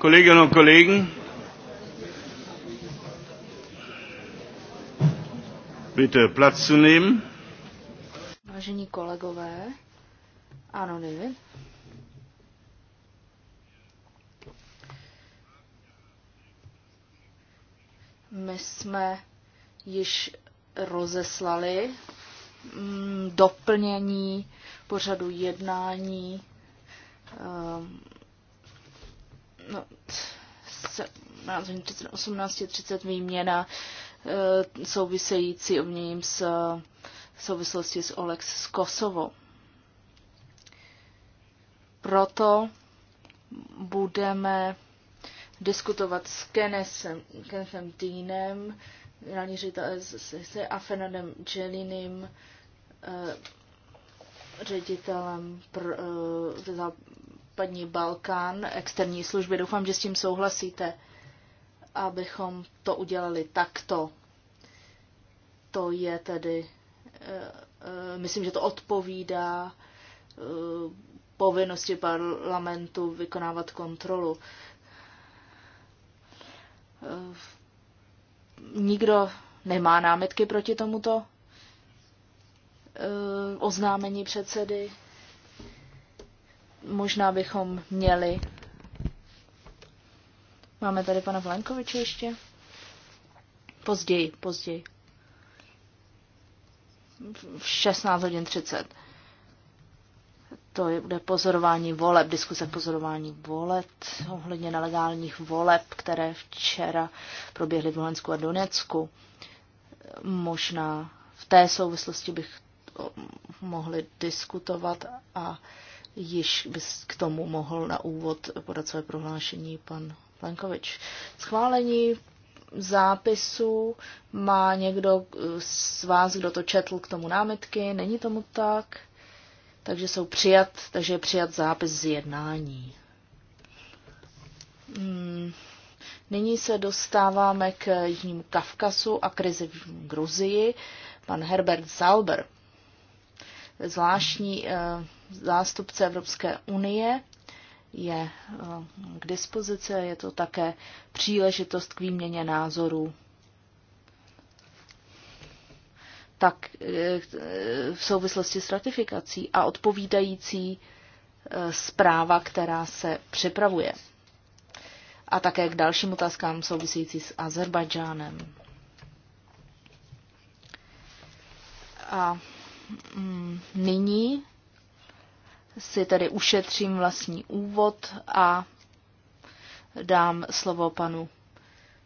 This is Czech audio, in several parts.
Kolleginnen und Kollegen, bitte Platz zu nehmen. Vážení kolegové, ano, nevím. My jsme již rozeslali mm, doplnění pořadu jednání ehm, no, 18.30 výměna e, související obměním s v souvislosti s Olex z Kosovo. Proto budeme diskutovat s Kenesem, Kenesem Deanem, generální ředitel se a Fernandem Jelinim, e, ředitelem pro, e, západní Balkán, externí služby. Doufám, že s tím souhlasíte, abychom to udělali takto. To je tedy, eh, eh, myslím, že to odpovídá eh, povinnosti parlamentu vykonávat kontrolu. Nikdo nemá námitky proti tomuto oznámení předsedy možná bychom měli. Máme tady pana Vlankoviče ještě? Později, později. V 16 hodin 30. To je, bude pozorování voleb, diskuse pozorování voleb ohledně nelegálních voleb, které včera proběhly v Luhansku a Donecku. Možná v té souvislosti bych eh, mohli diskutovat a Již bys k tomu mohl na úvod podat své prohlášení pan Plenkovič. Schválení zápisu má někdo z vás, kdo to četl, k tomu námitky? Není tomu tak? Takže jsou přijat, takže je přijat zápis z jednání. Hmm. Nyní se dostáváme k Jižnímu Kavkasu a krizi v Gruzii. Pan Herbert Salber zvláštní eh, zástupce Evropské unie je eh, k dispozici, je to také příležitost k výměně názorů. Tak eh, v souvislosti s ratifikací a odpovídající zpráva, která se připravuje. A také k dalším otázkám související s Azerbajdžánem. A nyní si tedy ušetřím vlastní úvod a dám slovo panu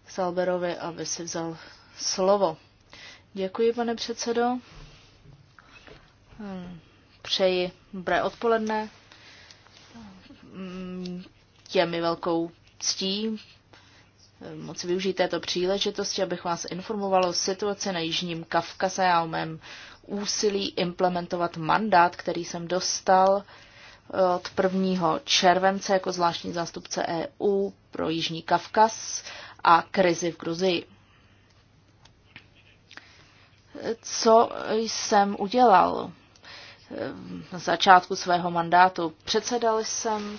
Salberovi, aby si vzal slovo. Děkuji, pane předsedo. Hmm, přeji dobré odpoledne. Hmm, je mi velkou ctí eh, moci využít této příležitosti, abych vás informoval o situaci na Jižním Kavkaze a o mém úsilí implementovat mandát, který jsem dostal eh, od 1. července jako zvláštní zástupce EU pro Jižní Kavkaz a krizi v Gruzii. Co jsem udělal eh, na začátku svého mandátu? Předsedal jsem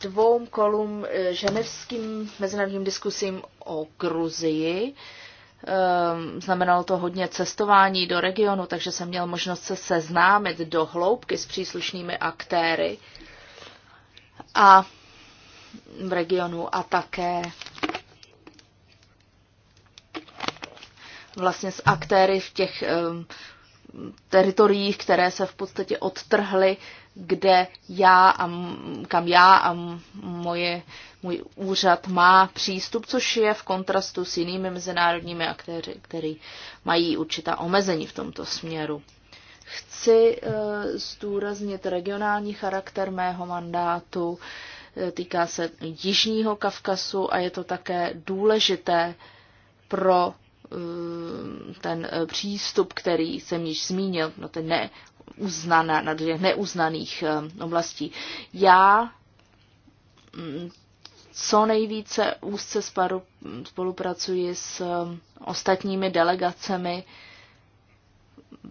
dvou kolům eh, ženevským mezinárodním diskusím o Gruzii Ehm, znamenalo to hodně cestování do regionu, takže jsem měl možnost se seznámit do hloubky s příslušnými aktéry a v regionu a také vlastně s aktéry v těch ehm, teritoriích, které se v podstatě odtrhly, kde já a kam já a moje můj úřad má přístup, což je v kontrastu s jinými mezinárodními aktéry, který mají určitá omezení v tomto směru. Chci eh, zdůraznit regionální charakter mého mandátu, eh, týká se Jižního Kavkasu a je to také důležité pro eh, ten přístup, který jsem již zmínil, no ten ne, uznaná, neuznaných oblastí. Já mm, co nejvíce úzce spolupracuji s um, ostatními delegacemi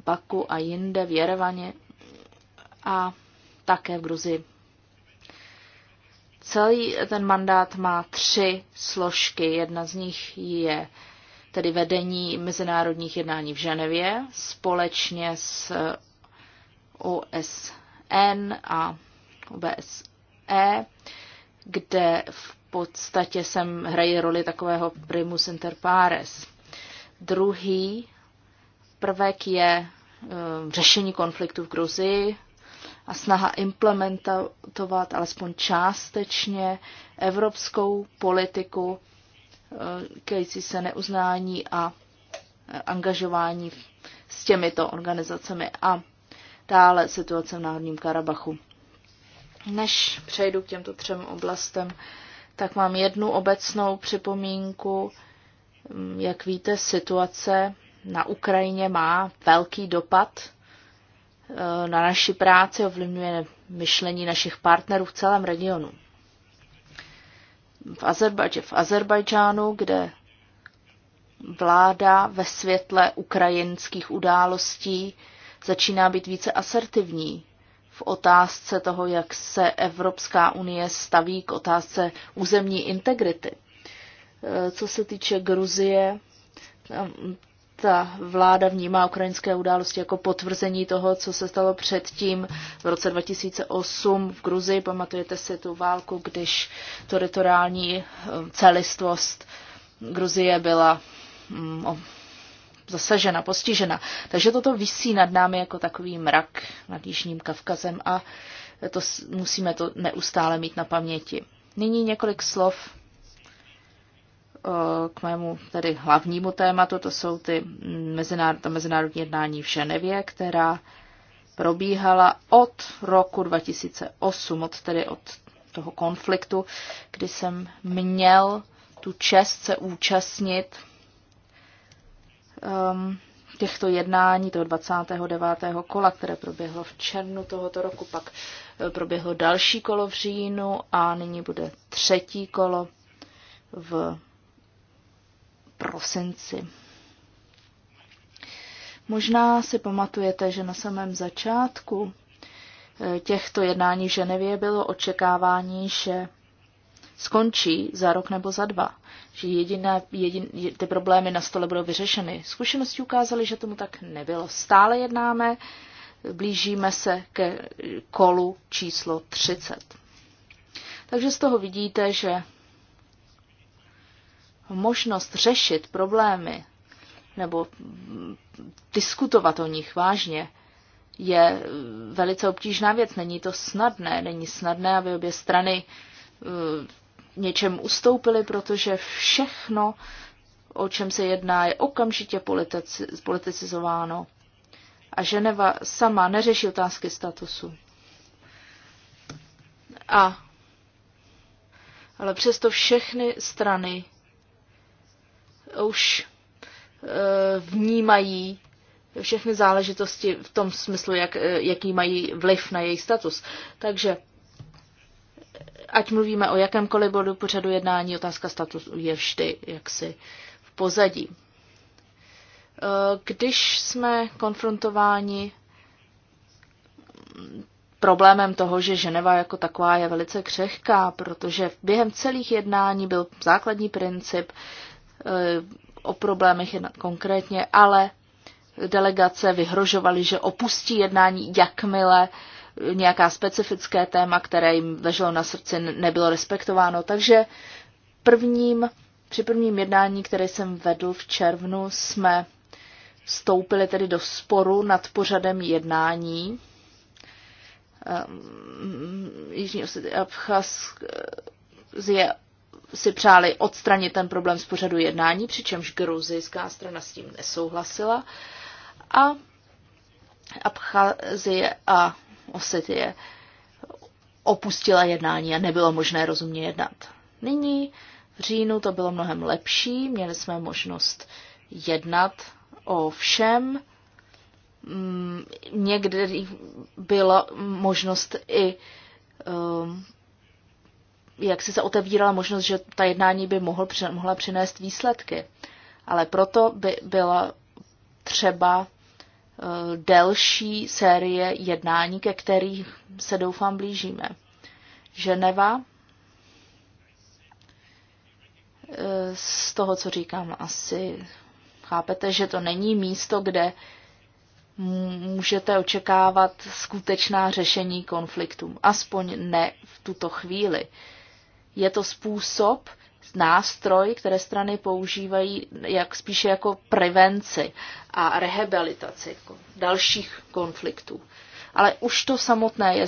Baku a jinde v Jerevaně a také v Gruzii. Celý ten mandát má tři složky. Jedna z nich je tedy vedení mezinárodních jednání v Ženevě společně s uh, OSN a OBSE kde v podstatě jsem hraje roli takového primus inter pares. Druhý prvek je eh, řešení konfliktu v Gruzii a snaha implementovat alespoň částečně evropskou politiku eh, kející se neuznání a eh, angažování s těmito organizacemi a dále situace v Národním Karabachu. Než přejdu k těmto třem oblastem, tak mám jednu obecnou připomínku. Jak víte, situace na Ukrajině má velký dopad e, na naši práci, ovlivňuje myšlení našich partnerů v celém regionu. V, Azerbajdž- v Azerbajdžánu, kde vláda ve světle ukrajinských událostí začíná být více asertivní v otázce toho, jak se Evropská unie staví k otázce územní integrity. Eh, co se týče Gruzie, ta vláda vnímá ukrajinské události jako potvrzení toho, co se stalo předtím v roce 2008 v Gruzii. Pamatujete si tu válku, když teritoriální eh, celistvost Gruzie byla mm, zasažena, postižena. Takže toto visí nad námi jako takový mrak nad Jižním Kavkazem a to, musíme to neustále mít na paměti. Nyní několik slov eh, k mému tedy hlavnímu tématu, to jsou ty mezinárod, to mezinárodní jednání v Ženevě, která probíhala od roku 2008, od tedy od toho konfliktu, kdy jsem měl tu čest se účastnit um, těchto jednání, toho 29. kola, které proběhlo v červnu tohoto roku, pak eh, proběhlo další kolo v říjnu a nyní bude třetí kolo v prosinci. Možná si pamatujete, že na samém začátku eh, těchto jednání v Ženevě bylo očekávání, že skončí za rok nebo za dva, že jediné, jedin, ty problémy na stole budou vyřešeny. Zkušenosti ukázaly, že tomu tak nebylo. Stále jednáme, blížíme se ke kolu číslo 30. Takže z toho vidíte, že možnost řešit problémy nebo diskutovat o nich vážně je velice obtížná věc. Není to snadné. Není snadné, aby obě strany eh, něčem ustoupili, protože všechno, o čem se jedná, je okamžitě politici, politicizováno. A Ženeva sama neřeší otázky statusu. A ale přesto všechny strany už e, vnímají všechny záležitosti v tom smyslu, jak, eh, jaký mají vliv na její status. Takže ať mluvíme o jakémkoliv bodu pořadu jednání, otázka statusu je vždy jaksi v pozadí. Když jsme konfrontováni problémem toho, že Ženeva jako taková je velice křehká, protože během celých jednání byl základní princip eh, o problémech jednat konkrétně, ale delegace vyhrožovaly, že opustí jednání, jakmile uh, nějaká specifické téma, které jim leželo na srdci, nebylo respektováno. Takže prvním, při prvním jednání, které jsem vedl v červnu, jsme vstoupili tedy do sporu nad pořadem jednání. Ehm, Jižní Abchazie eh, si přáli odstranit ten problém z pořadu jednání, přičemž gruzijská strana s tím nesouhlasila. A Abcházie a Osetie opustila jednání a nebylo možné rozumně jednat. Nyní v říjnu to bylo mnohem lepší, měli jsme možnost jednat o všem. Mm, někdy byla možnost i, um, jak si se otevírala možnost, že ta jednání by mohl, mohla přinést výsledky. Ale proto by byla třeba Eh, delší série jednání, ke kterých se doufám blížíme. Ženeva, eh, z toho, co říkám, asi chápete, že to není místo, kde můžete očekávat skutečná řešení konfliktů. Aspoň ne v tuto chvíli. Je to způsob, nástroj, které strany používají jak spíše jako prevenci a rehabilitaci jako dalších konfliktů. Ale už to samotné je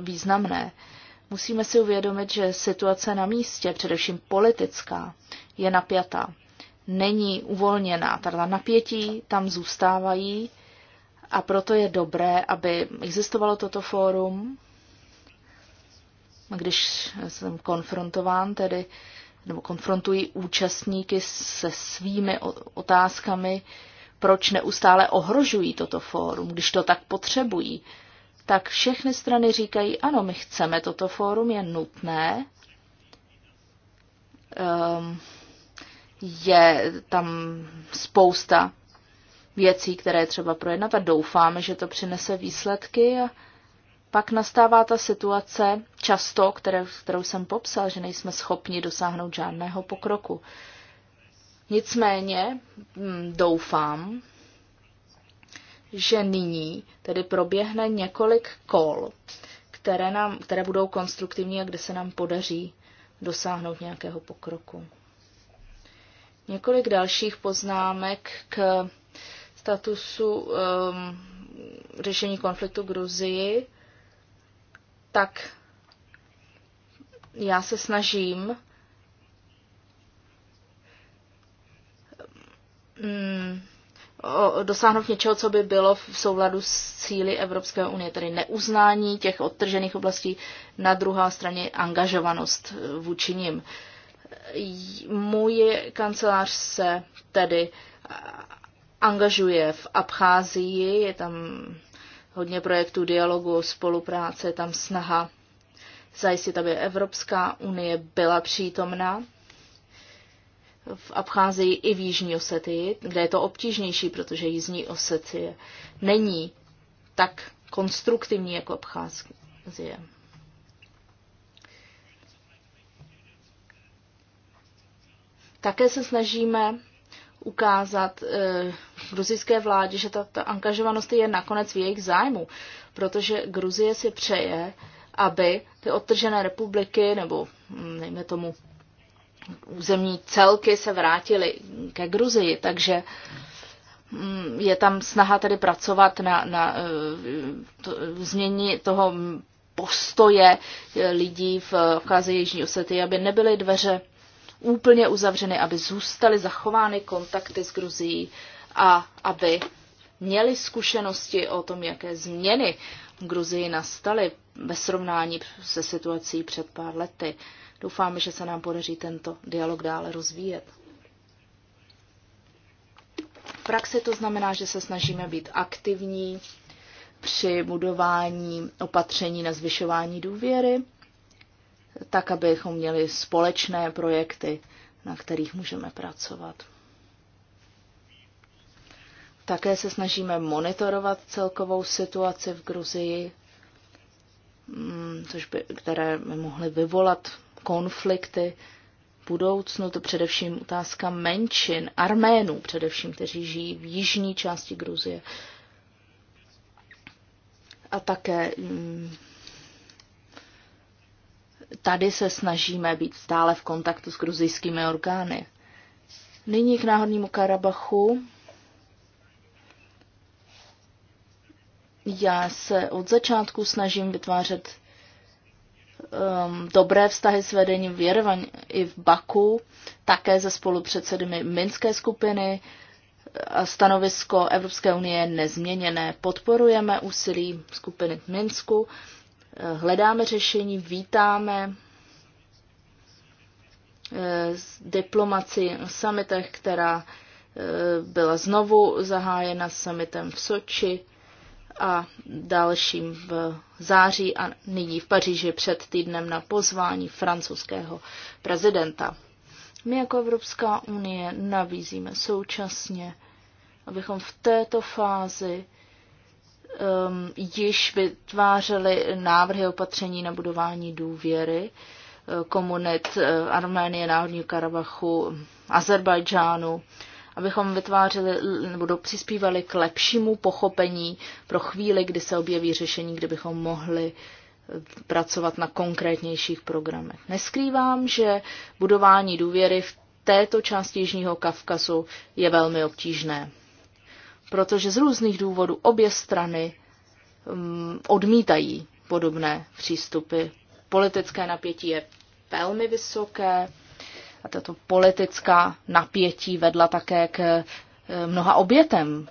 významné. Musíme si uvědomit, že situace na místě, především politická, je napjatá. Není uvolněná. Tato napětí tam zůstávají a proto je dobré, aby existovalo toto fórum, když jsem konfrontován tedy nebo konfrontují účastníky se svými otázkami, proč neustále ohrožují toto fórum, když to tak potřebují, tak všechny strany říkají, ano, my chceme toto fórum, je nutné, ehm, je tam spousta věcí, které je třeba projednat a doufáme, že to přinese výsledky a pak nastává ta situace často, kterou, kterou jsem popsal, že nejsme schopni dosáhnout žádného pokroku. Nicméně mm, doufám, že nyní tedy proběhne několik kol, které, nám, které budou konstruktivní a kde se nám podaří dosáhnout nějakého pokroku. Několik dalších poznámek k statusu um, řešení konfliktu Gruzii tak já se snažím mm, o, dosáhnout něčeho, co by bylo v souladu s cíly Evropské unie, tedy neuznání těch odtržených oblastí, na druhé straně angažovanost eh, vůči nim. Můj kancelář se tedy angažuje v Abcházii, je tam hodně projektů dialogu, spolupráce, tam snaha zajistit, aby Evropská unie byla přítomna v Abcházii i v Jižní Osetii, kde je to obtížnější, protože Jižní Osetie není tak konstruktivní jako Abcházie. Také se snažíme ukázat eh, gruzijské vládě, že ta, ta angažovanost je nakonec v jejich zájmu, protože Gruzie si přeje, aby ty odtržené republiky nebo, nejme hm, tomu, územní celky se vrátily ke Gruzii, takže hm, je tam snaha tedy pracovat na, na eh, to, změní toho postoje lidí v Abcházii Jižní Osety, aby nebyly dveře úplně uzavřeny, aby zůstaly zachovány kontakty s Gruzií a aby měli zkušenosti o tom, jaké změny v Gruzii nastaly ve srovnání se situací před pár lety. Doufáme, že se nám podaří tento dialog dále rozvíjet. V praxi to znamená, že se snažíme být aktivní při budování opatření na zvyšování důvěry tak abychom měli společné projekty, na kterých můžeme pracovat. Také se snažíme monitorovat celkovou situaci v Gruzii, mm, což by, které by mohly vyvolat konflikty v budoucnu, to především otázka menšin, Arménů především, kteří žijí v jižní části Gruzie. A také mm, tady se snažíme být stále v kontaktu s gruzijskými orgány. Nyní k náhodnímu Karabachu. Já se od začátku snažím vytvářet um, dobré vztahy s vedením v Jerevan i v Baku, také ze spolupředsedmi Minské skupiny. A stanovisko Evropské unie je nezměněné. Podporujeme úsilí skupiny v Minsku hledáme řešení, vítáme eh, diplomaci na samitech, která eh, byla znovu zahájena summitem v Soči a dalším v září a nyní v Paříži před týdnem na pozvání francouzského prezidenta. My jako Evropská unie navízíme současně, abychom v této fázi um, již vytvářely návrhy opatření na budování důvěry uh, komunit uh, Arménie, Národního Karabachu, Azerbajdžánu, abychom vytvářeli nebo přispívali k lepšímu pochopení pro chvíli, kdy se objeví řešení, kde bychom mohli uh, pracovat na konkrétnějších programech. Neskrývám, že budování důvěry v této části Jižního Kavkazu je velmi obtížné protože z různých důvodů obě strany mm, odmítají podobné přístupy. Politické napětí je velmi vysoké a tato politická napětí vedla také k eh, mnoha obětem.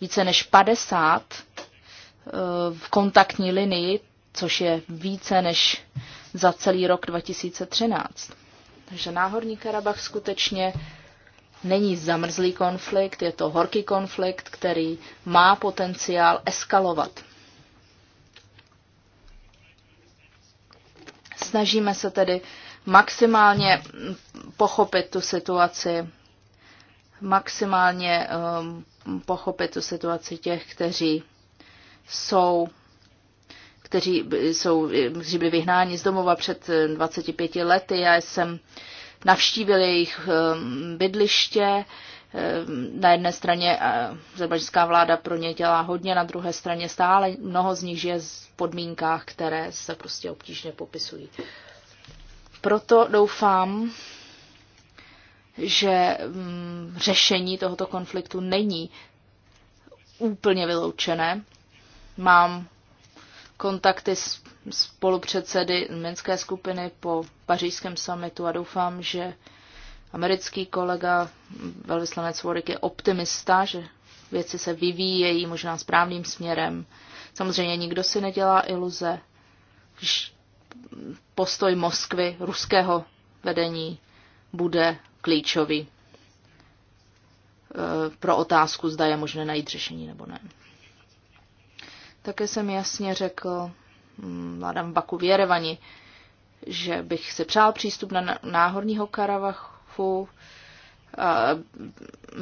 Více než 50 eh, v kontaktní linii, což je více než za celý rok 2013. Takže Náhorní Karabach skutečně není zamrzlý konflikt, je to horký konflikt, který má potenciál eskalovat. Snažíme se tedy maximálně pochopit tu situaci, maximálně um, pochopit tu situaci těch, kteří jsou kteří, jsou, kteří byli vyhnáni z domova před 25 eh, lety. Já jsem uh, navštívil jejich ehm, bydliště. Ehm, na jedné straně eh, azerbajdžská vláda pro ně dělá hodně, na druhé straně stále mnoho z nich žije v podmínkách, které se prostě obtížně popisují. Proto doufám, že mm, řešení tohoto konfliktu není úplně vyloučené. Mám kontakty s spolupředsedy minské skupiny po pařížském summitu a doufám, že americký kolega velvyslanec Warwick je optimista, že věci se vyvíjejí možná správným směrem. Samozřejmě nikdo si nedělá iluze. Postoj Moskvy, ruského vedení, bude klíčový e, pro otázku, zda je možné najít řešení nebo ne. Také jsem jasně řekl, mladám v Baku v Jerevani, že bych si přál přístup na náhorního Karavachu,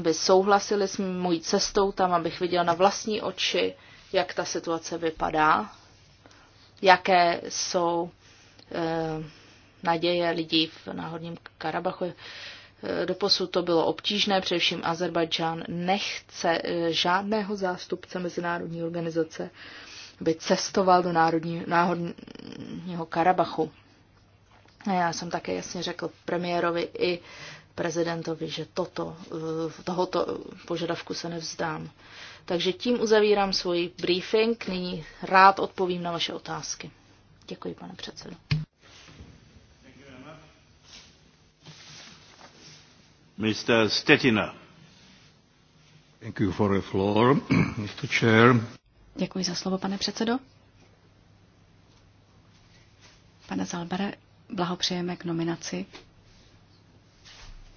by souhlasili s mojí cestou tam, abych viděl na vlastní oči, jak ta situace vypadá, jaké jsou e, naděje lidí v náhorním Karabachu. E, doposud to bylo obtížné, především Azerbajdžán nechce e, žádného zástupce mezinárodní organizace aby cestoval do národní, náhodního Karabachu. A já jsem také jasně řekl premiérovi i prezidentovi, že toto, eh, tohoto požadavku se nevzdám. Takže tím uzavírám svůj briefing. Nyní rád odpovím na vaše otázky. Děkuji, pane předsedo. Mr. Stetina. Thank you for the floor, Mr. Chair. Děkuji za slovo, pane předsedo. Pane Zalbere, blahopřejeme k nominaci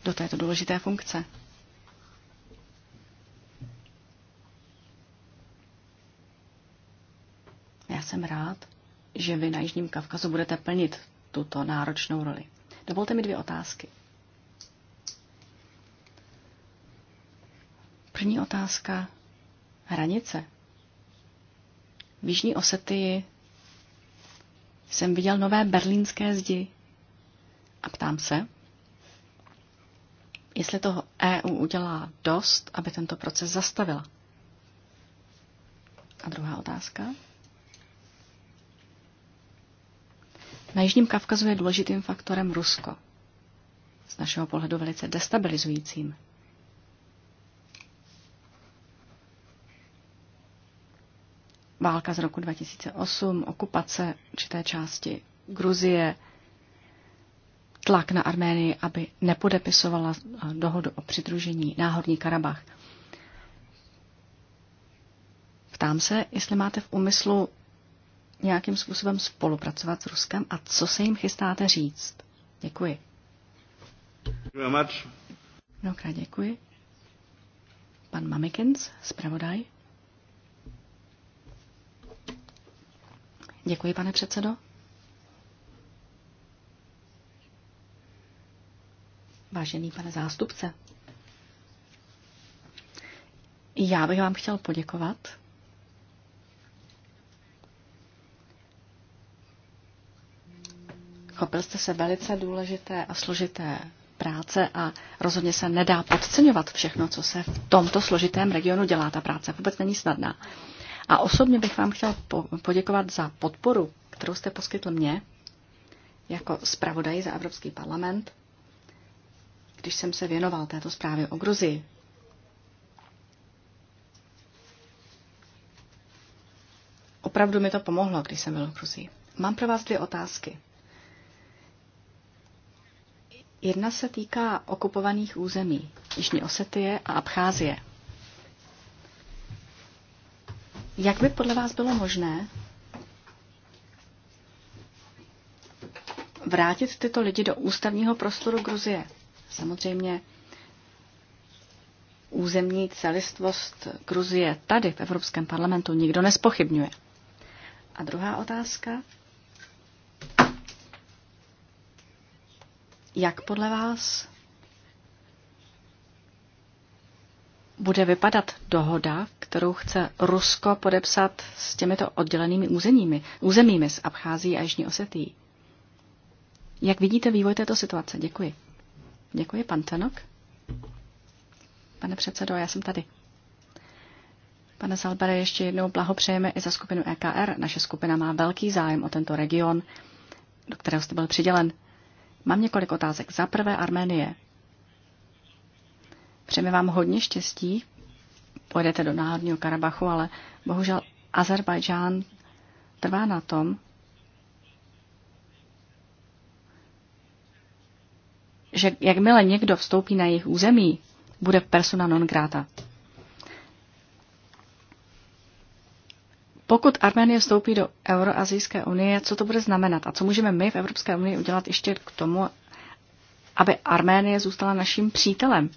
do této důležité funkce. Já jsem rád, že vy na Jižním Kavkazu budete plnit tuto náročnou roli. Dovolte mi dvě otázky. První otázka. Hranice. V Jižní Osetii jsem viděl nové berlínské zdi a ptám se, jestli toho EU udělá dost, aby tento proces zastavila. A druhá otázka. Na Jižním Kavkazu je důležitým faktorem Rusko. Z našeho pohledu velice destabilizujícím. válka z roku 2008, okupace určité části Gruzie, tlak na Arménii, aby nepodepisovala eh, dohodu o přidružení Náhorní Karabach. Ptám se, jestli máte v úmyslu nějakým způsobem spolupracovat s Ruskem a co se jim chystáte říct. Děkuji. Mnohokrát děkuji. Pan Mamikins, zpravodaj. Děkuji, pane předsedo. Vážený pane zástupce, já bych vám chtěl poděkovat chopil jste se velice důležité a složité práce a rozhodně se nedá podceňovat všechno, co se v tomto složitém regionu dělá. Ta práce vůbec není snadná. A osobně bych vám chtěl poděkovat za podporu, kterou jste poskytl mě jako zpravodaj za Evropský parlament, když jsem se věnoval této zprávě o Gruzii. Opravdu mi to pomohlo, když jsem byl v Gruzii. Mám pro vás dvě otázky. Jedna se týká okupovaných území Jižní Osetie a Abcházie. Jak by podle vás bylo možné vrátit tyto lidi do ústavního prostoru Gruzie? Samozřejmě územní celistvost Gruzie tady v Evropském parlamentu nikdo nespochybňuje. A druhá otázka. Jak podle vás bude vypadat dohoda, kterou chce Rusko podepsat s těmito oddělenými územími, územími z Abchází a Jižní Osetí. Jak vidíte vývoj této situace? Děkuji. Děkuji, pan Tenok. Pane předsedo, já jsem tady. Pane Salbere, ještě jednou blahopřejeme i za skupinu EKR. Naše skupina má velký zájem o tento region, do kterého jste byl přidělen. Mám několik otázek. Za prvé Arménie. Přejeme vám hodně štěstí. Pojedete do Národního Karabachu, ale bohužel Azerbajdžán trvá na tom, že jakmile někdo vstoupí na jejich území, bude persona non grata. Pokud Arménie vstoupí do Euroazijské unie, co to bude znamenat a co můžeme my v Evropské unii udělat ještě k tomu, aby Arménie zůstala naším přítelem?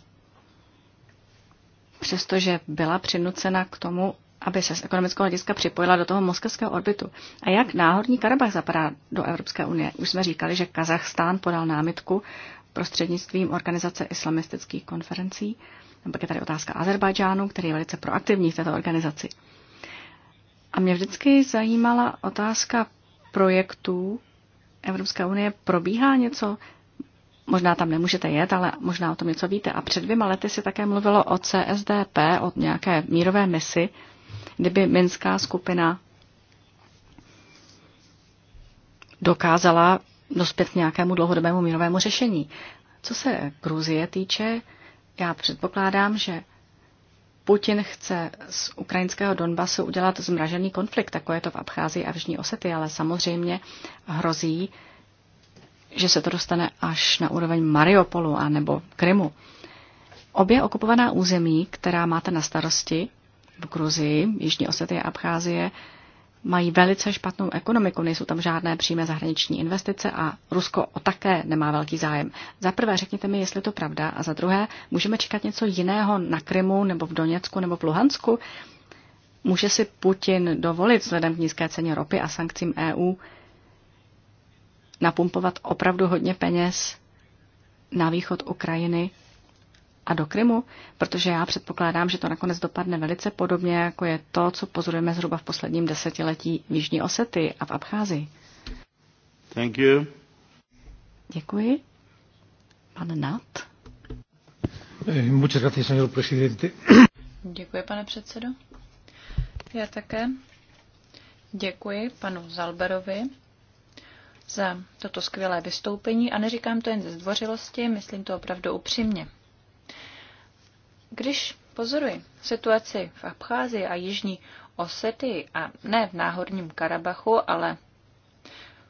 přestože byla přinucena k tomu, aby se z ekonomického hlediska připojila do toho moskevského orbitu. A jak náhodní Karabach zapadá do Evropské unie? Už jsme říkali, že Kazachstán podal námitku prostřednictvím organizace islamistických konferencí. A pak je tady otázka Azerbajdžánu, který je velice proaktivní v této organizaci. A mě vždycky zajímala otázka projektů Evropské unie. Probíhá něco Možná tam nemůžete jet, ale možná o tom něco víte. A před dvěma lety se také mluvilo o CSDP, o nějaké mírové misi, kdyby minská skupina dokázala dospět k nějakému dlouhodobému mírovému řešení. Co se Gruzie týče, já předpokládám, že Putin chce z ukrajinského Donbasu udělat zmražený konflikt, jako je to v Abcházii a v Jižní Osety, ale samozřejmě hrozí, že se to dostane až na úroveň Mariupolu a nebo Krymu. Obě okupovaná území, která máte na starosti v Gruzii, Jižní Osety a Abcházie, mají velice špatnou ekonomiku, nejsou tam žádné přímé zahraniční investice a Rusko o také nemá velký zájem. Za prvé řekněte mi, jestli to pravda a za druhé můžeme čekat něco jiného na Krymu nebo v Doněcku nebo v Luhansku. Může si Putin dovolit vzhledem k nízké ceně ropy a sankcím EU napumpovat opravdu hodně peněz na východ Ukrajiny a do Krymu, protože já předpokládám, že to nakonec dopadne velice podobně, jako je to, co pozorujeme zhruba v posledním desetiletí v Jižní Osety a v Abcházii. Thank you. Děkuji. Pan Nat. Eh, muchas gracias, señor presidente. Děkuji, pane předsedo. Já také děkuji panu Zalberovi za toto skvělé vystoupení a neříkám to jen ze zdvořilosti, myslím to opravdu upřímně. Když pozoruji situaci v Abcházii a Jižní Osety a ne v Náhorním Karabachu, ale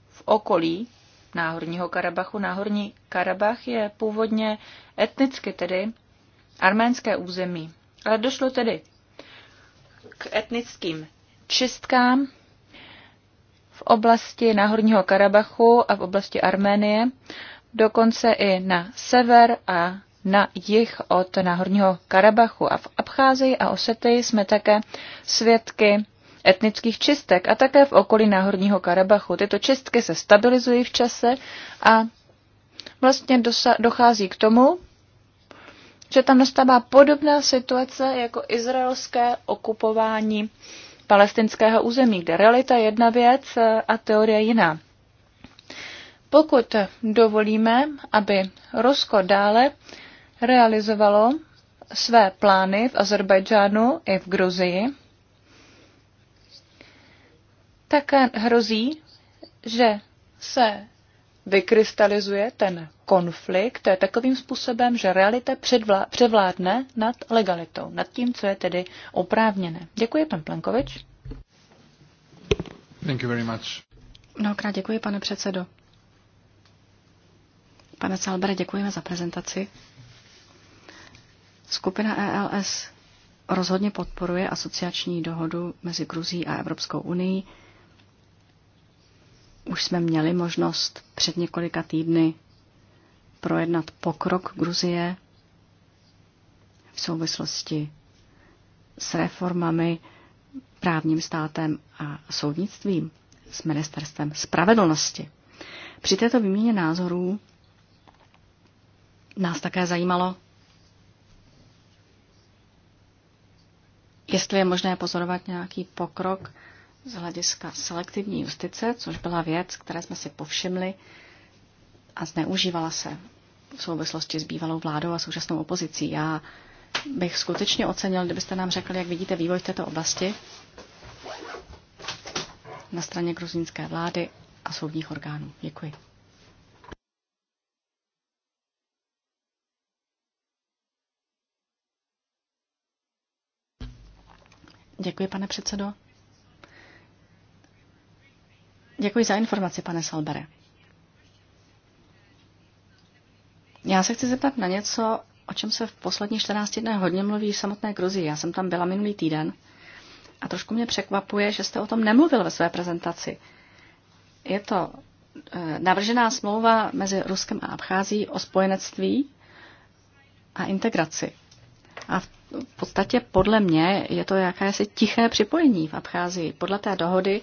v okolí Náhorního Karabachu. Náhorní Karabach je původně etnicky tedy arménské území, ale došlo tedy k etnickým čistkám v oblasti Náhorního Karabachu a v oblasti Arménie, dokonce i na sever a na jih od Náhorního Karabachu a v Abcházii a Osety jsme také svědky etnických čistek a také v okolí Náhorního Karabachu. Tyto čistky se stabilizují v čase a vlastně dochází k tomu, že tam nastává podobná situace jako izraelské okupování palestinského území, kde realita je jedna věc eh, a teorie jiná. Pokud dovolíme, aby Rusko dále realizovalo své plány v Azerbajdžánu i v Gruzii, tak hrozí, že se vykrystalizuje ten konflikt takovým způsobem, že realita převládne nad legalitou, nad tím, co je tedy oprávněné. Děkuji, pan Plenkovič. Thank you very much. Mnohokrát děkuji, pane předsedo. Pane Salbere, děkujeme za prezentaci. Skupina ELS rozhodně podporuje asociační dohodu mezi Gruzí a Evropskou unii, už jsme měli možnost před několika týdny projednat pokrok Gruzie v souvislosti s reformami, právním státem a soudnictvím s ministerstvem spravedlnosti. Při této výměně názorů nás také zajímalo, jestli je možné pozorovat nějaký pokrok z hlediska selektivní justice, což byla věc, které jsme si povšimli a zneužívala se v souvislosti s bývalou vládou a současnou opozicí. Já bych skutečně ocenil, kdybyste nám řekli, jak vidíte vývoj v této oblasti na straně gruzínské vlády a soudních orgánů. Děkuji. Děkuji, pane předsedo. Děkuji za informaci, pane Salbere. Já se chci zeptat na něco, o čem se v posledních 14 dnech hodně mluví v samotné Gruzi. Já jsem tam byla minulý týden a trošku mě překvapuje, že jste o tom nemluvil ve své prezentaci. Je to eh, navržená smlouva mezi Ruskem a Abchází o spojenectví a integraci. A v podstatě podle mě je to jakési tiché připojení v Abcházii. Podle té dohody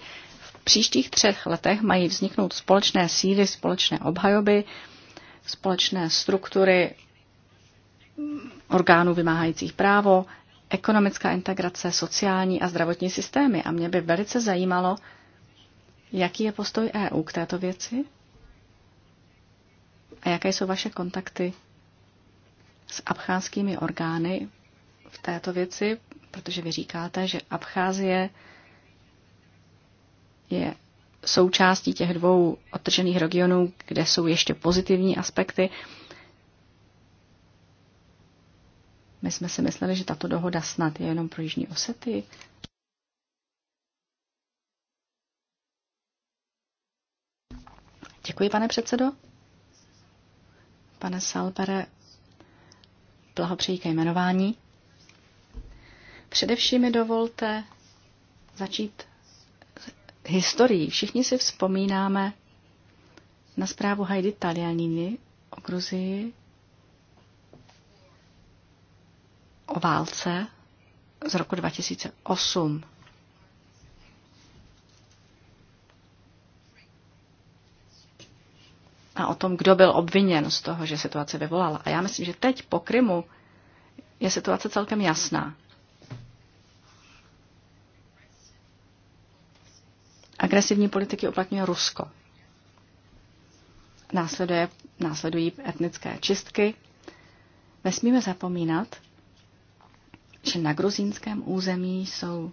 příštích třech letech mají vzniknout společné síly, společné obhajoby, společné struktury orgánů vymáhajících právo, ekonomická integrace, sociální a zdravotní systémy. A mě by velice zajímalo, jaký je postoj EU k této věci a jaké jsou vaše kontakty s abcházskými orgány v této věci, protože vy říkáte, že Abcházie je součástí těch dvou otržených regionů, kde jsou ještě pozitivní aspekty. My jsme si mysleli, že tato dohoda snad je jenom pro Jižní Osety. Děkuji, pane předsedo. Pane Salpere, blahopřeji ke jmenování. Především mi dovolte začít historií. Všichni si vzpomínáme na zprávu Heidi Talianini o Gruzii, o válce z roku 2008. A o tom, kdo byl obviněn z toho, že situace vyvolala. A já myslím, že teď po Krymu je situace celkem jasná. agresivní politiky uplatňuje Rusko. Následuje, následují etnické čistky. Nesmíme zapomínat, že na gruzínském území jsou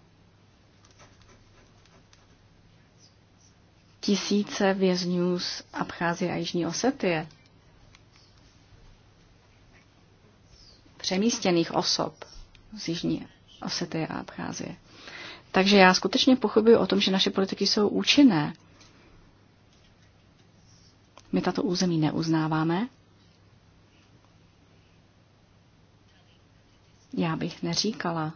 tisíce vězňů z Abcházie a Jižní Osetie. Přemístěných osob z Jižní Osetie a Abcházie. Takže já skutečně pochybuji o tom, že naše politiky jsou účinné. My tato území neuznáváme. Já bych neříkala,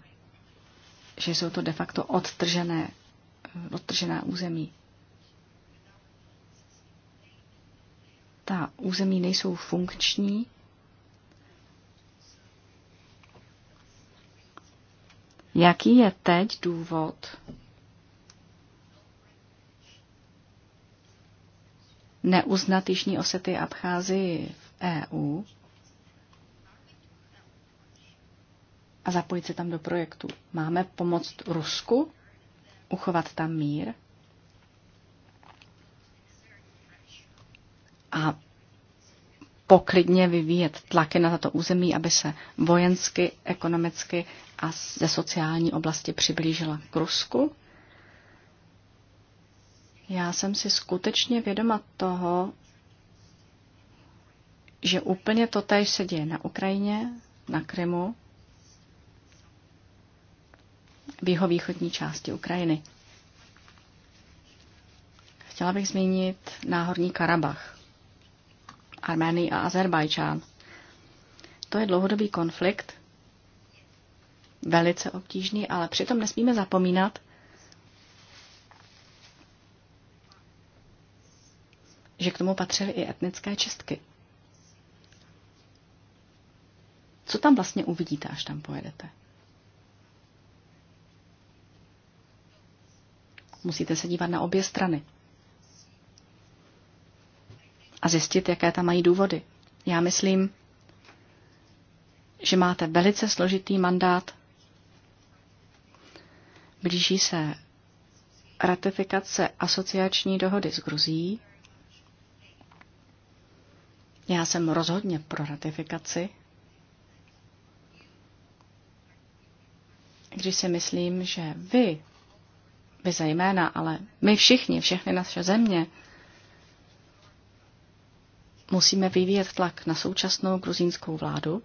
že jsou to de facto odtržené, odtržená území. Ta území nejsou funkční, Jaký je teď důvod? Neuznat Jižní Osety a Abcházii v EU a zapojit se tam do projektu. Máme pomoct Rusku uchovat tam mír a poklidně vyvíjet tlaky na tato území, aby se vojensky, ekonomicky a ze sociální oblasti přiblížila k Rusku. Já jsem si skutečně vědoma toho, že úplně to tež se děje na Ukrajině, na Krymu, v jeho východní části Ukrajiny. Chtěla bych zmínit Náhorní Karabach. Arménii a Azerbajdžán. To je dlouhodobý konflikt, velice obtížný, ale přitom nesmíme zapomínat, že k tomu patřily i etnické čistky. Co tam vlastně uvidíte, až tam pojedete? Musíte se dívat na obě strany a zjistit, jaké tam mají důvody. Já myslím, že máte velice složitý mandát. Blíží se ratifikace asociační dohody s Gruzí. Já jsem rozhodně pro ratifikaci. Když si myslím, že vy, vy zejména, ale my všichni, všechny naše země, musíme vyvíjet tlak na současnou gruzínskou vládu,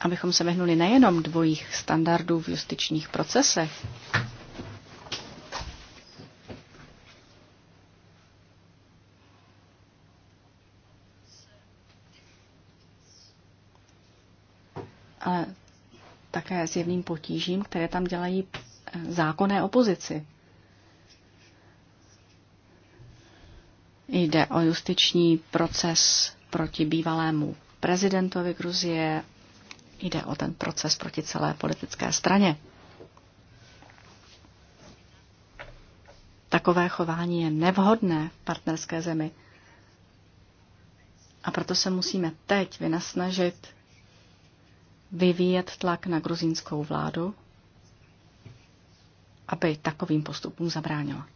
abychom se vyhnuli nejenom dvojích standardů v justičních procesech, ale také zjevným potížím, které tam dělají eh, zákonné opozici. Jde o justiční proces proti bývalému prezidentovi Gruzie, jde o ten proces proti celé politické straně. Takové chování je nevhodné v partnerské zemi. A proto se musíme teď vynasnažit vyvíjet tlak na gruzínskou vládu, aby takovým postupům zabránila.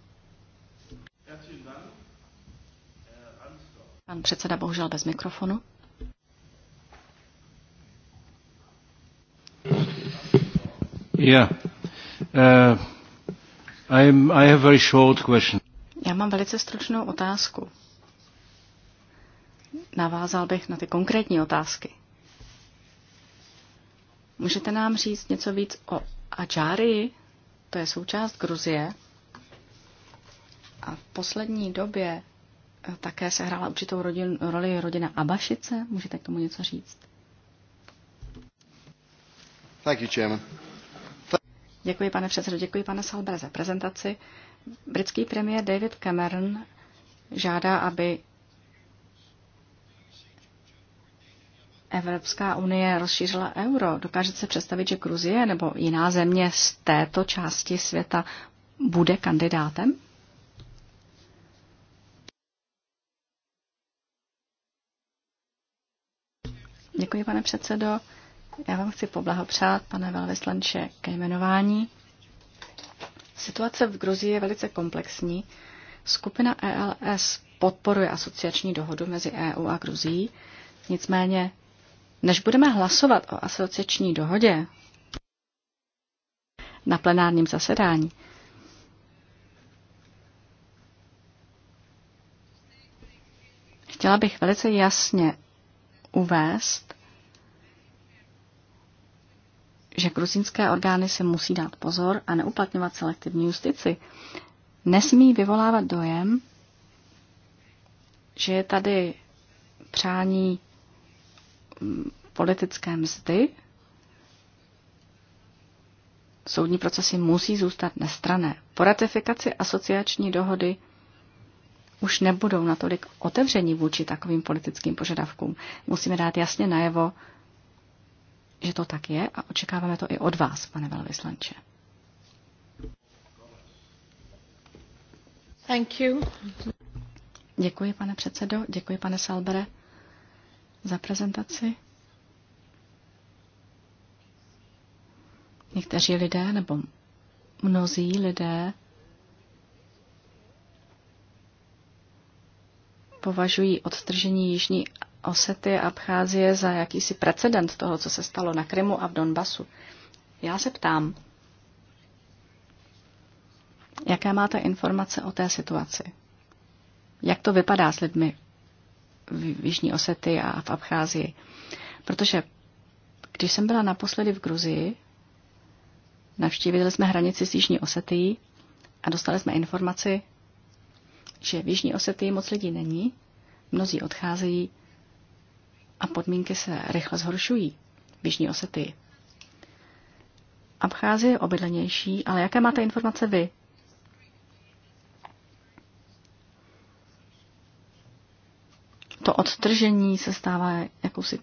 Pan předseda bohužel bez mikrofonu. Yeah. Uh, I have very short question. Já mám velice stručnou otázku. Navázal bych na ty konkrétní otázky. Můžete nám říct něco víc o Adžárii? To je součást Gruzie. A v poslední době také hrála určitou rodin, roli rodina Abašice. Můžete k tomu něco říct? Thank you, Chairman. Děkuji, pane předsedo, děkuji, pane Salber, za prezentaci. Britský premiér David Cameron žádá, aby Evropská unie rozšířila euro. Dokážete se představit, že Gruzie nebo jiná země z této části světa bude kandidátem? Děkuji, pane předsedo. Já vám chci poblahopřát, pane velvyslanče, ke jmenování. Situace v Gruzii je velice komplexní. Skupina ELS podporuje asociační dohodu mezi EU a Gruzií. Nicméně, než budeme hlasovat o asociační dohodě na plenárním zasedání, chtěla bych velice jasně uvést, že gruzínské orgány se musí dát pozor a neuplatňovat selektivní justici. Nesmí vyvolávat dojem, že je tady přání mm, politické mzdy. Soudní procesy musí zůstat nestrané. Po ratifikaci asociační dohody už nebudou natolik otevření vůči takovým politickým požadavkům. Musíme dát jasně najevo, že to tak je a očekáváme to i od vás, pane velvyslanče. Thank you. Děkuji, pane předsedo, děkuji, pane Salbere, za prezentaci. Někteří lidé, nebo mnozí lidé, považují odstržení Jižní Osety a Abcházie za jakýsi precedent toho, co se stalo na Krymu a v Donbasu. Já se ptám, jaké máte informace o té situaci? Jak to vypadá s lidmi v Jižní Osety a v Abcházii? Protože když jsem byla naposledy v Gruzii, navštívili jsme hranici s Jižní Osetií a dostali jsme informaci, že v Jižní Osetii moc lidí není, mnozí odcházejí a podmínky se rychle zhoršují v Jižní Osetii. Abcházie je obydlenější, ale jaké máte informace vy? To odtržení se stává jakousi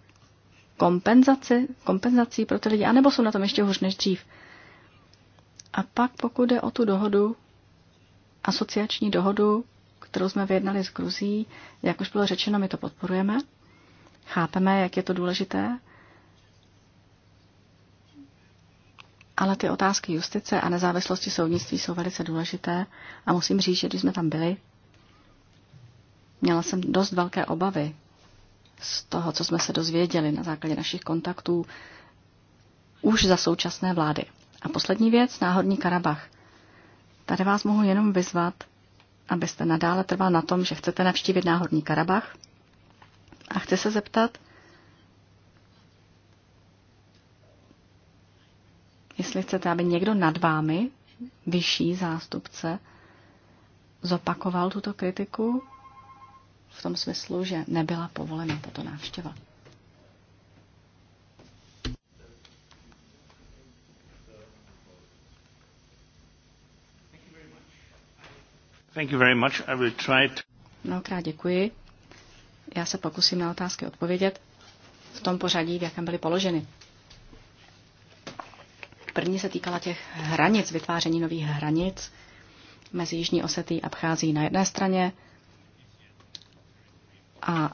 kompenzaci, kompenzací pro ty lidi, anebo jsou na tom ještě hůř než dřív. A pak pokud jde o tu dohodu, asociační dohodu, kterou jsme vyjednali s Gruzí, jak už bylo řečeno, my to podporujeme. Chápeme, jak je to důležité, ale ty otázky justice a nezávislosti soudnictví jsou velice důležité a musím říct, že když jsme tam byli, měla jsem dost velké obavy z toho, co jsme se dozvěděli na základě našich kontaktů už za současné vlády. A poslední věc, náhodní Karabach. Tady vás mohu jenom vyzvat, abyste nadále trval na tom, že chcete navštívit náhodní Karabach, a chci se zeptat, jestli chcete, aby někdo nad vámi, vyšší zástupce, zopakoval tuto kritiku v tom smyslu, že nebyla povolena tato návštěva. Thank you very much. I will try to... Mnohokrát děkuji. Já se pokusím na otázky odpovědět v tom pořadí, v jakém byly položeny. První se týkala těch hranic, vytváření nových hranic mezi Jižní Osetí a Abchází na jedné straně a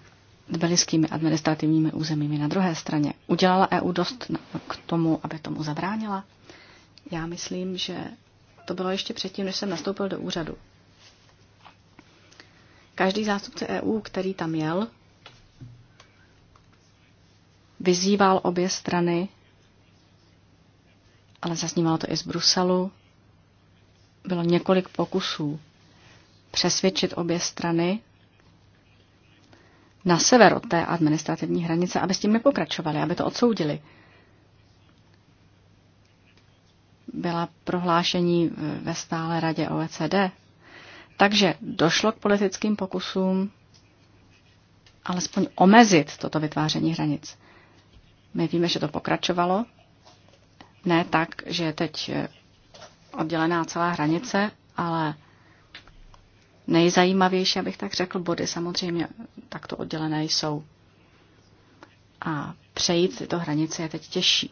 tbiliskými administrativními územími na druhé straně. Udělala EU dost k tomu, aby tomu zabránila? Já myslím, že to bylo ještě předtím, než jsem nastoupil do úřadu. Každý zástupce EU, který tam jel, vyzýval obě strany, ale zaznívalo to i z Bruselu. Bylo několik pokusů přesvědčit obě strany na sever od té administrativní hranice, aby s tím nepokračovali, aby to odsoudili. Byla prohlášení ve stále radě OECD, takže došlo k politickým pokusům alespoň omezit toto vytváření hranic. My víme, že to pokračovalo, ne tak, že je teď eh, oddělená celá hranice, ale nejzajímavější, abych tak řekl, body samozřejmě takto oddělené jsou. A přejít tyto hranice je teď těžší.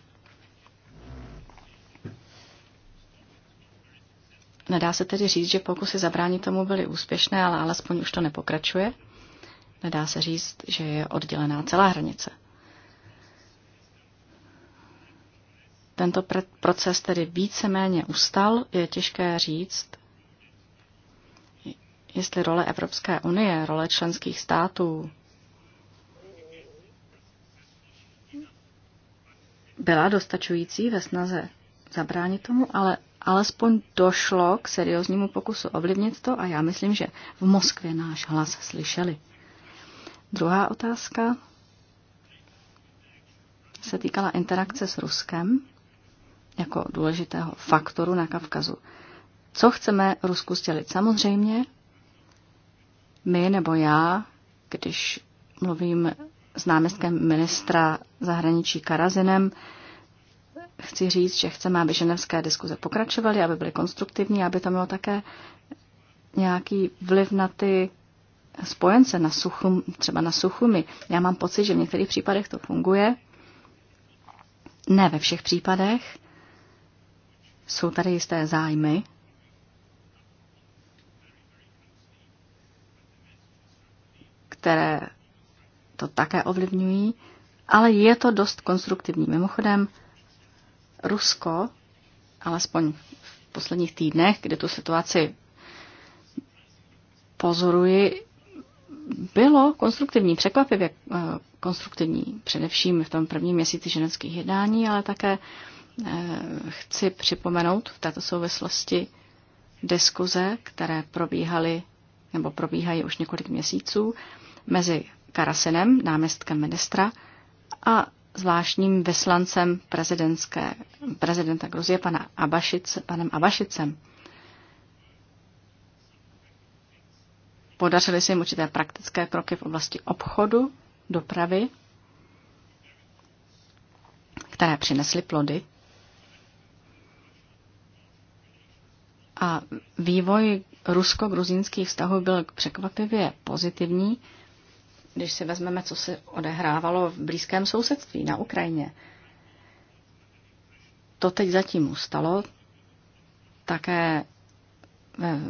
Nedá se tedy říct, že pokusy zabránit tomu byly úspěšné, ale alespoň už to nepokračuje. Nedá se říct, že je oddělená celá hranice. Tento proces tedy víceméně ustal, je těžké říct, jestli role Evropské unie, role členských států byla dostačující ve snaze zabránit tomu, ale alespoň došlo k serióznímu pokusu ovlivnit to a já myslím, že v Moskvě náš hlas slyšeli. Druhá otázka se týkala interakce s Ruskem jako důležitého faktoru na Kavkazu. Co chceme Rusku sdělit? Samozřejmě, my nebo já, když mluvím s náměstkem ministra zahraničí Karazinem, chci říct, že chceme, aby ženevské diskuze pokračovaly, aby byly konstruktivní, aby to mělo také nějaký vliv na ty spojence, na suchum, třeba na suchumi. Já mám pocit, že v některých případech to funguje, ne ve všech případech. Jsou tady jisté zájmy. které to také ovlivňují, ale je to dost konstruktivní. Mimochodem, Rusko, alespoň v posledních týdnech, kde tu situaci pozoruji, bylo konstruktivní, překvapivě eh, konstruktivní, především v tom prvním měsíci ženeckých jednání, ale také eh, chci připomenout v této souvislosti diskuze, které probíhaly nebo probíhají už několik měsíců mezi Karasinem, náměstkem ministra, a zvláštním vyslancem prezidentské, prezidenta Gruzie, pana Abašic, panem Abašicem. Podařily se jim určité praktické kroky v oblasti obchodu, dopravy, které přinesly plody. A vývoj rusko-gruzínských vztahů byl překvapivě pozitivní, když si vezmeme, co se odehrávalo v blízkém sousedství na Ukrajině. To teď zatím ustalo, také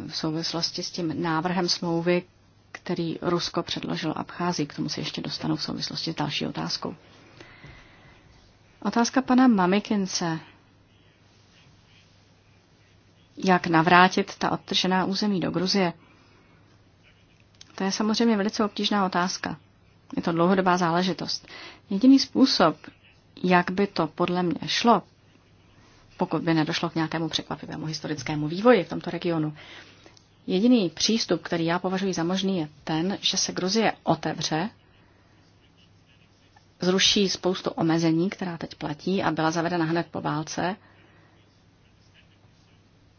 v souvislosti s tím návrhem smlouvy, který Rusko předložilo Abcházii. K tomu se ještě dostanu v souvislosti s další otázkou. Otázka pana Mamikince. Jak navrátit ta odtržená území do Gruzie? To je samozřejmě velice obtížná otázka. Je to dlouhodobá záležitost. Jediný způsob, jak by to podle mě šlo, pokud by nedošlo k nějakému překvapivému historickému vývoji v tomto regionu, jediný přístup, který já považuji za možný, je ten, že se Gruzie otevře, zruší spoustu omezení, která teď platí a byla zavedena hned po válce,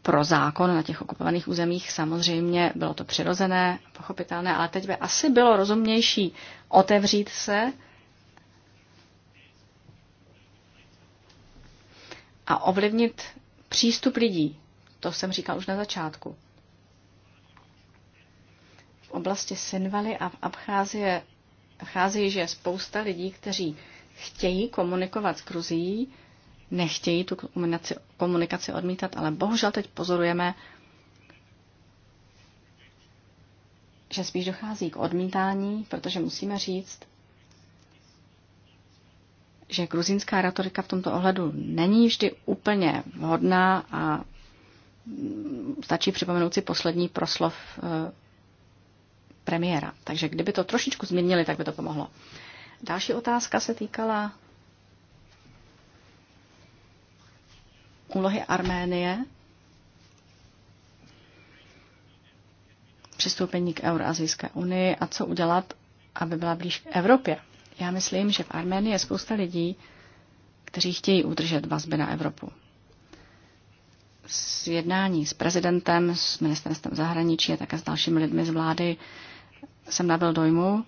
pro zákon na těch okupovaných územích. Samozřejmě bylo to přirozené, pochopitelné, ale teď by asi bylo rozumnější otevřít se a ovlivnit přístup lidí. To jsem říkal už na začátku. V oblasti Sinvaly a v Abcházie, že je spousta lidí, kteří chtějí komunikovat s Gruzií, nechtějí tu komunikaci, komunikaci odmítat, ale bohužel teď pozorujeme, že spíš dochází k odmítání, protože musíme říct, že gruzínská retorika v tomto ohledu není vždy úplně vhodná a stačí připomenout si poslední proslov eh, premiéra. Takže kdyby to trošičku změnili, tak by to pomohlo. Další otázka se týkala úlohy Arménie, přistoupení k Euroazijské unii a co udělat, aby byla blíž k Evropě. Já myslím, že v Arménii je spousta lidí, kteří chtějí udržet vazby na Evropu. S jednání s prezidentem, s ministerstvem zahraničí a také s dalšími lidmi z vlády jsem nabil dojmu,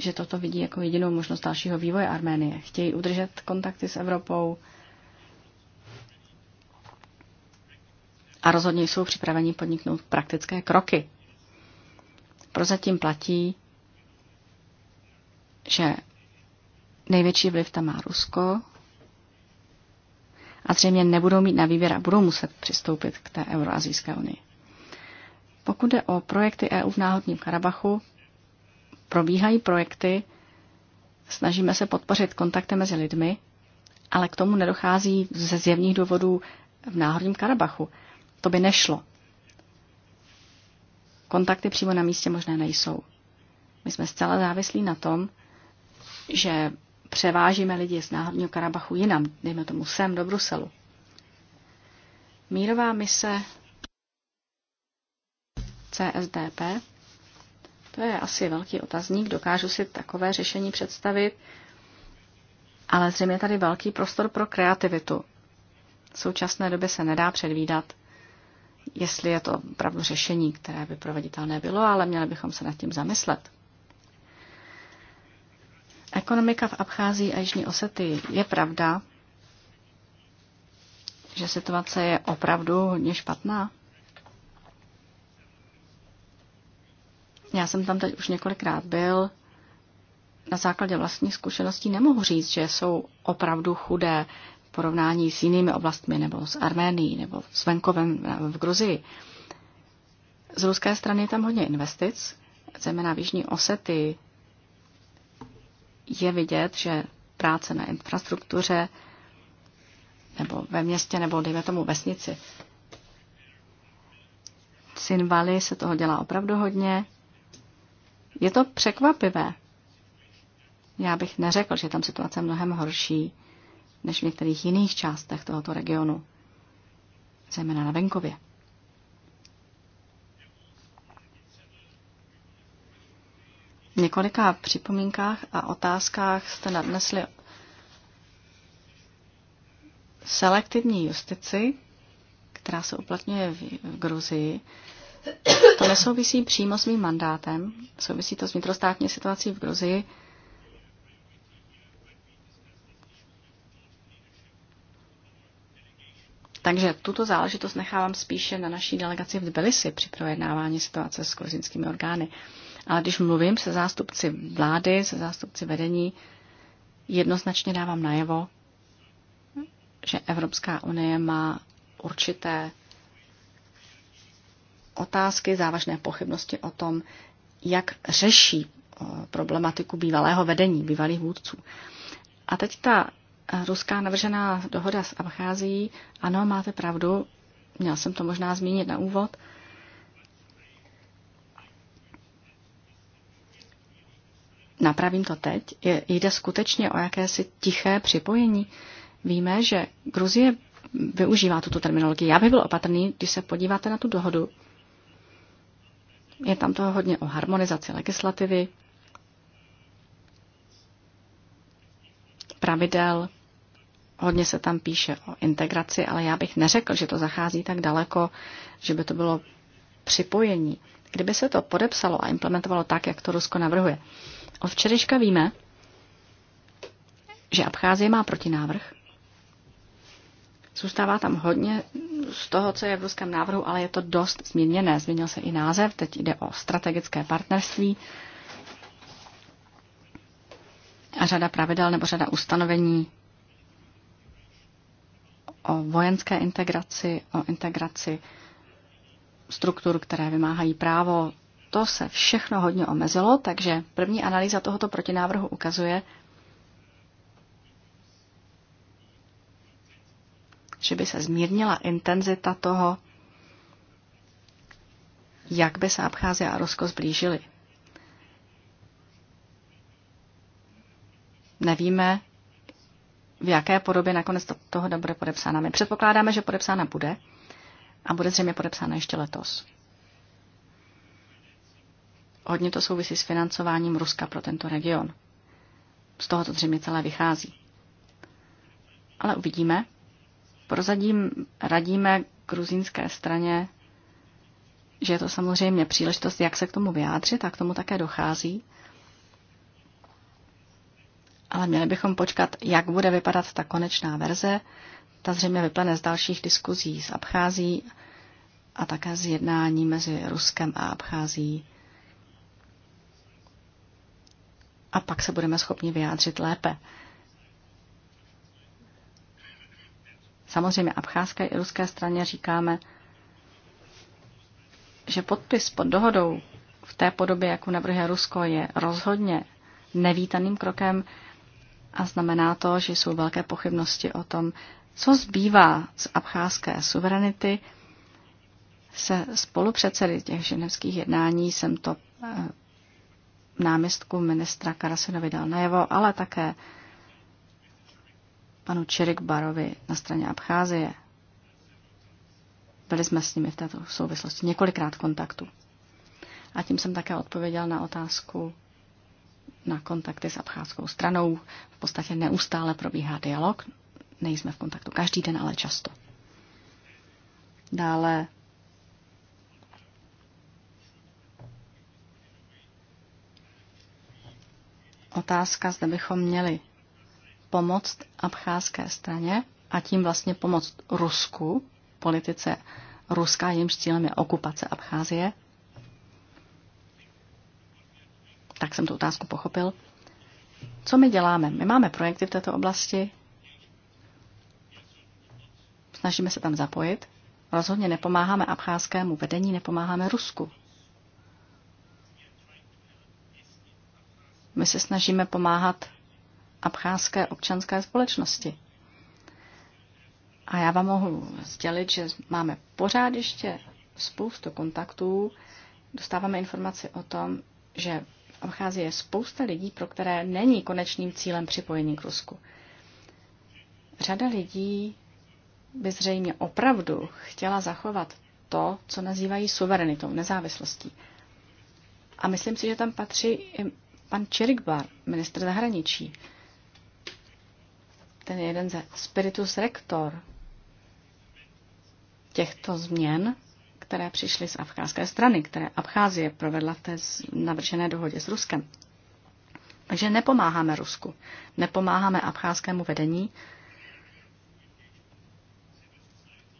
že toto vidí jako jedinou možnost dalšího vývoje Arménie. Chtějí udržet kontakty s Evropou a rozhodně jsou připraveni podniknout praktické kroky. Prozatím platí, že největší vliv tam má Rusko a zřejmě nebudou mít na výběr a budou muset přistoupit k té Euroazijské unii. Pokud jde o projekty EU v náhodním Karabachu, probíhají projekty, snažíme se podpořit kontakty mezi lidmi, ale k tomu nedochází ze zjevných důvodů v Náhorním Karabachu. To by nešlo. Kontakty přímo na místě možné nejsou. My jsme zcela závislí na tom, že převážíme lidi z Náhorního Karabachu jinam, dejme tomu sem do Bruselu. Mírová mise CSDP to je asi velký otazník, dokážu si takové řešení představit, ale zřejmě tady velký prostor pro kreativitu. V současné době se nedá předvídat, jestli je to opravdu řešení, které by proveditelné bylo, ale měli bychom se nad tím zamyslet. Ekonomika v Abcházii a Jižní Osety je pravda, že situace je opravdu hodně špatná. Já jsem tam teď už několikrát byl. Na základě vlastních zkušeností nemohu říct, že jsou opravdu chudé v porovnání s jinými oblastmi, nebo s Arménií, nebo s venkovem eh, v Gruzii. Z ruské strany je tam hodně investic, zejména v Jižní Osety je vidět, že práce na infrastruktuře nebo ve městě, nebo dejme tomu vesnici. Cinvali se toho dělá opravdu hodně. Je to překvapivé. Já bych neřekl, že tam situace je mnohem horší než v některých jiných částech tohoto regionu, zejména na venkově. V několika připomínkách a otázkách jste nadnesli selektivní justici, která se uplatňuje v Gruzii, to nesouvisí přímo s mým mandátem, souvisí to s vnitrostátní situací v Gruzii. Takže tuto záležitost nechávám spíše na naší delegaci v Tbilisi při projednávání situace s gruzinskými orgány. Ale když mluvím se zástupci vlády, se zástupci vedení, jednoznačně dávám najevo, že Evropská unie má určité otázky, závažné pochybnosti o tom, jak řeší eh, problematiku bývalého vedení, bývalých vůdců. A teď ta eh, ruská navržená dohoda s Abcházií, ano, máte pravdu, měl jsem to možná zmínit na úvod, napravím to teď, jde skutečně o jakési tiché připojení. Víme, že Gruzie využívá tuto terminologii. Já bych byl opatrný, když se podíváte na tu dohodu, je tam toho hodně o harmonizaci legislativy, pravidel, hodně se tam píše o integraci, ale já bych neřekl, že to zachází tak daleko, že by to bylo připojení. Kdyby se to podepsalo a implementovalo tak, jak to Rusko navrhuje. Od včerejška víme, že Abcházie má protinávrh Zůstává tam hodně z toho, co je v ruském návrhu, ale je to dost změněné. Změnil se i název, teď jde o strategické partnerství. A řada pravidel nebo řada ustanovení o vojenské integraci, o integraci struktur, které vymáhají právo. To se všechno hodně omezilo, takže první analýza tohoto protinávrhu ukazuje, že by se zmírnila intenzita toho, jak by se Abcházia a Rusko zblížily. Nevíme, v jaké podobě nakonec to, toho bude podepsána. My předpokládáme, že podepsána bude a bude zřejmě podepsána ještě letos. Hodně to souvisí s financováním Ruska pro tento region. Z toho to zřejmě celé vychází. Ale uvidíme, Prozadím radíme gruzínské straně, že je to samozřejmě příležitost, jak se k tomu vyjádřit a k tomu také dochází. Ale měli bychom počkat, jak bude vypadat ta konečná verze. Ta zřejmě vyplne z dalších diskuzí s Abchází a také z jednání mezi Ruskem a Abchází. A pak se budeme schopni vyjádřit lépe. Samozřejmě abcházské i ruské straně říkáme, že podpis pod dohodou v té podobě, jakou navrhuje Rusko, je rozhodně nevítaným krokem a znamená to, že jsou velké pochybnosti o tom, co zbývá z abcházské suverenity. Se spolupředsedy těch ženevských jednání jsem to eh, náměstku ministra Karasinovi dal najevo, ale také panu Čirik Barovi na straně Abcházie. Byli jsme s nimi v této souvislosti několikrát v kontaktu. A tím jsem také odpověděl na otázku na kontakty s abcházskou stranou. V podstatě neustále probíhá dialog. Nejsme v kontaktu každý den, ale často. Dále otázka, zda bychom měli pomoct abcházské straně a tím vlastně pomoct Rusku, politice Ruska, jejímž cílem je okupace Abcházie. Tak jsem tu otázku pochopil. Co my děláme? My máme projekty v této oblasti, snažíme se tam zapojit, rozhodně nepomáháme abcházskému vedení, nepomáháme Rusku. My se snažíme pomáhat abcházské občanské společnosti. A já vám mohu sdělit, že máme pořád ještě spoustu kontaktů, dostáváme informaci o tom, že v Abcházii je spousta lidí, pro které není konečným cílem připojení k Rusku. Řada lidí by zřejmě opravdu chtěla zachovat to, co nazývají suverenitou, nezávislostí. A myslím si, že tam patří i pan Čirikbar, ministr zahraničí ten jeden ze spiritus rector těchto změn, které přišly z afgánské strany, které Abcházie provedla v té navržené dohodě s Ruskem. Takže nepomáháme Rusku, nepomáháme abcházskému vedení,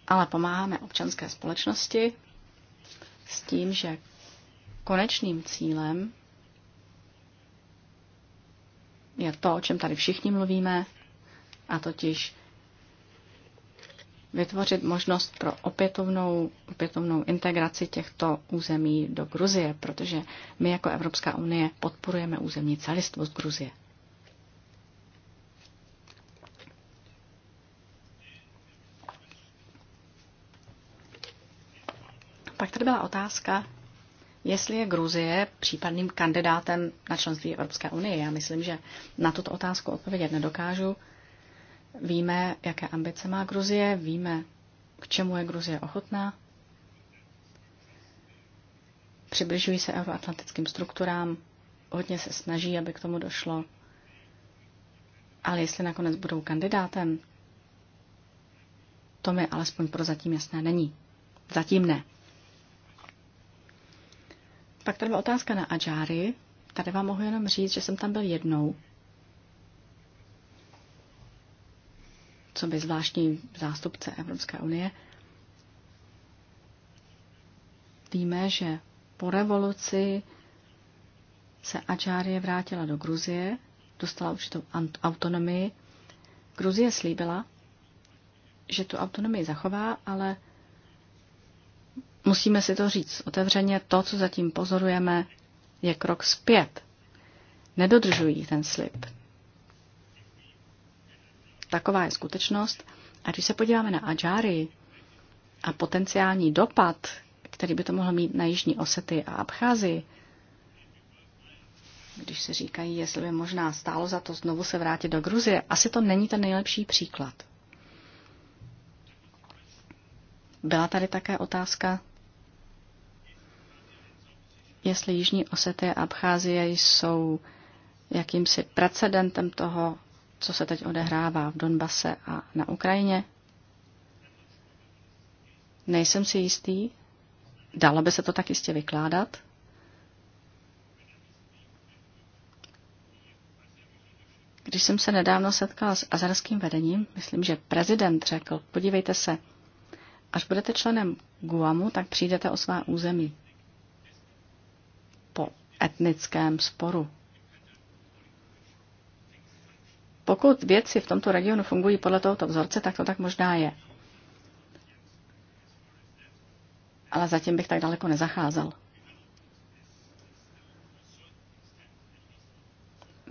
ale pomáháme občanské společnosti s tím, že konečným cílem je to, o čem tady všichni mluvíme, a totiž vytvořit možnost pro opětovnou, opětovnou integraci těchto území do Gruzie, protože my jako Evropská unie podporujeme územní celistvost Gruzie. Pak tady byla otázka, jestli je Gruzie případným kandidátem na členství Evropské unie. Já myslím, že na tuto otázku odpovědět nedokážu, Víme, jaké ambice má Gruzie, víme, k čemu je Gruzie ochotná. Přibližují se euroatlantickým strukturám, hodně se snaží, aby k tomu došlo. Ale jestli nakonec budou kandidátem, to mi alespoň prozatím jasné není. Zatím ne. Pak tady byla otázka na Adžáry. Tady vám mohu jenom říct, že jsem tam byl jednou co by zvláštní zástupce Evropské unie. Víme, že po revoluci se Ačárie vrátila do Gruzie, dostala určitou autonomii. Gruzie slíbila, že tu autonomii zachová, ale musíme si to říct otevřeně, to, co zatím pozorujeme, je krok zpět. Nedodržují ten slib. Taková je skutečnost. A když se podíváme na Adžáry a potenciální dopad, který by to mohlo mít na Jižní Osety a Abcházii, když se říkají, jestli by možná stálo za to znovu se vrátit do Gruzie, asi to není ten nejlepší příklad. Byla tady také otázka, jestli Jižní Osety a Abcházie jsou jakýmsi precedentem toho, co se teď odehrává v Donbase a na Ukrajině? Nejsem si jistý. Dalo by se to tak jistě vykládat? Když jsem se nedávno setkala s azarským vedením, myslím, že prezident řekl, podívejte se, až budete členem Guamu, tak přijdete o svá území. Po etnickém sporu. Pokud věci v tomto regionu fungují podle tohoto vzorce, tak to tak možná je. Ale zatím bych tak daleko nezacházel.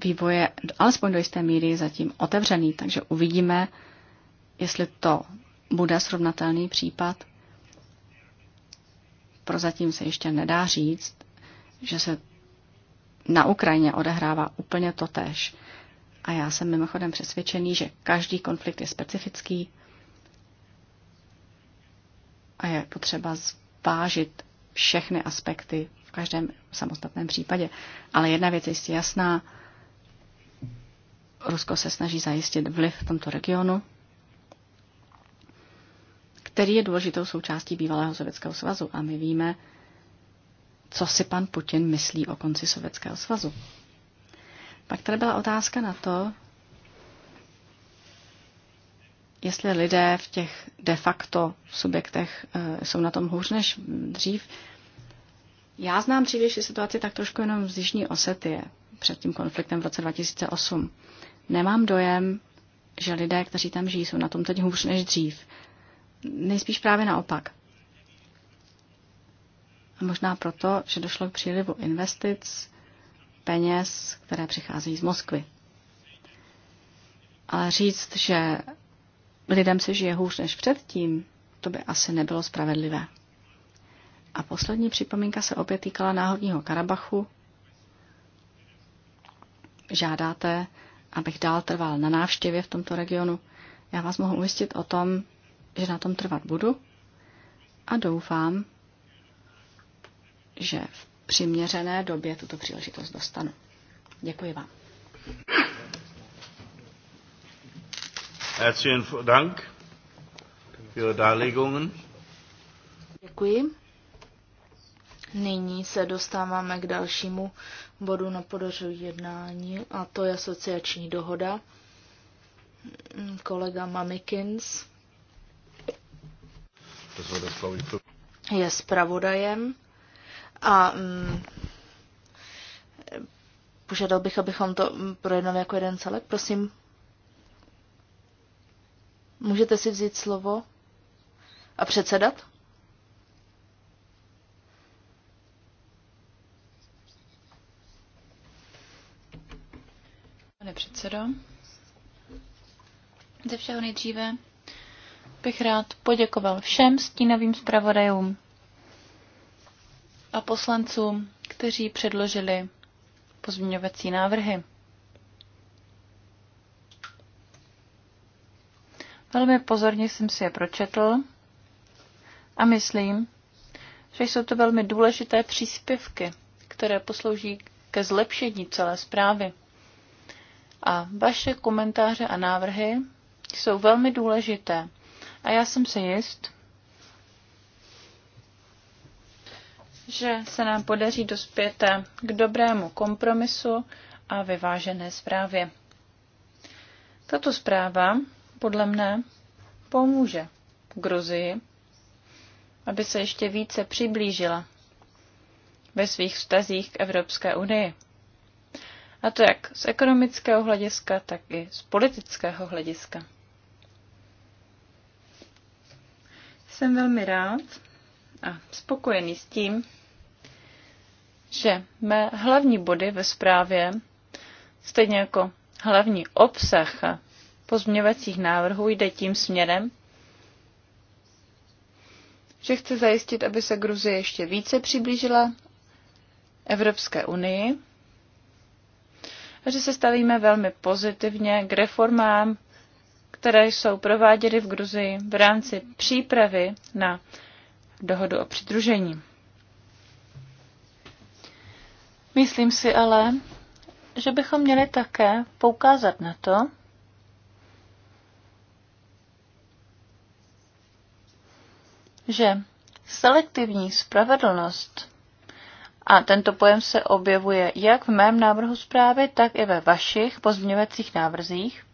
Vývoj je alespoň do jisté míry zatím otevřený, takže uvidíme, jestli to bude srovnatelný případ. Prozatím se ještě nedá říct, že se na Ukrajině odehrává úplně to tež. A já jsem mimochodem přesvědčený, že každý konflikt je specifický a je potřeba zvážit všechny aspekty v každém samostatném případě. Ale jedna věc je jistě jasná. Rusko se snaží zajistit vliv v tomto regionu, který je důležitou součástí bývalého Sovětského svazu. A my víme, co si pan Putin myslí o konci Sovětského svazu. Pak tady byla otázka na to, jestli lidé v těch de facto subjektech eh, jsou na tom hůř než dřív. Já znám dřívější situaci tak trošku jenom z Jižní Osetie před tím konfliktem v roce 2008. Nemám dojem, že lidé, kteří tam žijí, jsou na tom teď hůř než dřív. Nejspíš právě naopak. A možná proto, že došlo k přílivu investic, peněz, které přicházejí z Moskvy. Ale říct, že lidem se žije hůř než předtím, to by asi nebylo spravedlivé. A poslední připomínka se opět týkala náhodního Karabachu. Žádáte, abych dál trval na návštěvě v tomto regionu. Já vás mohu ujistit o tom, že na tom trvat budu a doufám, že v přiměřené době tuto příležitost dostanu. Děkuji vám. Herzlichen Dank für Darlegungen. Děkuji. Nyní se dostáváme k dalšímu bodu na podařu jednání a to je asociační dohoda. Kolega Mamikins je zpravodajem. A mm, požádal bych, abychom to mm, projednali jako jeden celek. Prosím, můžete si vzít slovo a předsedat? Pane předsedo, ze všeho nejdříve bych rád poděkoval všem stínovým zpravodajům a poslancům, kteří předložili pozměňovací návrhy. Velmi pozorně jsem si je pročetl a myslím, že jsou to velmi důležité příspěvky, které poslouží ke zlepšení celé zprávy. A vaše komentáře a návrhy jsou velmi důležité. A já jsem se jist, že se nám podaří dospět k dobrému kompromisu a vyvážené zprávě. Tato zpráva, podle mne, pomůže Gruzii, aby se ještě více přiblížila ve svých vztazích k Evropské unii. A to jak z ekonomického hlediska, tak i z politického hlediska. Jsem velmi rád, a spokojený s tím, že mé hlavní body ve zprávě, stejně jako hlavní obsah pozměňovacích návrhů, jde tím směrem, že chce zajistit, aby se Gruzie ještě více přiblížila Evropské unii a že se stavíme velmi pozitivně k reformám, které jsou prováděny v Gruzii v rámci přípravy na dohodu o přidružení. Myslím si ale, že bychom měli také poukázat na to, že selektivní spravedlnost, a tento pojem se objevuje jak v mém návrhu zprávy, tak i ve vašich pozměňovacích návrzích,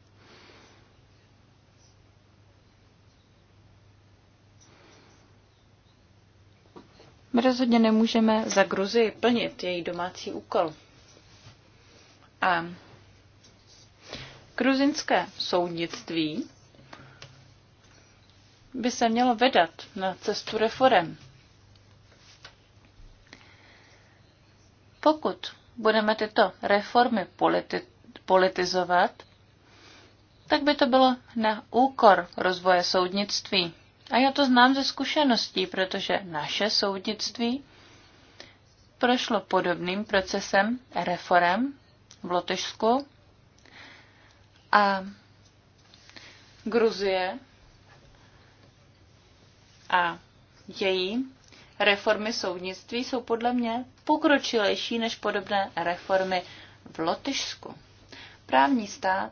My rozhodně nemůžeme za Gruzii plnit její domácí úkol. A gruzinské soudnictví by se mělo vedat na cestu reform. Pokud budeme tyto reformy politi- politizovat, tak by to bylo na úkor rozvoje soudnictví. A já to znám ze zkušeností, protože naše soudnictví prošlo podobným procesem reform v Lotyšsku a Gruzie a její reformy soudnictví jsou podle mě pokročilejší než podobné reformy v Lotyšsku. Právní stát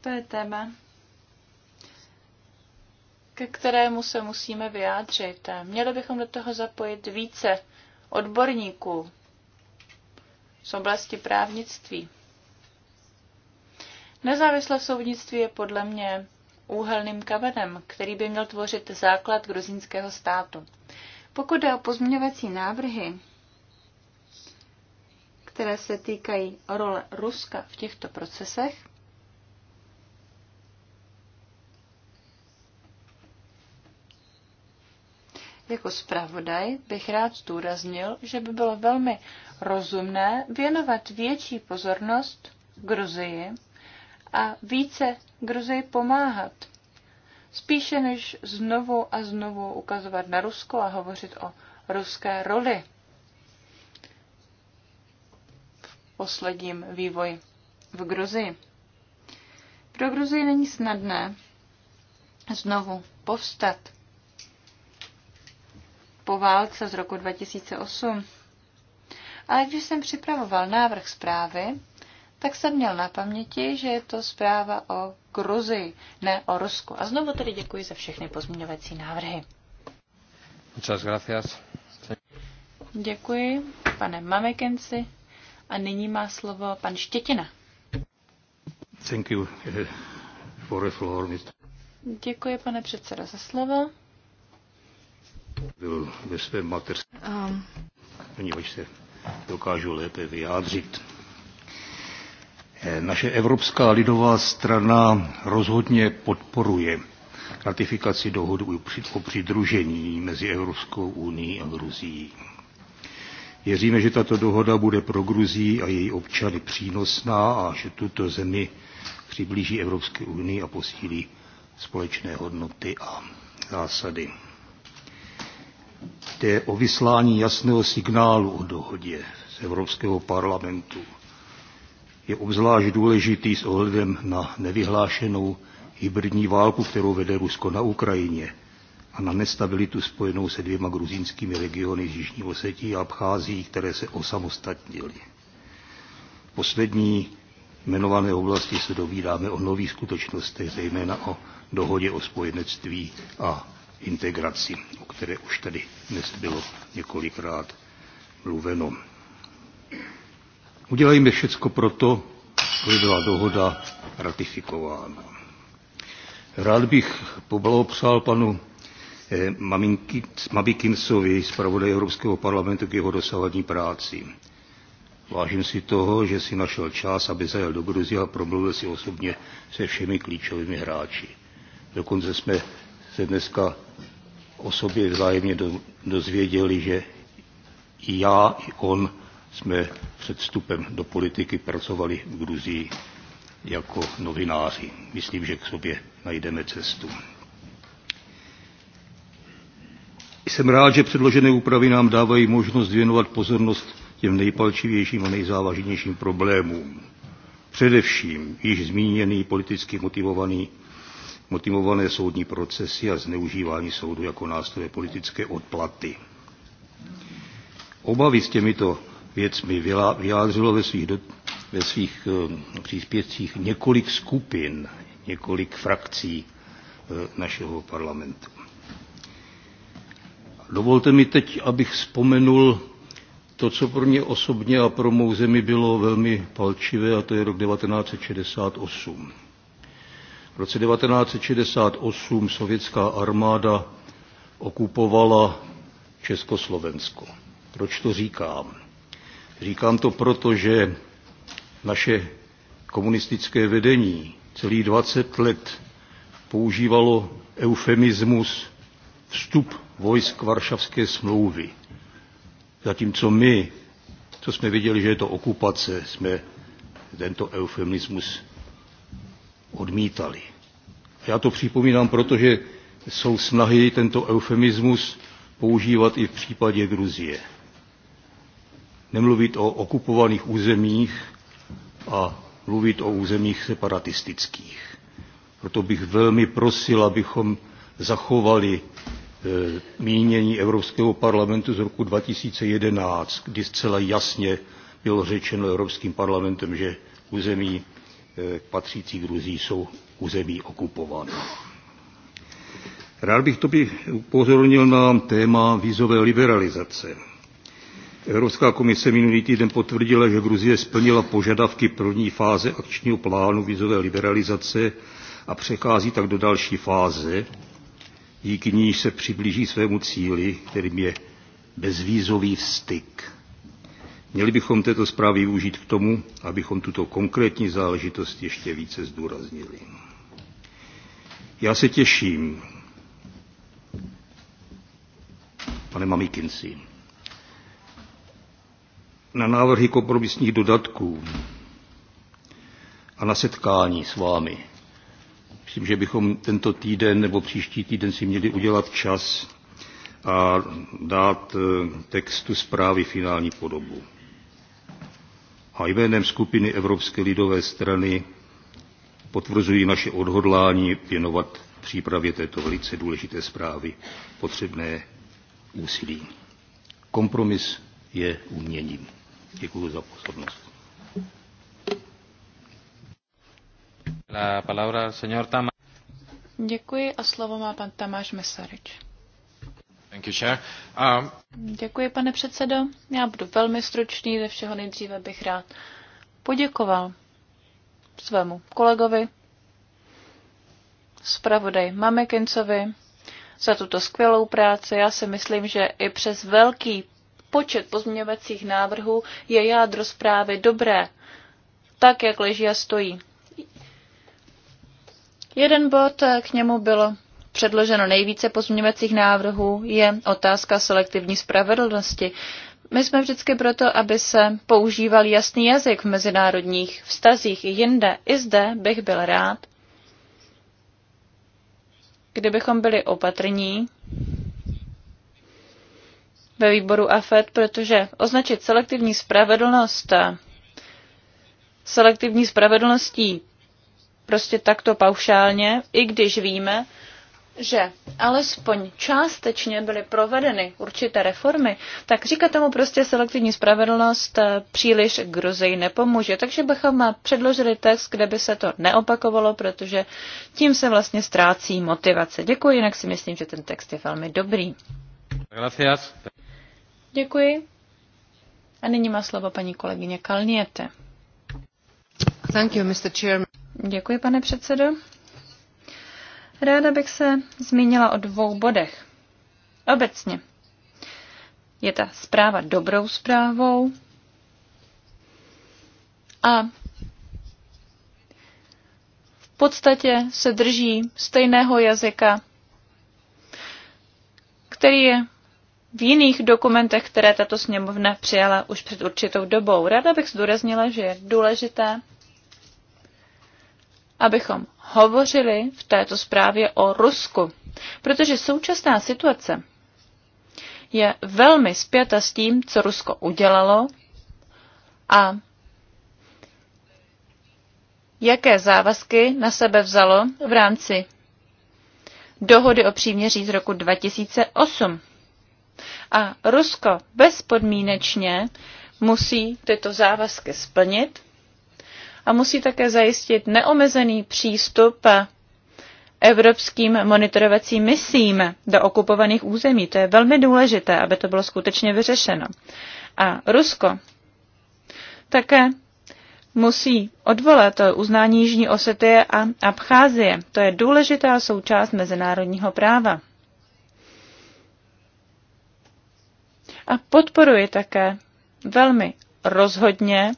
To je téma, ke kterému se musíme vyjádřit. Měli bychom do toho zapojit více odborníků z oblasti právnictví. Nezávislé soudnictví je podle mě úhelným kamenem, který by měl tvořit základ gruzínského státu. Pokud jde o pozměňovací návrhy, které se týkají role Ruska v těchto procesech, Jako zpravodaj bych rád zdůraznil, že by bylo velmi rozumné věnovat větší pozornost Gruzii a více Gruzii pomáhat. Spíše než znovu a znovu ukazovat na Rusko a hovořit o ruské roli v posledním vývoji v Gruzii. Pro Gruzii není snadné znovu povstat po válce z roku 2008. Ale když jsem připravoval návrh zprávy, tak jsem měl na paměti, že je to zpráva o Gruzii, ne o Rusku. A znovu tedy děkuji za všechny pozměňovací návrhy. Muchas gracias. Děkuji, pane Mamekenci. A nyní má slovo pan Štětina. Thank you eh, for the floor, Děkuji, pane předsedo, za slovo. Byl ve svém mateřském, ehm. um. se dokážu lépe vyjádřit. Eh, naše Evropská lidová strana rozhodně podporuje ratifikaci dohody o přidružení mezi Evropskou unii a Gruzií. Věříme, že tato dohoda bude pro Gruzii a její občany přínosná a že tuto zemi přiblíží Evropské unii a posílí společné hodnoty a zásady jde o vyslání jasného signálu o dohodě z Evropského parlamentu. Je obzvlášť důležitý s ohledem na nevyhlášenou hybridní válku, kterou vede Rusko na Ukrajině a na nestabilitu spojenou se dvěma gruzínskými regiony z Jižní Osetí a Abchází, které se osamostatnily. V poslední jmenované oblasti se dovídáme o nových skutečnostech, zejména o dohodě o spojenectví a integraci, o které už tady dnes bylo několikrát mluveno. Udělejme všecko proto, aby byla dohoda ratifikována. Rád bych poblahopřál panu eh, z pravodaje Evropského parlamentu, k jeho dosavadní práci. Vážím si toho, že si našel čas, aby zajel do Gruzie a promluvil si osobně se všemi klíčovými hráči. Dokonce jsme se dneska o sobě vzájemně do, dozvěděli, že i já, i on jsme před vstupem do politiky pracovali v Gruzii jako novináři. Myslím, že k sobě najdeme cestu. Jsem rád, že předložené úpravy nám dávají možnost věnovat pozornost těm nejpalčivějším a nejzávažnějším problémům. Především již zmíněný politicky motivovaný motivované soudní procesy a zneužívání soudu jako nástroje politické odplaty. Obavy s těmito věcmi vyjádřilo ve svých, do, ve svých eh, příspěvcích několik skupin, několik frakcí eh, našeho parlamentu. Dovolte mi teď, abych vzpomenul to, co pro mě osobně a pro mou zemi bylo velmi palčivé, a to je rok 1968. V roce 1968 sovětská armáda okupovala Československo. Proč to říkám? Říkám to proto, že naše komunistické vedení celých 20 let používalo eufemismus vstup vojsk Varšavské smlouvy. Zatímco my, co jsme viděli, že je to okupace, jsme tento eufemismus odmítali. Já to připomínám, protože jsou snahy tento eufemismus používat i v případě Gruzie. Nemluvit o okupovaných územích a mluvit o územích separatistických. Proto bych velmi prosil, abychom zachovali e, mínění Evropského parlamentu z roku 2011, kdy zcela jasně bylo řečeno Evropským parlamentem, že území Eh, patřící Gruzí jsou území okupována. Rád bych to bych upozornil na téma vízové liberalizace. Evropská komise minulý týden potvrdila, že Gruzie splnila požadavky první fáze akčního plánu vízové liberalizace a přechází tak do další fáze, díky níž se přiblíží svému cíli, kterým je bezvízový styk. Měli bychom této zprávy využít k tomu, abychom tuto konkrétní záležitost ještě více zdůraznili. Já se těším, pane Mamikinci, na návrhy kompromisních dodatků a na setkání s vámi. Myslím, že bychom tento týden nebo příští týden si měli udělat čas a dát eh, textu zprávy finální podobu a jménem skupiny Evropské lidové strany potvrzuji naše odhodlání věnovat přípravě této velice důležité zprávy potřebné úsilí. Kompromis je uměním. Děkuji za pozornost. La palabra, señor Tam. Děkuji a slovo má pan Tamáš Mesarič. Um, Děkuji, pane předsedo. Já budu velmi stručný, ze všeho nejdříve bych rád poděkoval svému kolegovi, zpravodaj Mamekincovi, za tuto skvělou práci. Já si myslím, že i přes velký počet pozměňovacích návrhů je jádro zprávy dobré, tak jak leží a stojí. Jeden bod eh, k němu bylo předloženo nejvíce pozměňovacích návrhů, je otázka selektivní spravedlnosti. My jsme vždycky proto, aby se používal jasný jazyk v mezinárodních vztazích i jinde. I zde bych byl rád, kdybychom byli opatrní ve výboru AFED, protože označit selektivní spravedlnost selektivní spravedlností prostě takto paušálně, i když víme, že alespoň částečně byly provedeny určité reformy, tak říkat tomu prostě selektivní spravedlnost eh, příliš Gruzii nepomůže. Takže bychom eh, předložili text, kde by se to neopakovalo, protože tím se vlastně ztrácí motivace. Děkuji, jinak si myslím, že ten text je velmi dobrý. Gracias. Děkuji. A nyní má slovo paní kolegyně Kalniete. Thank you, Mr. Chairman. Děkuji, pane předsedo. Ráda bych se zmínila o dvou bodech. Obecně. Je ta zpráva dobrou zprávou a v podstatě se drží stejného jazyka, který je v jiných dokumentech, které tato sněmovna přijala už před určitou dobou. Ráda bych zdůraznila, že je důležité abychom hovořili v této zprávě o Rusku, protože současná situace je velmi spjata s tím, co Rusko udělalo a jaké závazky na sebe vzalo v rámci dohody o příměří z roku 2008. A Rusko bezpodmínečně musí tyto závazky splnit a musí také zajistit neomezený přístup evropským monitorovacím misím do okupovaných území. To je velmi důležité, aby to bylo skutečně vyřešeno. A Rusko také musí odvolat uznání Jižní Osetie a Abcházie. To je důležitá součást mezinárodního práva. A podporuji také velmi rozhodně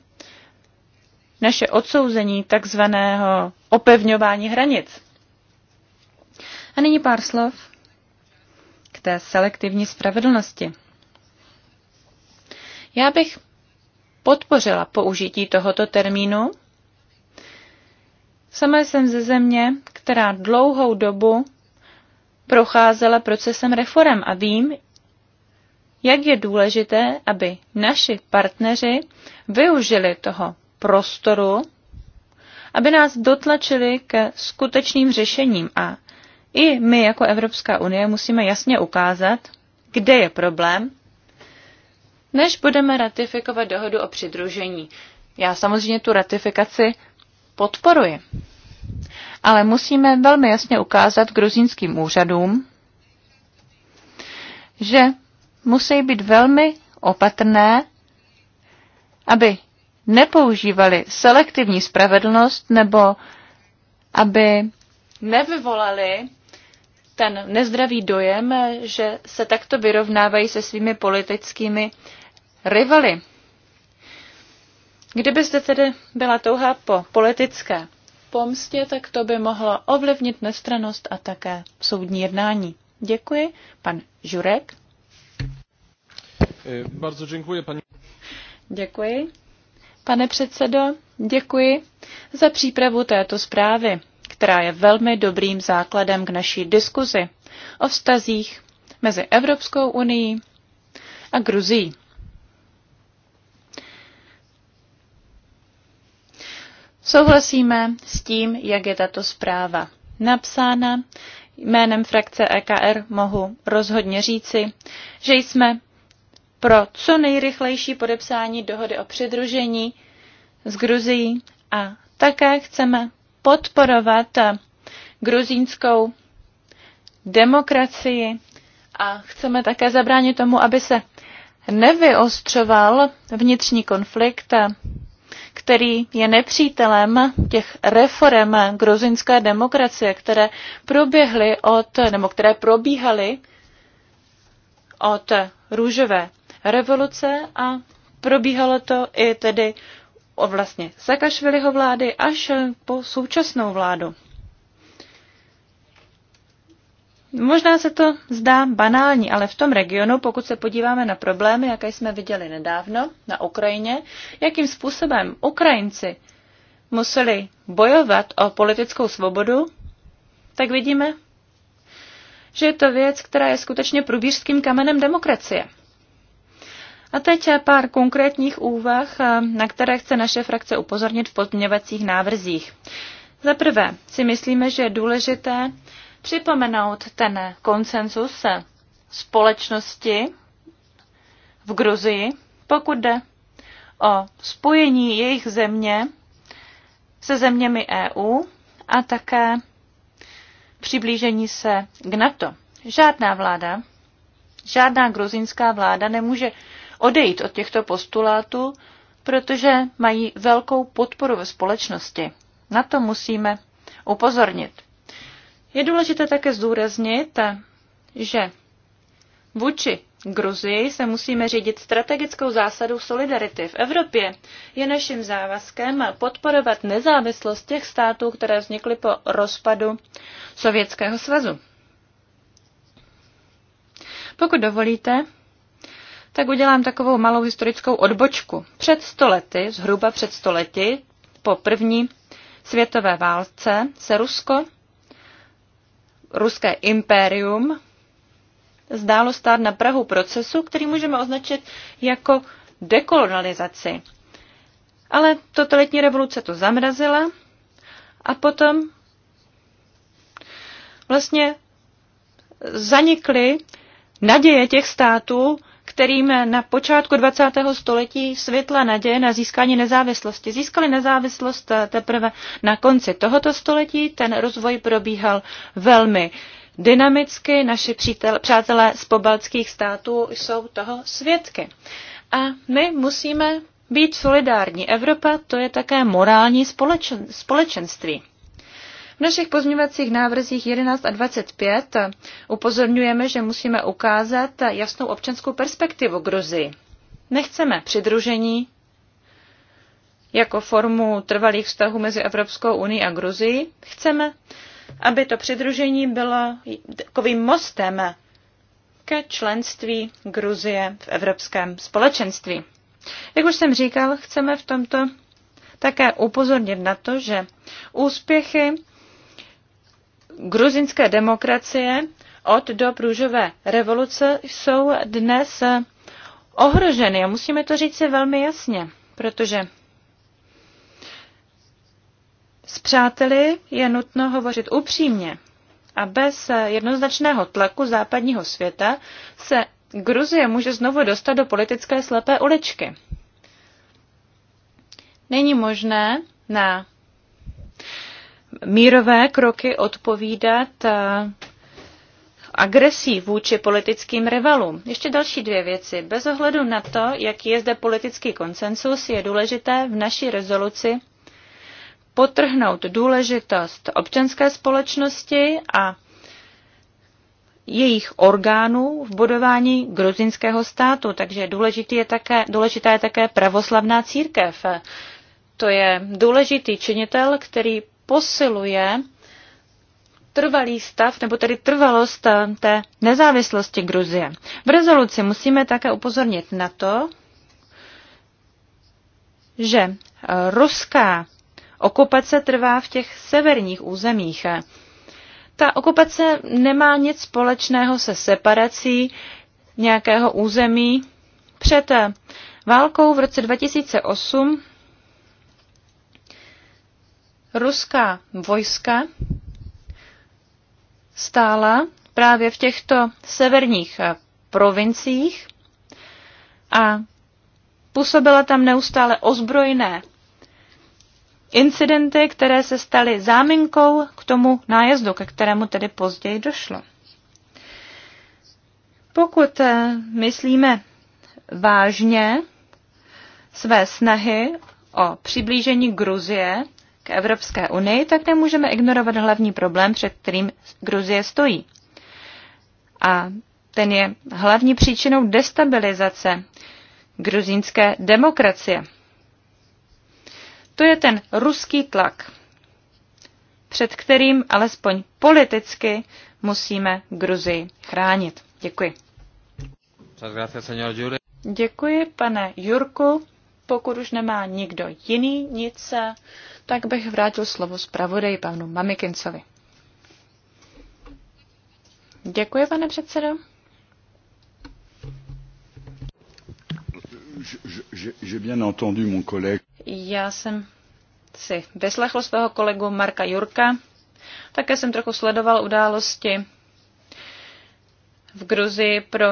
naše odsouzení takzvaného opevňování hranic. A nyní pár slov k té selektivní spravedlnosti. Já bych podpořila použití tohoto termínu. Sama jsem ze země, která dlouhou dobu procházela procesem reform a vím, jak je důležité, aby naši partneři využili toho prostoru, aby nás dotlačili ke skutečným řešením. A i my jako Evropská unie musíme jasně ukázat, kde je problém, než budeme ratifikovat dohodu o přidružení. Já samozřejmě tu ratifikaci podporuji. Ale musíme velmi jasně ukázat gruzínským úřadům, že musí být velmi opatrné, aby nepoužívali selektivní spravedlnost nebo aby nevyvolali ten nezdravý dojem, že se takto vyrovnávají se svými politickými rivaly. Kdyby zde tedy byla touha po politické pomstě, tak to by mohlo ovlivnit nestranost a také soudní jednání. Děkuji. Pan Žurek. Eh, bardzo dziękuję, pani... Děkuji. Pane předsedo, děkuji za přípravu této zprávy, která je velmi dobrým základem k naší diskuzi o vztazích mezi Evropskou unii a Gruzí. Souhlasíme s tím, jak je tato zpráva napsána. Jménem frakce EKR mohu rozhodně říci, že jsme pro co nejrychlejší podepsání dohody o přidružení s Gruzií a také chceme podporovat gruzínskou demokracii a chceme také zabránit tomu, aby se nevyostřoval vnitřní konflikt, který je nepřítelem těch reform gruzinské demokracie, které proběhly od, nebo které probíhaly od růžové revoluce a probíhalo to i tedy o vlastně Sakašviliho vlády až po současnou vládu. Možná se to zdá banální, ale v tom regionu, pokud se podíváme na problémy, jaké jsme viděli nedávno na Ukrajině, jakým způsobem Ukrajinci museli bojovat o politickou svobodu, tak vidíme, že je to věc, která je skutečně průbířským kamenem demokracie. A teď pár konkrétních úvah, eh, na které chce naše frakce upozornit v pozměňovacích návrzích. Za prvé si myslíme, že je důležité připomenout ten konsensus společnosti v Gruzii, pokud jde o spojení jejich země se zeměmi EU a také přiblížení se k NATO. Žádná vláda, žádná gruzinská vláda nemůže odejít od těchto postulátů, protože mají velkou podporu ve společnosti. Na to musíme upozornit. Je důležité také zdůraznit, že vůči Gruzii se musíme řídit strategickou zásadou solidarity v Evropě. Je naším závazkem podporovat nezávislost těch států, které vznikly po rozpadu Sovětského svazu. Pokud dovolíte, tak udělám takovou malou historickou odbočku. Před stolety, zhruba před stolety, po první světové válce se Rusko, ruské impérium, zdálo stát na Prahu procesu, který můžeme označit jako dekolonalizaci. Ale totalitní revoluce to zamrazila a potom vlastně zanikly naděje těch států, kterým na počátku 20. století světla naděje na získání nezávislosti. Získali nezávislost teprve na konci tohoto století. Ten rozvoj probíhal velmi dynamicky. Naši přítel, přátelé z pobaltských států jsou toho svědky. A my musíme být solidární. Evropa to je také morální společen, společenství. V našich pozměňovacích návrzích 11 a 25 upozorňujeme, že musíme ukázat jasnou občanskou perspektivu Gruzii. Nechceme přidružení jako formu trvalých vztahů mezi Evropskou unii a Gruzií. Chceme, aby to přidružení bylo takovým mostem ke členství Gruzie v Evropském společenství. Jak už jsem říkal, chceme v tomto také upozornit na to, že úspěchy gruzínské demokracie od dob růžové revoluce jsou dnes ohroženy. A musíme to říct si velmi jasně, protože s přáteli je nutno hovořit upřímně a bez jednoznačného tlaku západního světa se Gruzie může znovu dostat do politické slepé uličky. Není možné na mírové kroky odpovídat eh, agresí vůči politickým rivalům. Ještě další dvě věci. Bez ohledu na to, jaký je zde politický konsensus, je důležité v naší rezoluci potrhnout důležitost občanské společnosti a jejich orgánů v budování gruzinského státu. Takže důležitý je také, důležitá je také pravoslavná církev. To je důležitý činitel, který posiluje trvalý stav, nebo tedy trvalost eh, té nezávislosti Gruzie. V rezoluci musíme také upozornit na to, že eh, ruská okupace trvá v těch severních územích. Eh, ta okupace nemá nic společného se separací nějakého území. Před válkou v roce 2008 ruská vojska stála právě v těchto severních provinciích a působila tam neustále ozbrojené incidenty, které se staly záminkou k tomu nájezdu, ke kterému tedy později došlo. Pokud eh, myslíme vážně své snahy o přiblížení Gruzie Evropské unii, tak nemůžeme ignorovat hlavní problém, před kterým Gruzie stojí. A ten je hlavní příčinou destabilizace gruzínské demokracie. To je ten ruský tlak, před kterým alespoň politicky musíme Gruzii chránit. Děkuji. Děkuji, pane Jurku. Pokud už nemá nikdo jiný nic, tak bych vrátil slovo zpravodaji panu Mamikincovi. Děkuji, pane předsedo. Já jsem si vyslechl svého kolegu Marka Jurka. Také jsem trochu sledoval události v Gruzii pro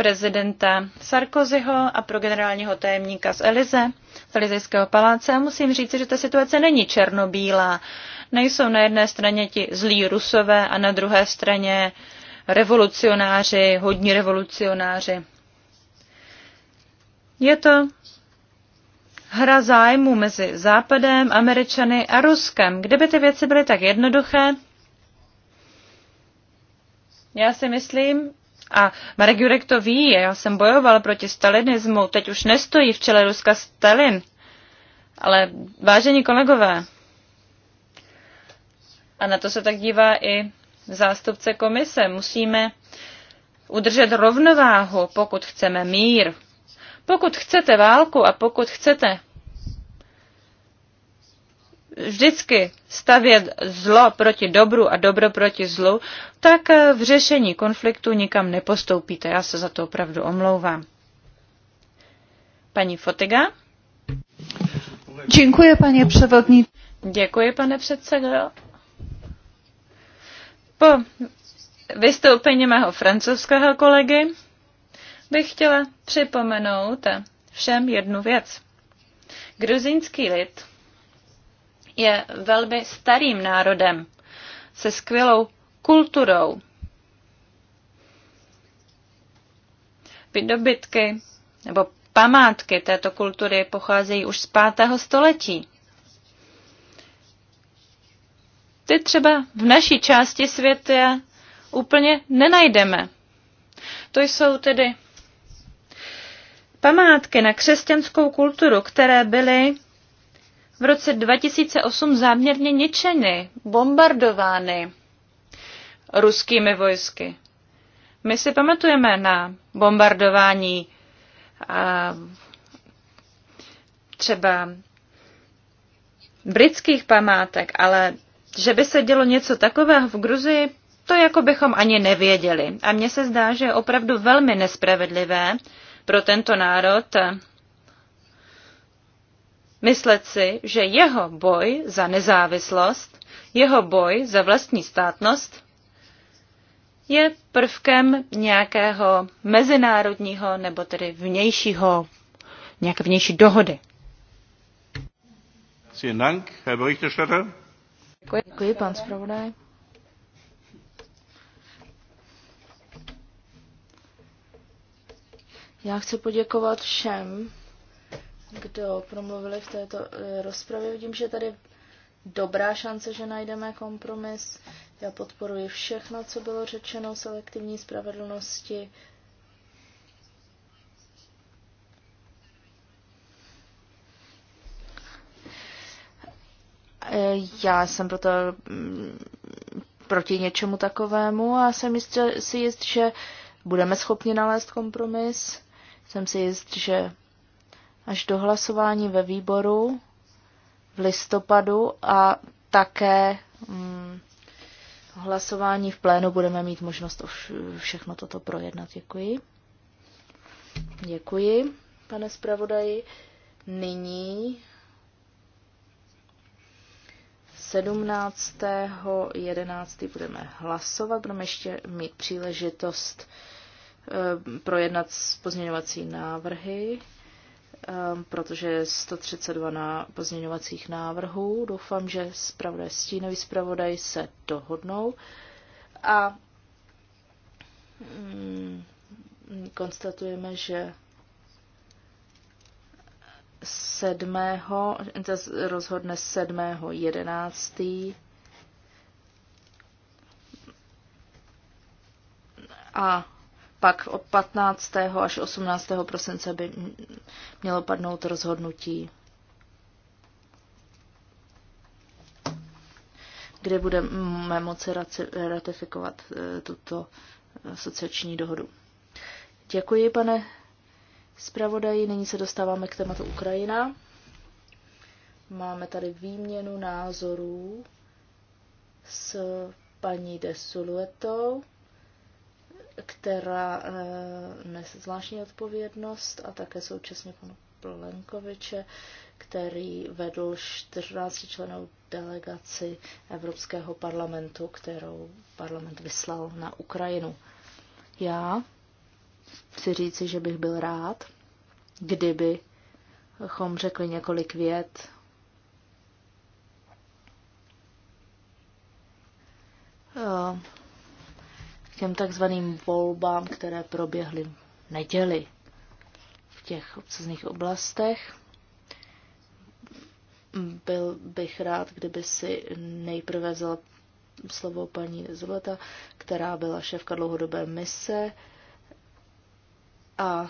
prezidenta Sarkozyho a pro generálního tajemníka z Elize, z Elizejského paláce. A musím říct, že ta situace není černobílá. Nejsou na jedné straně ti zlí rusové a na druhé straně revolucionáři, hodní revolucionáři. Je to hra zájmu mezi Západem, Američany a Ruskem. Kdyby ty věci byly tak jednoduché, já si myslím, a Marek Jurek to ví, já jsem bojoval proti stalinismu, teď už nestojí v čele Ruska Stalin. Ale vážení kolegové, a na to se tak dívá i zástupce komise, musíme udržet rovnováhu, pokud chceme mír. Pokud chcete válku a pokud chcete vždycky stavět zlo proti dobru a dobro proti zlu, tak eh, v řešení konfliktu nikam nepostoupíte. Já se za to opravdu omlouvám. Paní Fotiga? Děkuji, paní převodní. Děkuji, pane předsedo. Po vystoupení mého francouzského kolegy bych chtěla připomenout všem jednu věc. Gruzínský lid je velmi starým národem se skvělou kulturou. Vydobytky nebo památky této kultury pocházejí už z 5. století. Ty třeba v naší části světa úplně nenajdeme. To jsou tedy památky na křesťanskou kulturu, které byly v roce 2008 záměrně ničeny, bombardovány ruskými vojsky. My si pamatujeme na bombardování a třeba britských památek, ale že by se dělo něco takového v Gruzii, to jako bychom ani nevěděli. A mně se zdá, že je opravdu velmi nespravedlivé pro tento národ, myslet si, že jeho boj za nezávislost, jeho boj za vlastní státnost je prvkem nějakého mezinárodního nebo tedy vnějšího, nějaké vnější dohody. děkuji pan zpravodaj. Já chci poděkovat všem, kdo promluvili v této eh, rozpravě. Vidím, že tady dobrá šance, že najdeme kompromis. Já podporuji všechno, co bylo řečeno selektivní spravedlnosti. Eh, já jsem proto mm, proti něčemu takovému a jsem jistě, si jist, že budeme schopni nalézt kompromis. Jsem si jist, že až do hlasování ve výboru v listopadu a také hm, hlasování v plénu budeme mít možnost všechno toto projednat. Děkuji. Děkuji, pane zpravodaji. Nyní 17. 11. budeme hlasovat, budeme ještě mít příležitost eh, projednat pozměňovací návrhy. Ehm, protože 132 na pozměňovacích návrhů. Doufám, že zpravodaj, stínový zpravodaj se dohodnou. A mm, konstatujeme, že 7. rozhodne 7. 11. A pak od 15. až 18. prosince by mělo padnout rozhodnutí, kde budeme moci ratifikovat e, tuto e, asociační dohodu. Děkuji, pane zpravodaji. Nyní se dostáváme k tématu Ukrajina. Máme tady výměnu názorů s paní Desuluetou která eh, nese zvláštní odpovědnost a také současně panu Plenkoviče, který vedl 14 členů delegaci Evropského parlamentu, kterou parlament vyslal na Ukrajinu. Já chci říci, že bych byl rád, kdybychom řekli několik vět eh, těm takzvaným volbám, které proběhly v neděli v těch obcezných oblastech. Byl bych rád, kdyby si nejprve vzala slovo paní Zoleta, která byla šéfka dlouhodobé mise a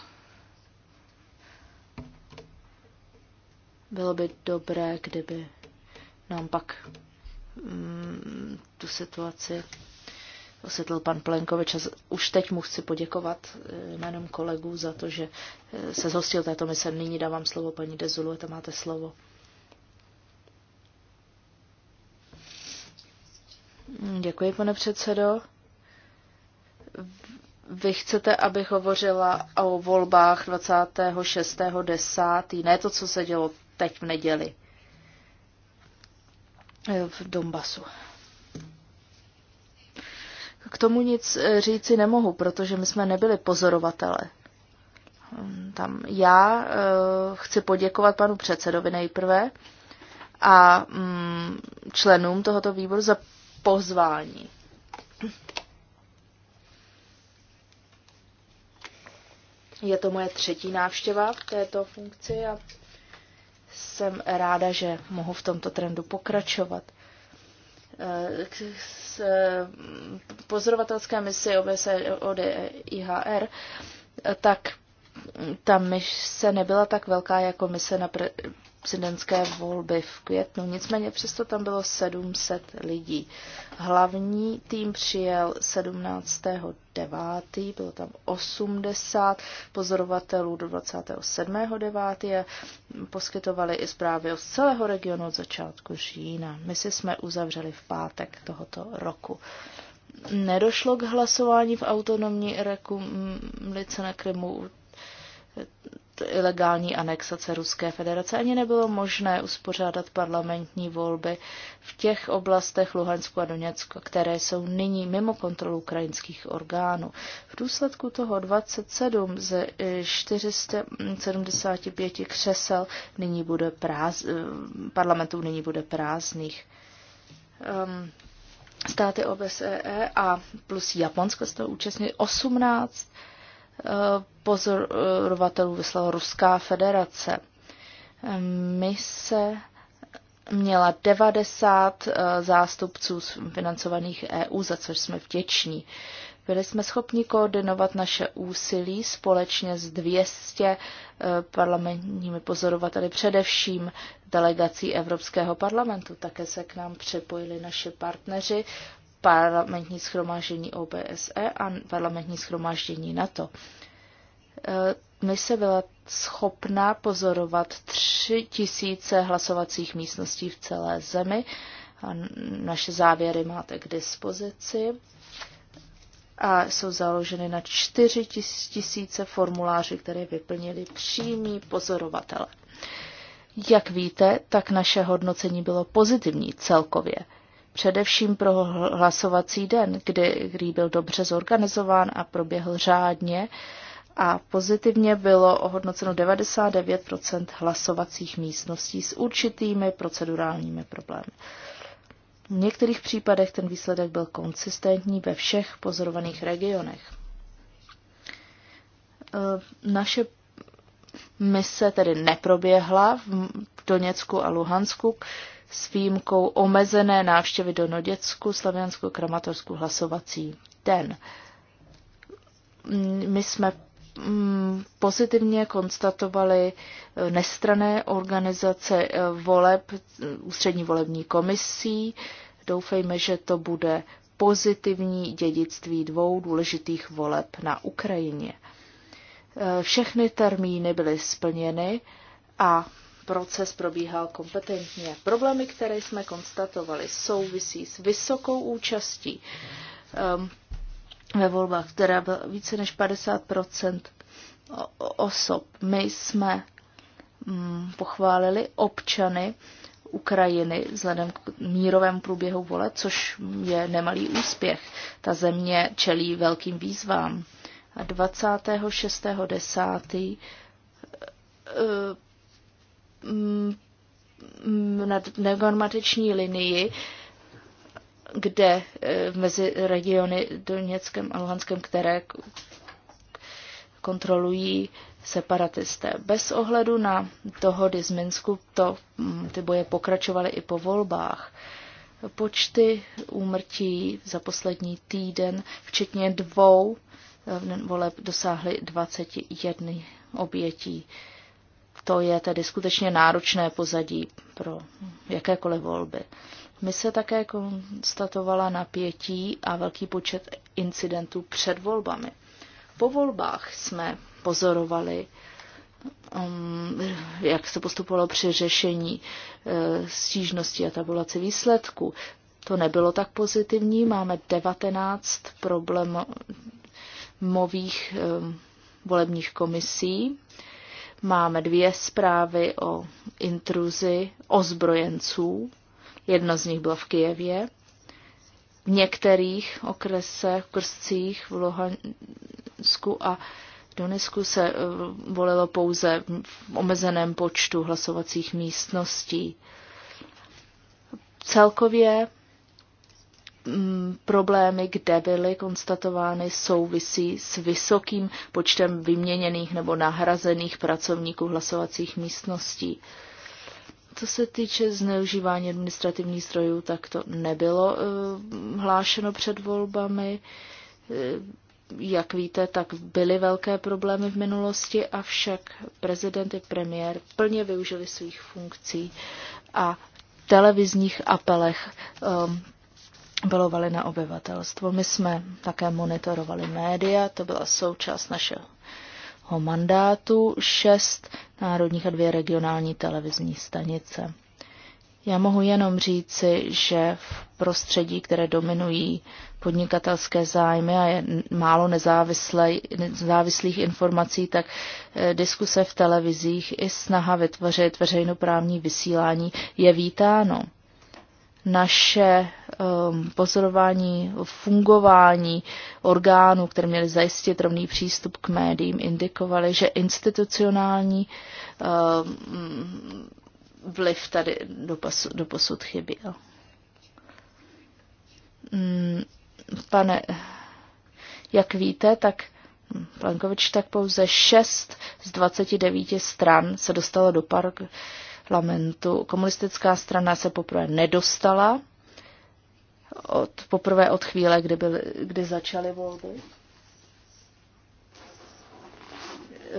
bylo by dobré, kdyby nám pak mm, tu situaci osvětlil pan Plenkovič. Už teď mu chci poděkovat eh, jménem kolegů za to, že eh, se zhostil této mise. Nyní dávám slovo paní Dezulu, tam máte slovo. Děkuji, pane předsedo. Vy chcete, abych hovořila o volbách 26.10., ne to, co se dělo teď v neděli v Donbasu. K tomu nic eh, říci nemohu, protože my jsme nebyli pozorovatele. Hm, tam já eh, chci poděkovat panu předsedovi nejprve a hm, členům tohoto výboru za pozvání. Je to moje třetí návštěva v této funkci a jsem ráda, že mohu v tomto trendu pokračovat. Eh, s eh, pozorovatelské misi OBSE ODIHR, eh, tak ta mise nebyla tak velká jako mise na pre- prezidentské volby v květnu. Nicméně přesto tam bylo 700 lidí. Hlavní tým přijel 17. 9. bylo tam 80 pozorovatelů do 9. a poskytovali i zprávy z celého regionu od začátku října. My si jsme uzavřeli v pátek tohoto roku. Nedošlo k hlasování v autonomní republice na Krymu ilegální anexace Ruské federace ani nebylo možné uspořádat parlamentní volby v těch oblastech Luhansku a Doněcku, které jsou nyní mimo kontrolu ukrajinských orgánů. V důsledku toho 27 ze 475 eh, křesel nyní bude práz, eh, parlamentů nyní bude prázdných. Um, státy OBSE a plus Japonsko z toho účastnili 18 pozorovatelů vyslala Ruská federace. Mise měla 90 eh, zástupců financovaných EU, za což jsme vděční. Byli jsme schopni koordinovat naše úsilí společně s 200 eh, parlamentními pozorovateli, především delegací Evropského parlamentu. Také se k nám připojili naši partneři parlamentní schromáždění OBSE a parlamentní schromáždění NATO. E, se byla schopna pozorovat tři tisíce hlasovacích místností v celé zemi. A naše závěry máte k dispozici a jsou založeny na čtyři tisíce formuláři, které vyplnili přímí pozorovatele. Jak víte, tak naše hodnocení bylo pozitivní celkově především pro hlasovací den, kdy, kdy byl dobře zorganizován a proběhl řádně a pozitivně bylo ohodnoceno 99 hlasovacích místností s určitými procedurálními problémy. V některých případech ten výsledek byl konsistentní ve všech pozorovaných regionech. E, naše mise tedy neproběhla v Doněcku a Luhansku, s výjimkou omezené návštěvy do Noděcku, Slavianskou kramatorskou hlasovací den. Mm, my jsme mm, pozitivně konstatovali eh, nestrané organizace eh, voleb, eh, ústřední volební komisí. Doufejme, že to bude pozitivní dědictví dvou důležitých voleb na Ukrajině. Všechny termíny byly splněny a proces probíhal kompetentně. Problémy, které jsme konstatovali, souvisí s vysokou účastí um, ve volbách, která byla více než 50 osob. My jsme um, pochválili občany Ukrajiny vzhledem k mírovému průběhu vole, což je nemalý úspěch. Ta země čelí velkým výzvám. A 26.10 Mm, na nenormatiční linii, kde eh, mezi regiony Doněckém a Luhanském, které kontrolují separatisté. Bez ohledu na dohody z Minsku to, mm, ty boje pokračovaly i po volbách. Počty úmrtí za poslední týden, včetně dvou eh, voleb, dosáhly 21 obětí to je tedy skutečně náročné pozadí pro jakékoliv volby. My se také konstatovala napětí a velký počet incidentů před volbami. Po volbách jsme pozorovali, um, jak se postupovalo při řešení eh, stížnosti a tabulaci výsledků. To nebylo tak pozitivní. Máme 19 problémových eh, volebních komisí Máme dvě zprávy o intruzi ozbrojenců. Jedna z nich byla v Kijevě. V některých okresech, krscích v Luhansku a Donesku se eh, volilo pouze v omezeném počtu hlasovacích místností. Celkově Mm, problémy, kde byly konstatovány, souvisí s vysokým počtem vyměněných nebo nahrazených pracovníků hlasovacích místností. Co se týče zneužívání administrativních zdrojů, tak to nebylo uh, hlášeno před volbami. Eh, jak víte, tak byly velké problémy v minulosti, avšak prezident i premiér plně využili svých funkcí a televizních apelech um, apelovali na obyvatelstvo. My jsme také monitorovali média, to byla součást našeho mandátu, šest národních a dvě regionální televizní stanice. Já mohu jenom říci, že v prostředí, které dominují podnikatelské zájmy a je málo nezávislých informací, tak eh, diskuse v televizích i snaha vytvořit veřejnoprávní vysílání je vítáno naše um, pozorování fungování orgánů, které měly zajistit rovný přístup k médiím, indikovaly, že institucionální um, vliv tady do posud chyběl. Mm, pane, jak víte, tak Plankovič tak pouze 6 z 29 stran se dostalo do, par, parlamentu. Komunistická strana se poprvé nedostala od, poprvé od chvíle, kdy, byly, kdy začaly volby.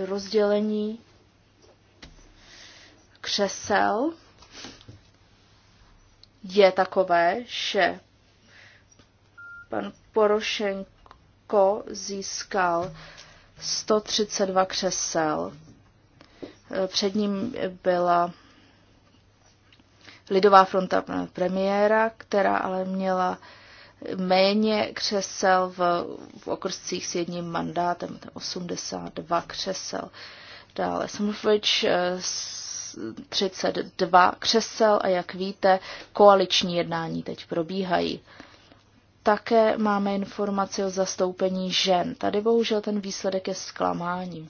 Rozdělení křesel je takové, že pan Porošenko získal 132 křesel. Před ním byla Lidová fronta premiéra, která ale měla méně křesel v, v okrscích s jedním mandátem, 82 křesel. Dále Smurfridge eh, 32 křesel a jak víte, koaliční jednání teď probíhají. Také máme informaci o zastoupení žen. Tady bohužel ten výsledek je zklamáním.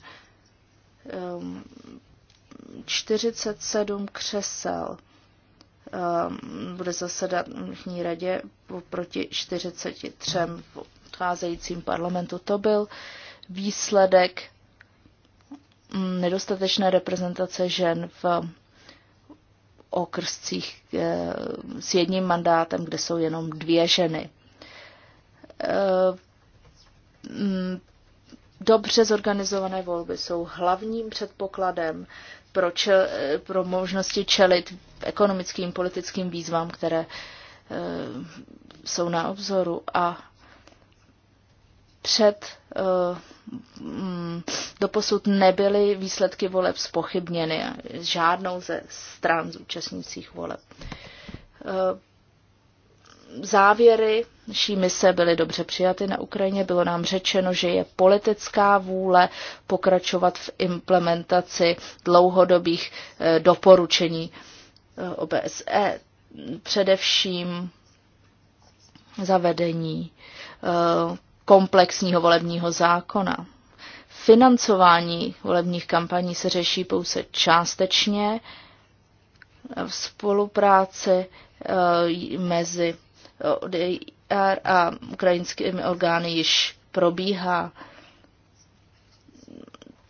47 ehm, křesel Ehm, bude zasedat v dnešní radě proti 43 v odcházejícím parlamentu. To byl výsledek mm, nedostatečné reprezentace žen v okrscích ehm, s jedním mandátem, kde jsou jenom dvě ženy. Ehm, mm, dobře zorganizované volby jsou hlavním předpokladem pro, čel, eh, pro možnosti čelit ekonomickým, politickým výzvám, které e, jsou na obzoru. A před e, eh, m, mm, doposud nebyly výsledky voleb spochybněny žádnou ze stran zúčastnících voleb. E, závěry naší mise byly dobře přijaty na Ukrajině. Bylo nám řečeno, že je politická vůle pokračovat v implementaci dlouhodobých eh, doporučení eh, OBSE, především zavedení eh, komplexního volebního zákona. Financování volebních kampaní se řeší pouze částečně v spolupráci mezi ODR a ukrajinskými orgány již probíhá.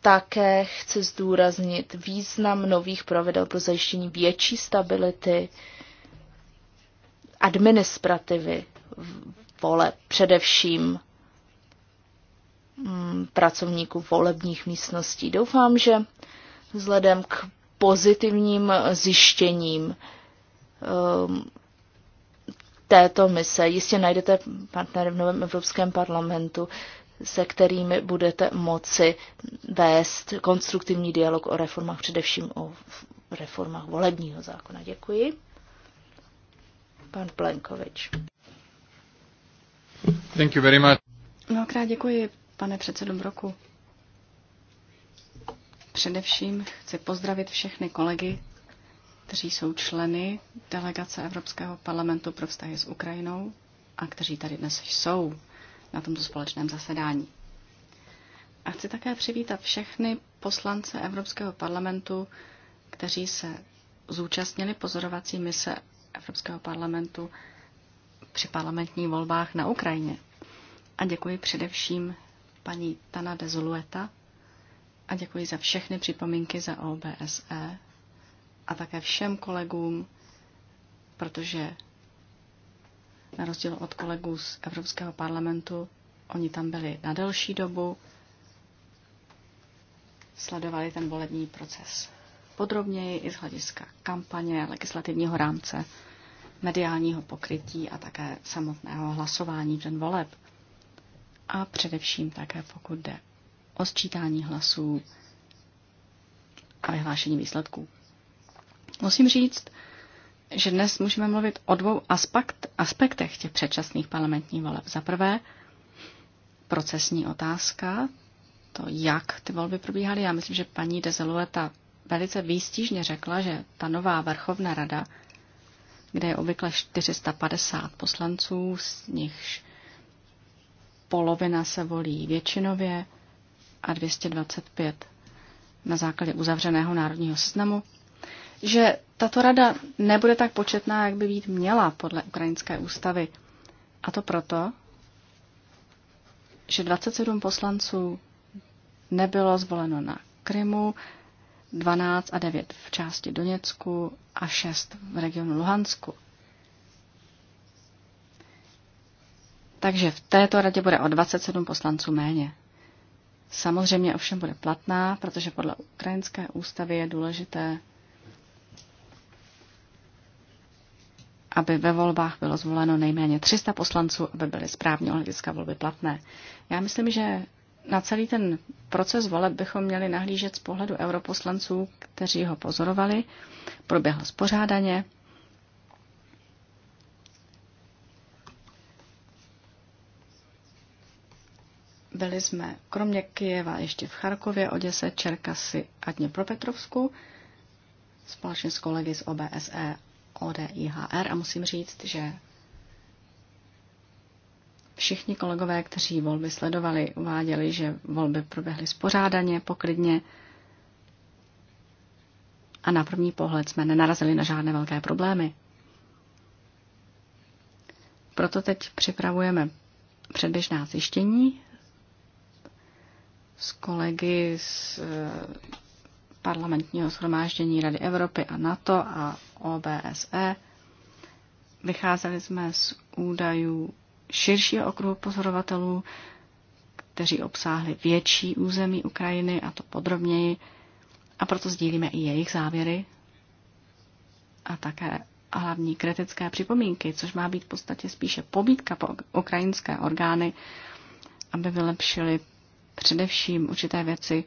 Také chci zdůraznit význam nových pravidel pro zajištění větší stability administrativy vole, především mm, pracovníků volebních místností. Doufám, že vzhledem k pozitivním zjištěním um, této mise. Jistě najdete partnery v novém Evropském parlamentu, se kterými budete moci vést konstruktivní dialog o reformách, především o reformách volebního zákona. Děkuji. Pan Plenkovič. Thank you very much. Mnohokrát děkuji, pane předsedom Broku. Především chci pozdravit všechny kolegy kteří jsou členy delegace Evropského parlamentu pro vztahy s Ukrajinou a kteří tady dnes jsou na tomto společném zasedání. A chci také přivítat všechny poslance Evropského parlamentu, kteří se zúčastnili pozorovací mise Evropského parlamentu při parlamentních volbách na Ukrajině. A děkuji především paní Tana Dezolueta a děkuji za všechny připomínky za OBSE a také všem kolegům, protože na rozdíl od kolegů z Evropského parlamentu, oni tam byli na delší dobu, sledovali ten volební proces podrobněji i z hlediska kampaně, legislativního rámce, mediálního pokrytí a také samotného hlasování v den voleb. A především také pokud jde o sčítání hlasů a vyhlášení výsledků. Musím říct, že dnes můžeme mluvit o dvou aspekt, aspektech těch předčasných parlamentních voleb. Za prvé, procesní otázka, to, jak ty volby probíhaly. Já myslím, že paní Dezelueta velice výstižně řekla, že ta nová vrchovná rada, kde je obvykle 450 poslanců, z nichž polovina se volí většinově a 225 na základě uzavřeného národního seznamu, že tato rada nebude tak početná, jak by být měla podle ukrajinské ústavy. A to proto, že 27 poslanců nebylo zvoleno na Krymu, 12 a 9 v části Doněcku a 6 v regionu Luhansku. Takže v této radě bude o 27 poslanců méně. Samozřejmě ovšem bude platná, protože podle ukrajinské ústavy je důležité, aby ve volbách bylo zvoleno nejméně 300 poslanců, aby byly správně hlediska volby platné. Já myslím, že na celý ten proces voleb bychom měli nahlížet z pohledu europoslanců, kteří ho pozorovali, proběhl spořádaně. Byli jsme kromě Kijeva ještě v Charkově, Oděse, Čerkasy a Dněpropetrovsku společně s kolegy z OBSE ODIHR a musím říct, že všichni kolegové, kteří volby sledovali, uváděli, že volby proběhly spořádaně, poklidně a na první pohled jsme nenarazili na žádné velké problémy. Proto teď připravujeme předběžná zjištění s kolegy z parlamentního shromáždění Rady Evropy a NATO a OBSE. Vycházeli jsme z údajů širšího okruhu pozorovatelů, kteří obsáhli větší území Ukrajiny a to podrobněji, a proto sdílíme i jejich závěry a také hlavní kritické připomínky, což má být v podstatě spíše pobídka po ukrajinské orgány, aby vylepšili především určité věci,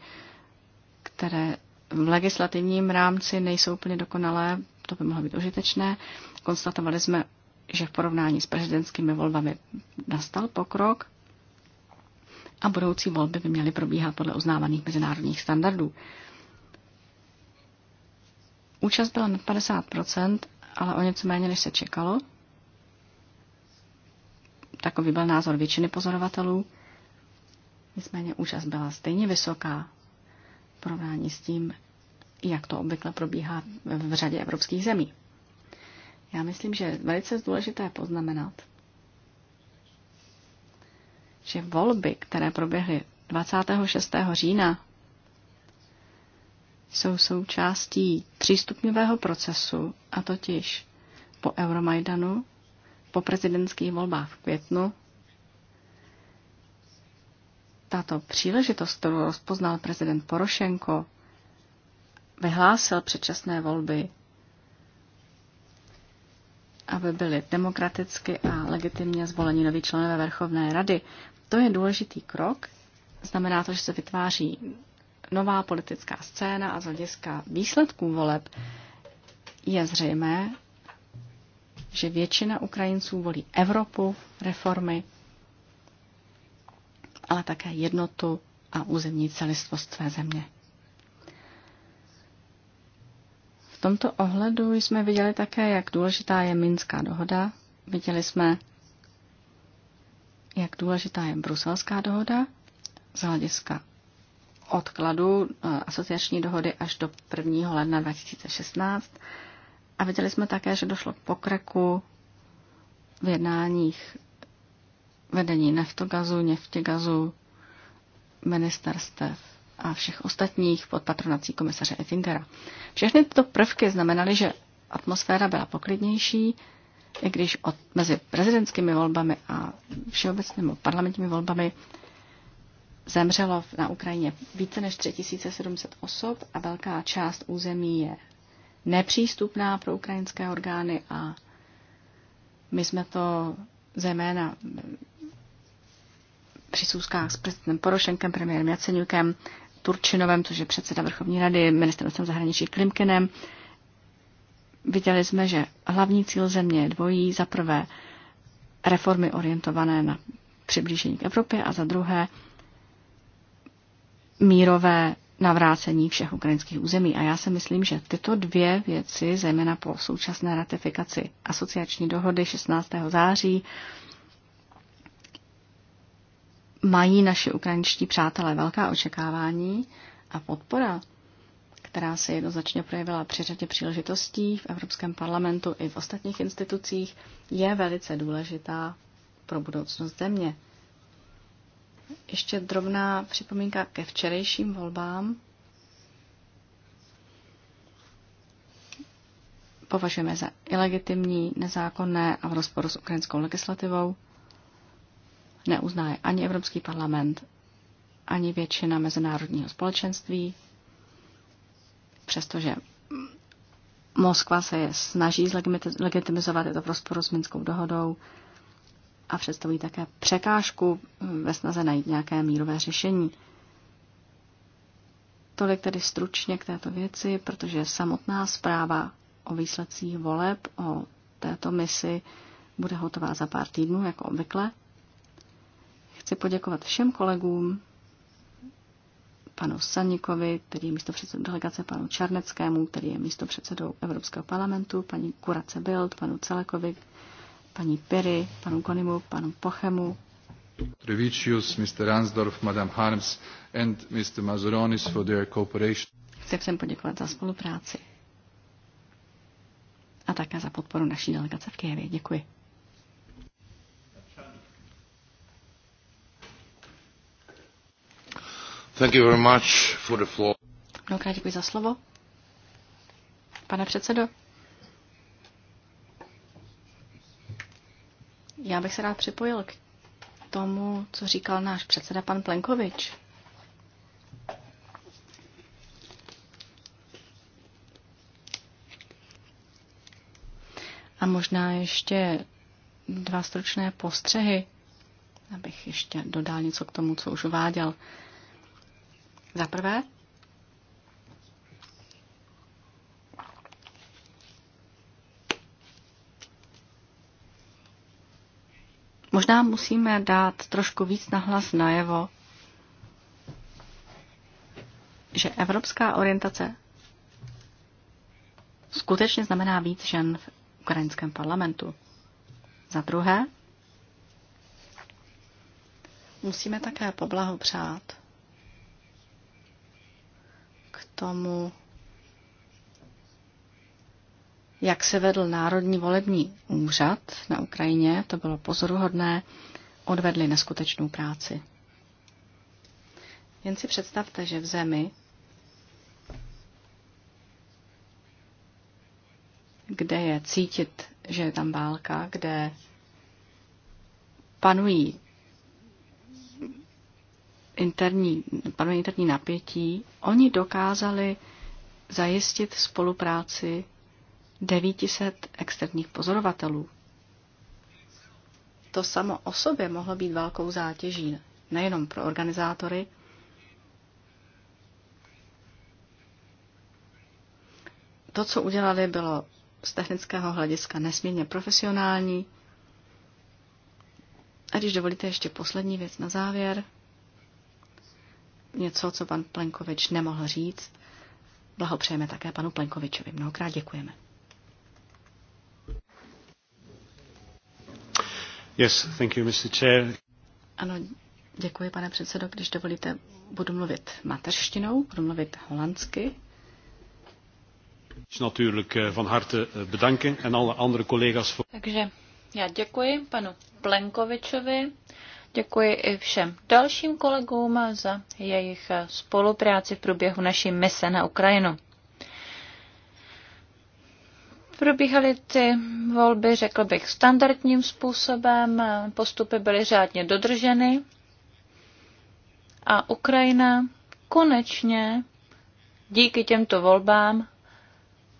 které v legislativním rámci nejsou úplně dokonalé, to by mohlo být užitečné. Konstatovali jsme, že v porovnání s prezidentskými volbami nastal pokrok a budoucí volby by měly probíhat podle uznávaných mezinárodních standardů. Účast byla nad 50%, ale o něco méně, než se čekalo. Takový byl názor většiny pozorovatelů. Nicméně účast byla stejně vysoká, porovnání s tím, jak to obvykle probíhá v řadě evropských zemí. Já myslím, že je velice důležité poznamenat, že volby, které proběhly 26. října, jsou součástí třístupňového procesu, a totiž po Euromajdanu, po prezidentských volbách v květnu tato příležitost, kterou rozpoznal prezident Porošenko, vyhlásil předčasné volby, aby byly demokraticky a legitimně zvoleni noví členové Verchovné rady. To je důležitý krok. Znamená to, že se vytváří nová politická scéna a z hlediska výsledků voleb je zřejmé, že většina Ukrajinců volí Evropu, reformy ale také jednotu a územní celistvost své země. V tomto ohledu jsme viděli také, jak důležitá je Minská dohoda. Viděli jsme, jak důležitá je Bruselská dohoda z hlediska odkladu eh, asociační dohody až do 1. ledna 2016. A viděli jsme také, že došlo k pokroku v jednáních vedení neftogazu, neftěgazu, ministerstev a všech ostatních pod patronací komisaře Ettingera. Všechny tyto prvky znamenaly, že atmosféra byla poklidnější, i když od, mezi prezidentskými volbami a všeobecnými parlamentními volbami zemřelo na Ukrajině více než 3700 osob a velká část území je nepřístupná pro ukrajinské orgány a my jsme to zejména při sůzkách s prezidentem Porošenkem, premiérem Jaceňukem, Turčinovem, což je předseda Vrchovní rady, ministrem zahraničí Klimkinem. Viděli jsme, že hlavní cíl země je dvojí. Za prvé reformy orientované na přiblížení k Evropě a za druhé mírové navrácení všech ukrajinských území. A já si myslím, že tyto dvě věci, zejména po současné ratifikaci asociační dohody 16. září, mají naši ukrajinští přátelé velká očekávání a podpora, která se jednoznačně projevila při řadě příležitostí v Evropském parlamentu i v ostatních institucích, je velice důležitá pro budoucnost země. Ještě drobná připomínka ke včerejším volbám. Považujeme za ilegitimní, nezákonné a v rozporu s ukrajinskou legislativou. Neuzná je ani Evropský parlament, ani většina mezinárodního společenství, přestože Moskva se je snaží legitimizovat, je to v rozporu s Minskou dohodou a představují také překážku hm, ve snaze najít nějaké mírové řešení. Tolik tedy stručně k této věci, protože samotná zpráva o výsledcích voleb, o této misi, bude hotová za pár týdnů, jako obvykle. Chci poděkovat všem kolegům, panu Sanikovi, který je místo předsedou delegace, panu Čarneckému, který je místo předsedou Evropského parlamentu, paní Kurace Bild, panu Celekovi, paní Piri, panu Konimu, panu Pochemu, Trevičius, Mr. Ransdorf, Madame Harms and Mr. Mazuronis for their cooperation. Chci všem poděkovat za spolupráci a také za podporu naší delegace v Kijevě. Děkuji. Mnohokrát děkuji za slovo. Pane předsedo, já bych se rád připojil k tomu, co říkal náš předseda pan Plenkovič. A možná ještě dva stručné postřehy, abych ještě dodal něco k tomu, co už uváděl. Za prvé, Možná musíme dát trošku víc nahlas najevo, že evropská orientace skutečně znamená víc žen v ukrajinském parlamentu. Za druhé, musíme také poblahopřát tomu, jak se vedl Národní volební úřad na Ukrajině, to bylo pozoruhodné, odvedli neskutečnou práci. Jen si představte, že v zemi, kde je cítit, že je tam válka, kde panují interní, pardon, interní napětí, oni dokázali zajistit spolupráci 900 externích pozorovatelů. To samo o sobě mohlo být velkou zátěží nejenom pro organizátory, To, co udělali, bylo z technického hlediska nesmírně profesionální. A když dovolíte ještě poslední věc na závěr něco, co pan Plenkovič nemohl říct. Blahopřejeme také panu Plenkovičovi. Mnohokrát děkujeme. Yes, thank you, Mr. Chair. Ano, děkuji, pane předsedo. Když dovolíte, budu mluvit mateřštinou, budu mluvit holandsky. Eh, eh, Takže já děkuji panu Plenkovičovi Děkuji i všem dalším kolegům za jejich spolupráci v průběhu naší mise na Ukrajinu. Probíhaly ty volby, řekl bych, standardním způsobem, postupy byly řádně dodrženy a Ukrajina konečně díky těmto volbám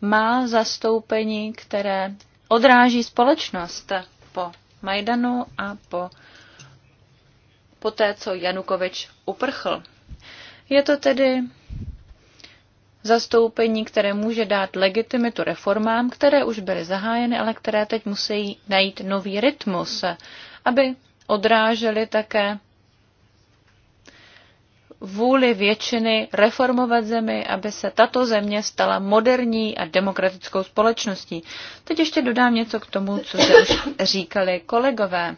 má zastoupení, které odráží společnost po Majdanu a po poté co Janukovič uprchl. Je to tedy zastoupení, které může dát legitimitu reformám, které už byly zahájeny, ale které teď musí najít nový rytmus, aby odrážely také vůli většiny reformovat zemi, aby se tato země stala moderní a demokratickou společností. Teď ještě dodám něco k tomu, co se už říkali kolegové.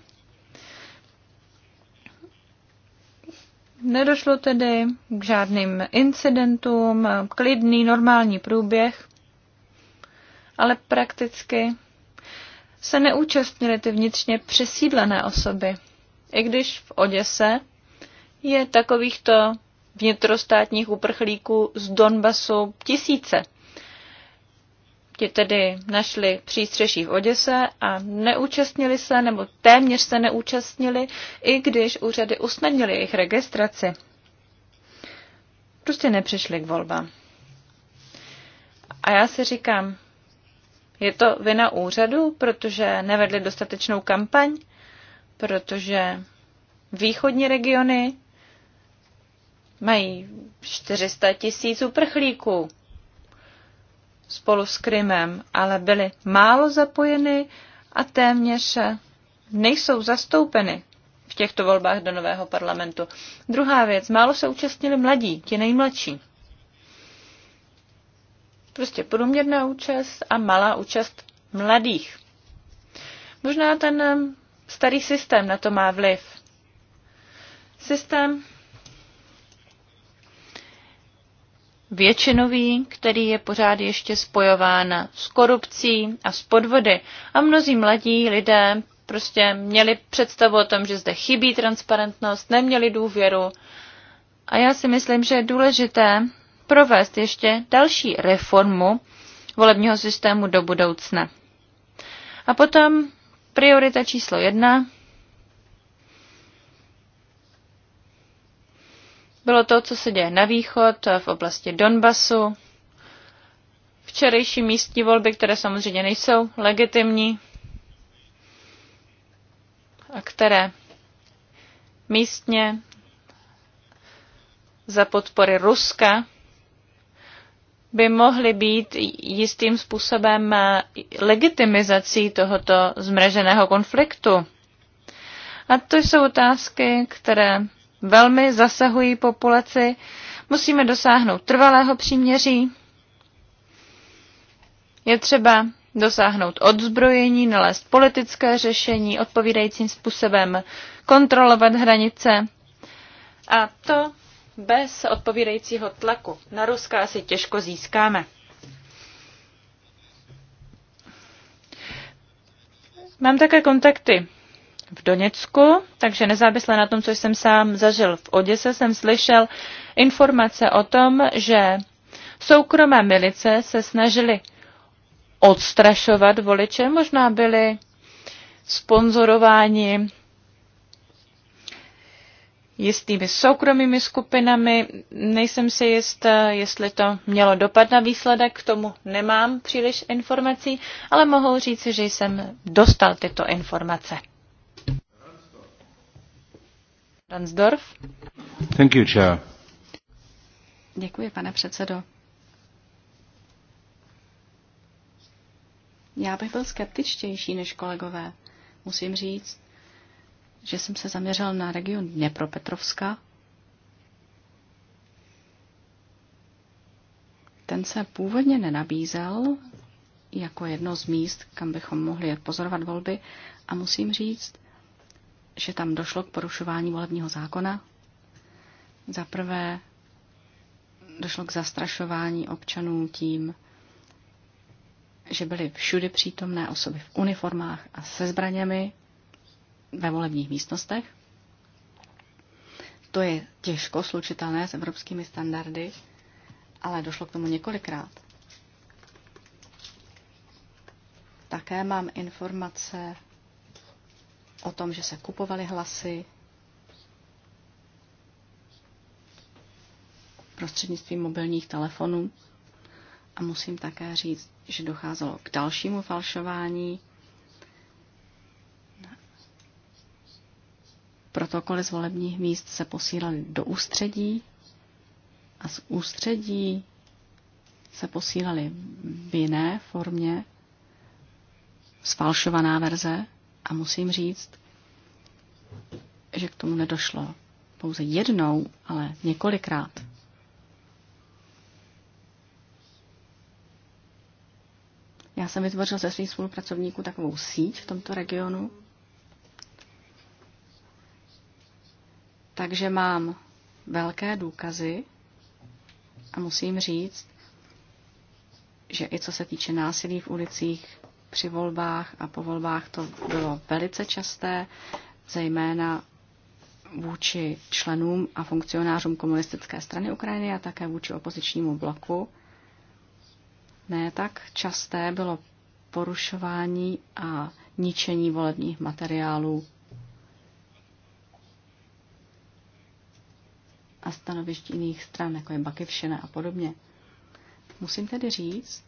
Nedošlo tedy k žádným incidentům, klidný, normální průběh, ale prakticky se neúčastnily ty vnitřně přesídlené osoby. I když v Oděse je takovýchto vnitrostátních uprchlíků z Donbasu tisíce. Ti tedy našli přístřeší v Oděse a neúčastnili se, nebo téměř se neúčastnili, i když úřady usnadnili jejich registraci. Prostě nepřišli k volbám. A já si říkám, je to vina úřadu, protože nevedli dostatečnou kampaň, protože východní regiony mají 400 tisíc uprchlíků spolu s Krymem, ale byly málo zapojeny a téměř nejsou zastoupeny v těchto volbách do nového parlamentu. Druhá věc, málo se účastnili mladí, ti nejmladší. Prostě průměrná účast a malá účast mladých. Možná ten um, starý systém na to má vliv. Systém většinový, který je pořád ještě spojován s korupcí a s podvody. A mnozí mladí lidé prostě měli představu o tom, že zde chybí transparentnost, neměli důvěru. A já si myslím, že je důležité provést ještě další reformu volebního systému do budoucna. A potom priorita číslo jedna bylo to, co se děje na východ, v oblasti Donbasu. Včerejší místní volby, které samozřejmě nejsou legitimní a které místně za podpory Ruska by mohly být jistým způsobem legitimizací tohoto zmraženého konfliktu. A to jsou otázky, které velmi zasahují populaci. Musíme dosáhnout trvalého příměří. Je třeba dosáhnout odzbrojení, nalézt politické řešení odpovídajícím způsobem, kontrolovat hranice. A to bez odpovídajícího tlaku na Ruska asi těžko získáme. Mám také kontakty v Doněcku, takže nezávisle na tom, co jsem sám zažil v Oděse, jsem slyšel informace o tom, že soukromé milice se snažily odstrašovat voliče, možná byli sponzorováni jistými soukromými skupinami. Nejsem si jist, jestli to mělo dopad na výsledek, k tomu nemám příliš informací, ale mohu říci, že jsem dostal tyto informace. Ransdorf. Thank you, chair. Děkuji, pane předsedo. Já bych byl skeptičtější než kolegové. Musím říct, že jsem se zaměřil na region Dněpropetrovska. Ten se původně nenabízel jako jedno z míst, kam bychom mohli pozorovat volby. A musím říct, že tam došlo k porušování volebního zákona. Za prvé došlo k zastrašování občanů tím, že byly všude přítomné osoby v uniformách a se zbraněmi ve volebních místnostech. To je těžko slučitelné s evropskými standardy, ale došlo k tomu několikrát. Také mám informace o tom, že se kupovaly hlasy prostřednictvím mobilních telefonů. A musím také říct, že docházelo k dalšímu falšování. Protokoly z volebních míst se posílaly do ústředí a z ústředí se posílaly v jiné formě, sfalšovaná verze, a musím říct, že k tomu nedošlo pouze jednou, ale několikrát. Já jsem vytvořil ze svých spolupracovníků takovou síť v tomto regionu. Takže mám velké důkazy a musím říct, že i co se týče násilí v ulicích, při volbách a po volbách to bylo velice časté, zejména vůči členům a funkcionářům komunistické strany Ukrajiny a také vůči opozičnímu bloku. Ne tak časté bylo porušování a ničení volebních materiálů a stanovišť jiných stran, jako je Bakivšina a podobně. Musím tedy říct,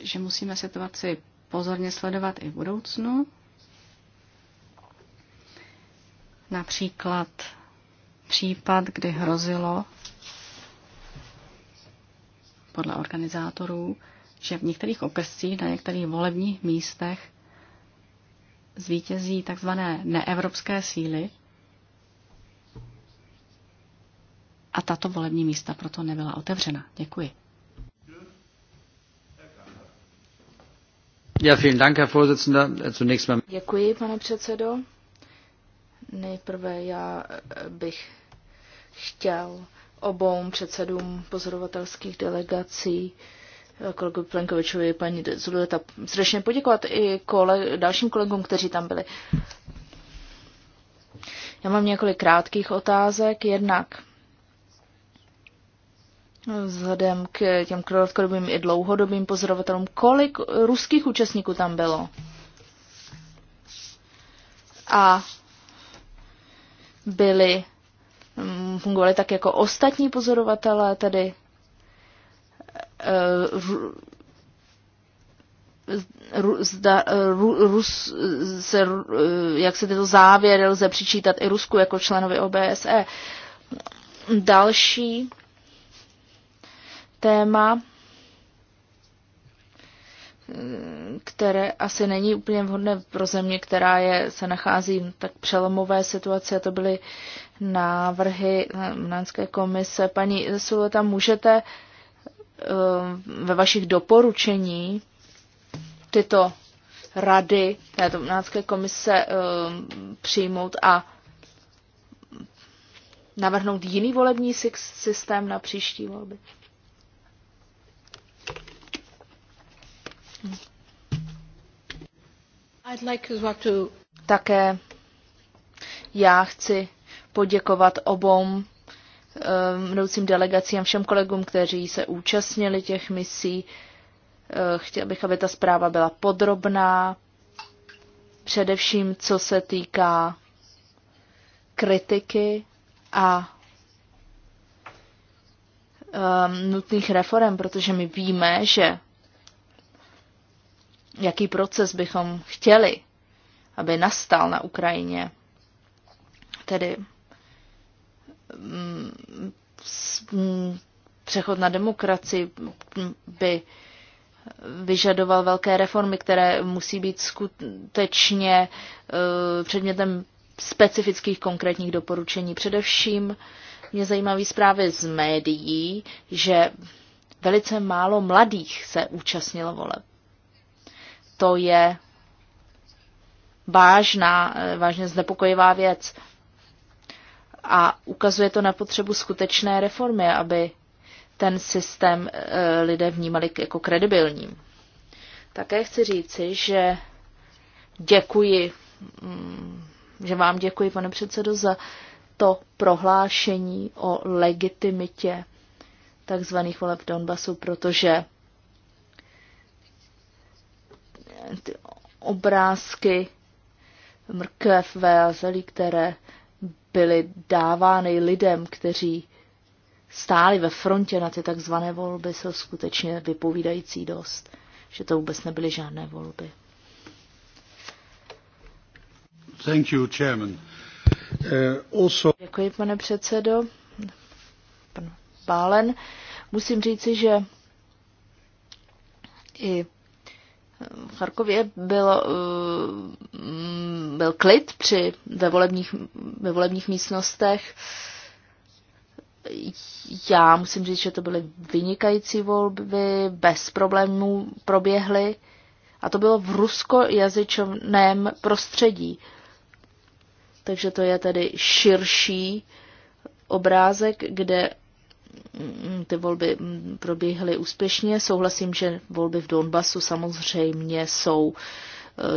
že musíme situaci pozorně sledovat i v budoucnu. Například případ, kdy hrozilo podle organizátorů, že v některých okrescích, na některých volebních místech zvítězí takzvané neevropské síly a tato volební místa proto nebyla otevřena. Děkuji. Děkuji, pane předsedo. Nejprve já eh, bych chtěl obou předsedům pozorovatelských delegací eh, kolegu Plenkovičovi, paní Zuleta, srdečně poděkovat i dalším kolegům, kteří tam byli. Já mám několik krátkých otázek. Jednak vzhledem k těm krátkodobým i dlouhodobým pozorovatelům, kolik ruských účastníků tam bylo. A byli, mm, fungovali tak jako ostatní pozorovatelé, tedy e, zda, e, Rus, se, e, jak se tyto závěry lze přičítat i Rusku jako členovi OBSE. Další téma, které asi není úplně vhodné pro země, která je, se nachází v tak přelomové situaci, a to byly návrhy eh, Mnánské komise. Paní Sulota, můžete eh, ve vašich doporučení tyto rady této Mnánské komise eh, přijmout a navrhnout jiný volební systém na příští volby? Také já chci poděkovat obou mnoucím eh, delegacím a všem kolegům, kteří se účastnili těch misí. Eh, Chtěl bych, aby ta zpráva byla podrobná, především co se týká kritiky a um, nutných reform, protože my víme, že jaký proces bychom chtěli, aby nastal na Ukrajině. Tedy mm, mm, přechod na demokracii by vyžadoval velké reformy, které musí být skutečně uh, předmětem specifických konkrétních doporučení. Především mě zajímavé zprávy z médií, že velice málo mladých se účastnilo voleb. To je vážná, vážně znepokojivá věc. A ukazuje to na potřebu skutečné reformy, aby ten systém e, lidé vnímali jako kredibilní. Také chci říci, že děkuji, mm, že vám děkuji, pane předsedo, za to prohlášení o legitimitě takzvaných voleb v Donbasu, protože ty obrázky mrkev a zelí, které byly dávány lidem, kteří stáli ve frontě na ty takzvané volby, jsou skutečně vypovídající dost, že to vůbec nebyly žádné volby. Thank you, Chairman. Eh, Děkuji, pane předsedo. Pan Bálen. Musím říci, že i v Charkově bylo, eh, mm, byl klid při, ve, volebních, ve volebních místnostech. Já musím říct, že to byly vynikající volby, bez problémů proběhly. A to bylo v ruskojazyčném prostředí. Takže to je tedy širší obrázek, kde mm, ty volby mm, probíhly úspěšně. Souhlasím, že volby v Donbasu samozřejmě jsou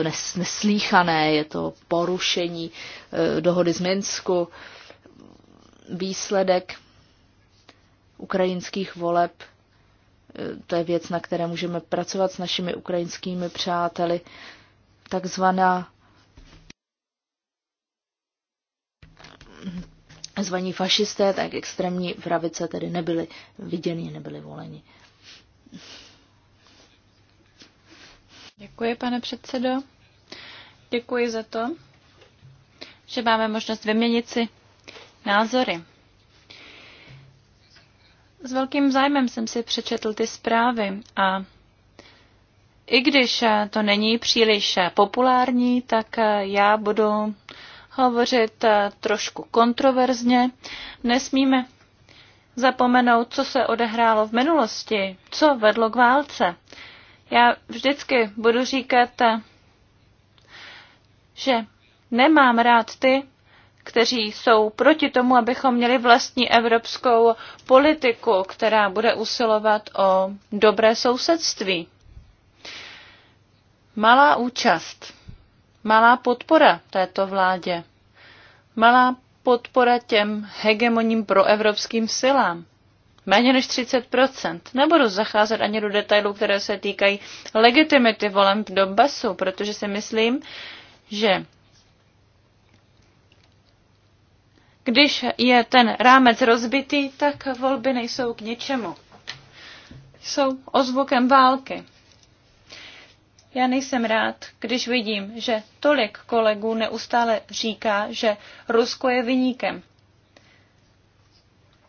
eh, neslíchané, je to porušení eh, dohody z Minsku. Výsledek ukrajinských voleb, eh, to je věc, na které můžeme pracovat s našimi ukrajinskými přáteli, takzvaná zvaní fašisté, tak extrémní pravice tedy nebyly viděni, nebyly voleni. Děkuji, pane předsedo. Děkuji za to, že máme možnost vyměnit si názory. S velkým zájmem jsem si přečetl ty zprávy a i když to není příliš populární, tak já budu hovořit eh, trošku kontroverzně. Nesmíme zapomenout, co se odehrálo v minulosti, co vedlo k válce. Já vždycky budu říkat, eh, že nemám rád ty, kteří jsou proti tomu, abychom měli vlastní evropskou politiku, která bude usilovat o dobré sousedství. Malá účast malá podpora této vládě. Malá podpora těm hegemonním proevropským silám. Méně než 30%. Nebudu zacházet ani do detailů, které se týkají legitimity volem v Donbasu, protože si myslím, že když je ten rámec rozbitý, tak volby nejsou k ničemu. Jsou ozvukem války. Já nejsem rád, když vidím, že tolik kolegů neustále říká, že Rusko je vyníkem.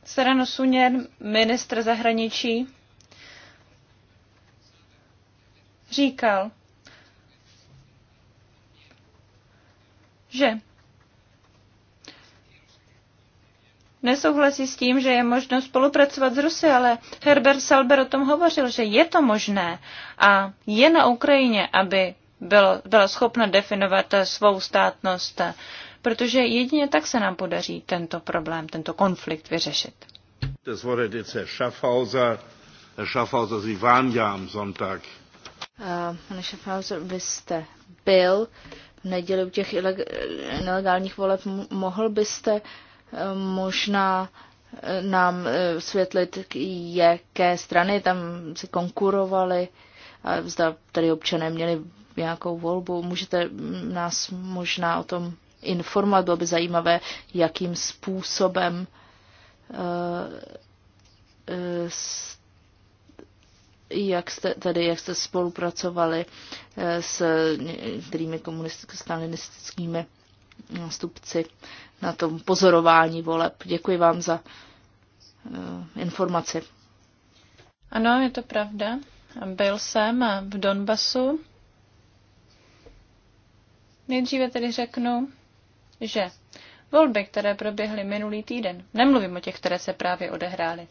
Serano Suněr, ministr zahraničí, říkal, že nesouhlasí s tím, že je možno spolupracovat s Rusy, ale Herbert Salber o tom hovořil, že je to možné a je na Ukrajině, aby bylo, byla schopna definovat svou státnost, protože jedině tak se nám podaří tento problém, tento konflikt vyřešit. Das Herr Schaffhauser. Sie waren ja am Sonntag. Uh, Schaffhauser, vy jste byl v neděli u těch ileg- nelegálních voleb. Mohl byste možná eh, nám eh, světlit, jaké strany tam si konkurovaly a zda tady občané měli nějakou volbu. Můžete nás možná o tom informovat, bylo by zajímavé, jakým způsobem eh, jak jste, tedy, jak jste spolupracovali s některými komunistickými stalinistickými nástupci na tom pozorování voleb. Děkuji vám za eh, informaci. Ano, je to pravda. Byl jsem v Donbasu. Nejdříve tedy řeknu, že volby, které proběhly minulý týden, nemluvím o těch, které se právě odehrály,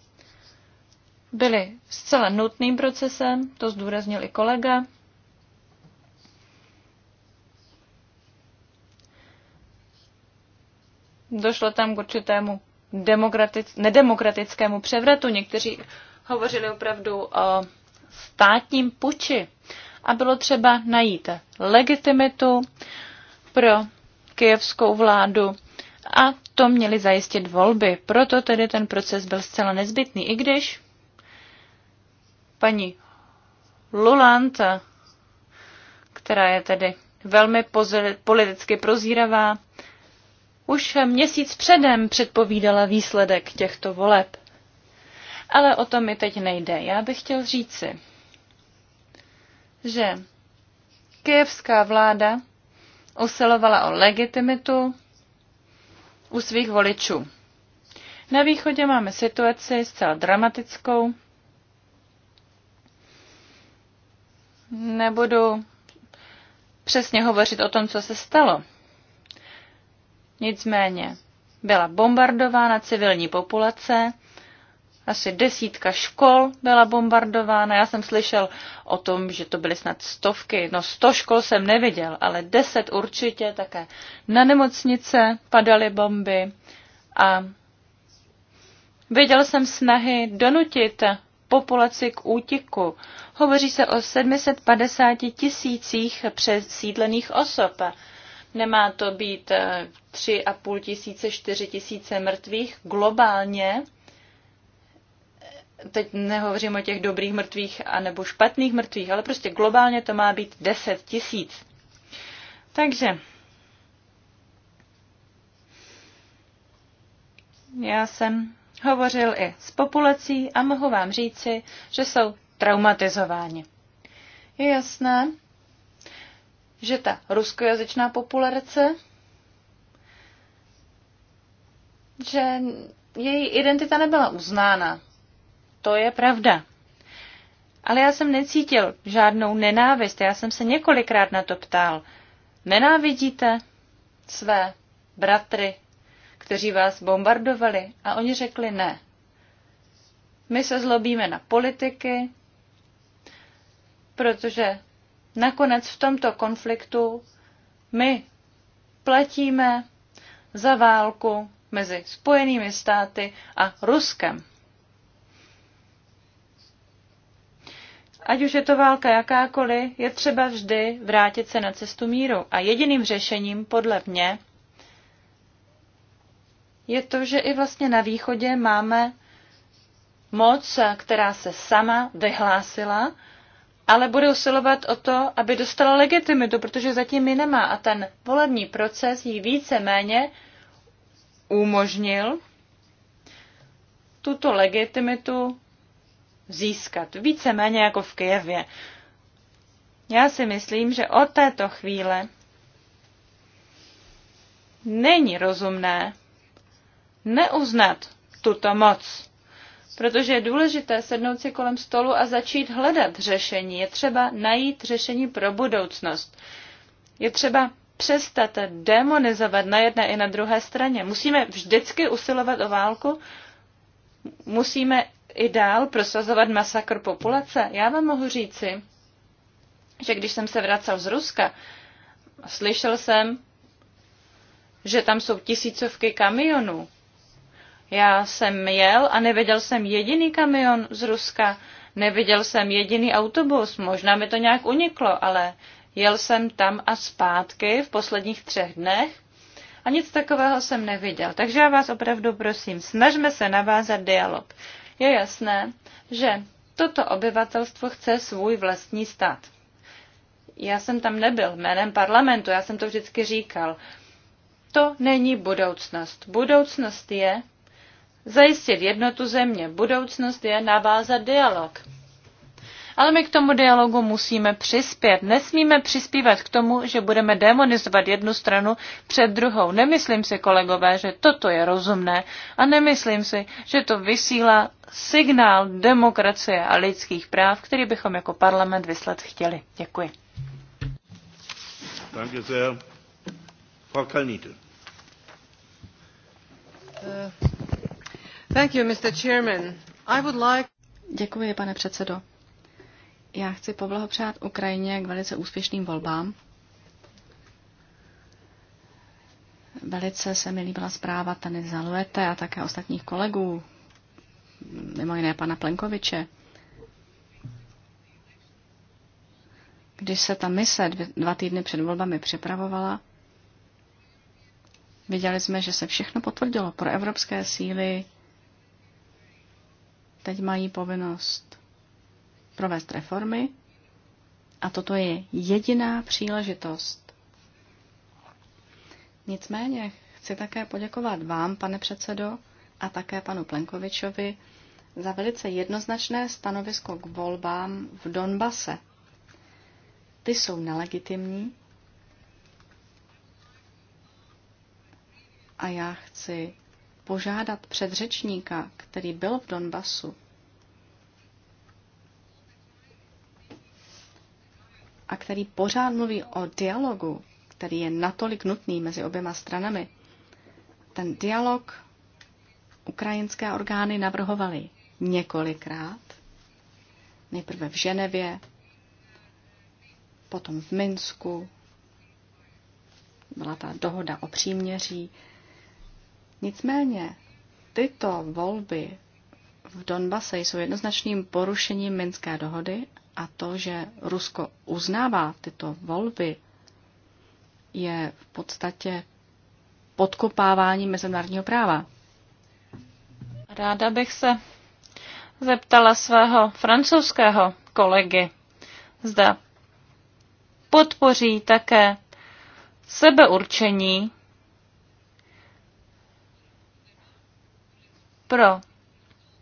byly zcela nutným procesem, to zdůraznil i kolega. Došlo tam k určitému nedemokratickému převratu. Někteří hovořili opravdu o státním puči a bylo třeba najít legitimitu pro kijevskou vládu a to měly zajistit volby. Proto tedy ten proces byl zcela nezbytný, i když paní Luland, která je tedy velmi politicky prozíravá, už měsíc předem předpovídala výsledek těchto voleb. Ale o to mi teď nejde. Já bych chtěl říci, že kijevská vláda usilovala o legitimitu u svých voličů. Na východě máme situaci zcela dramatickou. Nebudu přesně hovořit o tom, co se stalo. Nicméně byla bombardována civilní populace, asi desítka škol byla bombardována. Já jsem slyšel o tom, že to byly snad stovky. No sto škol jsem neviděl, ale deset určitě také. Na nemocnice padaly bomby a viděl jsem snahy donutit populaci k útěku. Hovoří se o 750 tisících přesídlených osob. Nemá to být eh, tři a půl tisíce, čtyři tisíce mrtvých globálně. Teď nehovořím o těch dobrých mrtvých anebo špatných mrtvých, ale prostě globálně to má být 10 tisíc. Takže já jsem hovořil i s populací a mohu vám říci, že jsou traumatizováni. Je jasné, že ta ruskojazyčná populace, že její identita nebyla uznána. To je pravda. Ale já jsem necítil žádnou nenávist. Já jsem se několikrát na to ptal. Nenávidíte své bratry, kteří vás bombardovali? A oni řekli ne. My se zlobíme na politiky, protože nakonec v tomto konfliktu my platíme za válku mezi Spojenými státy a Ruskem. Ať už je to válka jakákoliv, je třeba vždy vrátit se na cestu míru. A jediným řešením, podle mě, je to, že i vlastně na východě máme moc, která se sama vyhlásila ale bude usilovat o to, aby dostala legitimitu, protože zatím ji nemá. A ten volební proces jí více-méně umožnil tuto legitimitu získat. Více-méně jako v Kijevě. Já si myslím, že od této chvíle není rozumné neuznat tuto moc. Protože je důležité sednout si kolem stolu a začít hledat řešení. Je třeba najít řešení pro budoucnost. Je třeba přestat demonizovat na jedné i na druhé straně. Musíme vždycky usilovat o válku, musíme i dál prosazovat masakr populace. Já vám mohu říci, že když jsem se vracel z Ruska, slyšel jsem, že tam jsou tisícovky kamionů. Já jsem jel a neviděl jsem jediný kamion z Ruska, neviděl jsem jediný autobus, možná mi to nějak uniklo, ale jel jsem tam a zpátky v posledních třech dnech a nic takového jsem neviděl. Takže já vás opravdu prosím, snažme se navázat dialog. Je jasné, že toto obyvatelstvo chce svůj vlastní stát. Já jsem tam nebyl jménem parlamentu, já jsem to vždycky říkal. To není budoucnost. Budoucnost je, Zajistit jednotu země, budoucnost je navázat dialog. Ale my k tomu dialogu musíme přispět. Nesmíme přispívat k tomu, že budeme demonizovat jednu stranu před druhou. Nemyslím si, kolegové, že toto je rozumné a nemyslím si, že to vysílá signál demokracie a lidských práv, který bychom jako parlament vyslat chtěli. Děkuji. Danke sehr. Frau Děkuji, pane předsedo. Já chci poblahopřát Ukrajině k velice úspěšným volbám. Velice se mi líbila zpráva Tany Zaluete a také ostatních kolegů, mimo jiné pana Plenkoviče. Když se ta mise dva týdny před volbami připravovala, viděli jsme, že se všechno potvrdilo pro evropské síly, teď mají povinnost provést reformy a toto je jediná příležitost. Nicméně chci také poděkovat vám, pane předsedo, a také panu Plenkovičovi za velice jednoznačné stanovisko k volbám v Donbase. Ty jsou nelegitimní a já chci požádat předřečníka, který byl v Donbasu, a který pořád mluví o dialogu, který je natolik nutný mezi oběma stranami, ten dialog ukrajinské orgány navrhovaly několikrát. Nejprve v Ženevě, potom v Minsku. Byla ta dohoda o příměří. Nicméně tyto volby v Donbase jsou jednoznačným porušením Minské dohody a to, že Rusko uznává tyto volby, je v podstatě podkopávání mezinárodního práva. Ráda bych se zeptala svého francouzského kolegy, zda podpoří také sebeurčení pro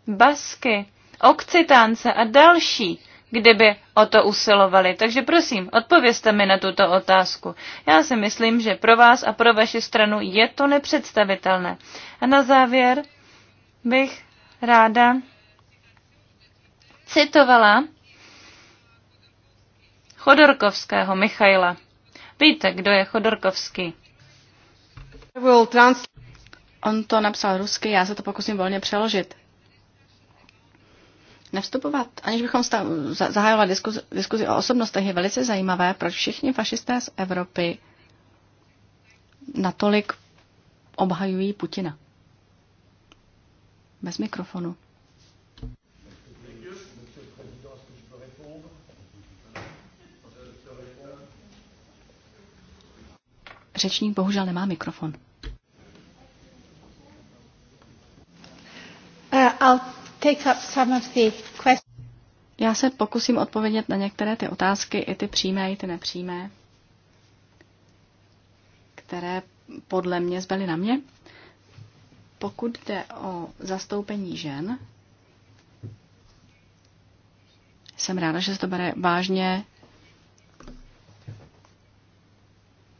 Basky, Okcitánce a další, kdyby o to usilovali. Takže prosím, odpovězte mi na tuto otázku. Já si myslím, že pro vás a pro vaši stranu je to nepředstavitelné. A na závěr bych ráda citovala Chodorkovského Michaila. Víte, kdo je Chodorkovský? On to napsal rusky, já se to pokusím volně přeložit. Nevstupovat, aniž bychom zahájila diskuzi, diskuzi o osobnostech, je velice zajímavé, proč všichni fašisté z Evropy natolik obhajují Putina. Bez mikrofonu. Řečník bohužel nemá mikrofon. I'll take up some of the questions. Já se pokusím odpovědět na některé ty otázky, i ty přímé, i ty nepřímé, které podle mě zbyly na mě. Pokud jde o zastoupení žen, jsem ráda, že se to bere vážně.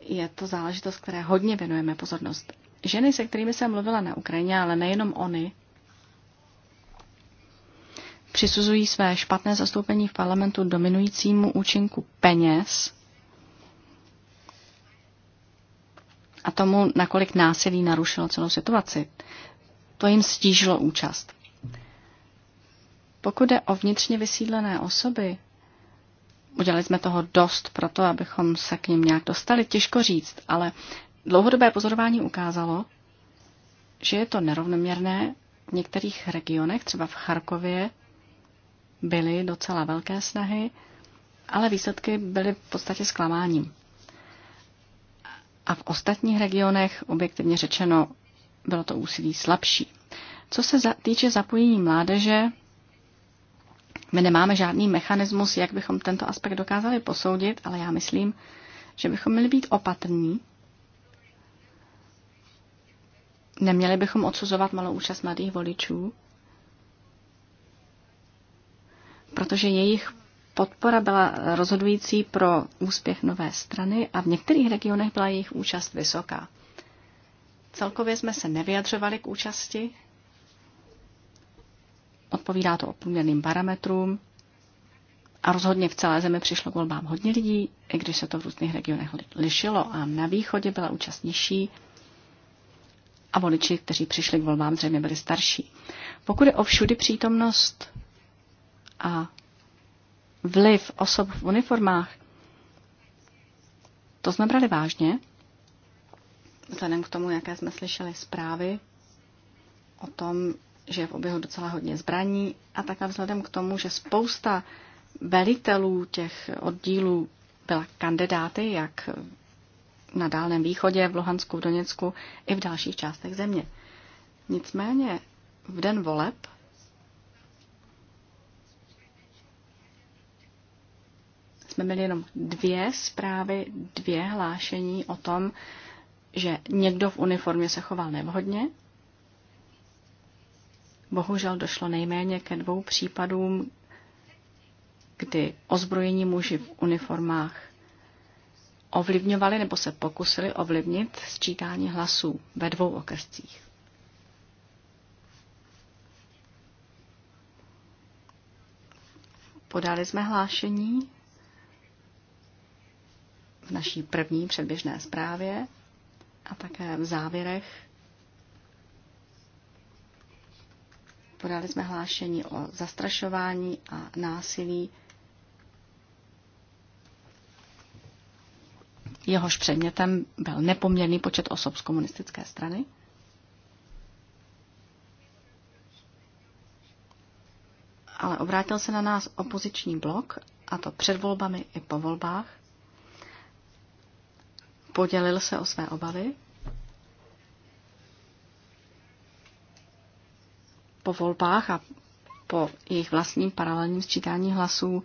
Je to záležitost, které hodně věnujeme pozornost. Ženy, se kterými jsem mluvila na Ukrajině, ale nejenom oni, přisuzují své špatné zastoupení v parlamentu dominujícímu účinku peněz a tomu, nakolik násilí narušilo celou situaci. To jim stížilo účast. Pokud je o vnitřně vysídlené osoby, udělali jsme toho dost pro to, abychom se k ním nějak dostali, těžko říct, ale dlouhodobé pozorování ukázalo, že je to nerovnoměrné v některých regionech, třeba v Charkově, byly docela velké snahy, ale výsledky byly v podstatě zklamáním. A v ostatních regionech, objektivně řečeno, bylo to úsilí slabší. Co se za, týče zapojení mládeže, my nemáme žádný mechanismus, jak bychom tento aspekt dokázali posoudit, ale já myslím, že bychom měli být opatrní. Neměli bychom odsuzovat malou účast mladých voličů, protože jejich podpora byla rozhodující pro úspěch nové strany a v některých regionech byla jejich účast vysoká. Celkově jsme se nevyjadřovali k účasti. Odpovídá to opůměrným parametrům. A rozhodně v celé zemi přišlo k volbám hodně lidí, i když se to v různých regionech lišilo. A na východě byla účast nižší a voliči, kteří přišli k volbám, zřejmě byli starší. Pokud je o všudy přítomnost a vliv osob v uniformách, to jsme brali vážně, vzhledem k tomu, jaké jsme slyšeli zprávy o tom, že je v oběhu docela hodně zbraní a také vzhledem k tomu, že spousta velitelů těch oddílů byla kandidáty, jak na Dálném východě, v Luhansku, v Doněcku i v dalších částech země. Nicméně v den voleb jsme měli jenom dvě zprávy, dvě hlášení o tom, že někdo v uniformě se choval nevhodně. Bohužel došlo nejméně ke dvou případům, kdy ozbrojení muži v uniformách ovlivňovali nebo se pokusili ovlivnit sčítání hlasů ve dvou okrscích. Podali jsme hlášení v naší první předběžné zprávě a také v závěrech podali jsme hlášení o zastrašování a násilí. Jehož předmětem byl nepoměrný počet osob z komunistické strany. Ale obrátil se na nás opoziční blok, a to před volbami i po volbách podělil se o své obavy. Po volbách a po jejich vlastním paralelním sčítání hlasů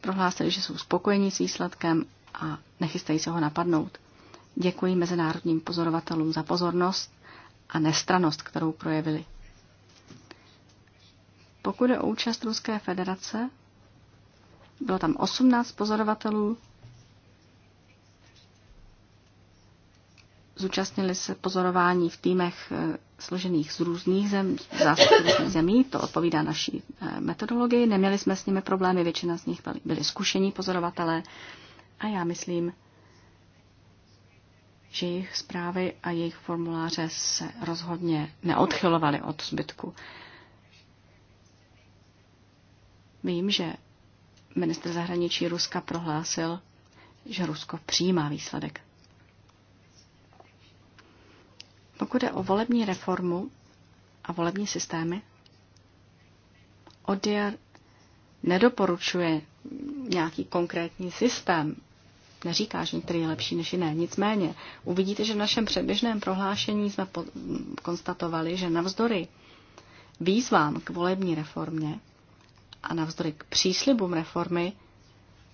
prohlásili, že jsou spokojení s výsledkem a nechystají se ho napadnout. Děkuji mezinárodním pozorovatelům za pozornost a nestranost, kterou projevili. Pokud je o účast Ruské federace, bylo tam 18 pozorovatelů, Zúčastnili se pozorování v týmech eh, složených z různých zem, zástupců různých zemí, to odpovídá naší eh, metodologii. Neměli jsme s nimi problémy, většina z nich byli, byli zkušení pozorovatelé a já myslím, že jejich zprávy a jejich formuláře se rozhodně neodchylovaly od zbytku. Vím, že ministr zahraničí Ruska prohlásil, že Rusko přijímá výsledek Pokud je o volební reformu a volební systémy, ODIR nedoporučuje nějaký konkrétní systém. Neříká, že některý je lepší než jiné. Nicméně, uvidíte, že v našem předběžném prohlášení jsme konstatovali, že navzdory výzvám k volební reformě a navzdory k příslibům reformy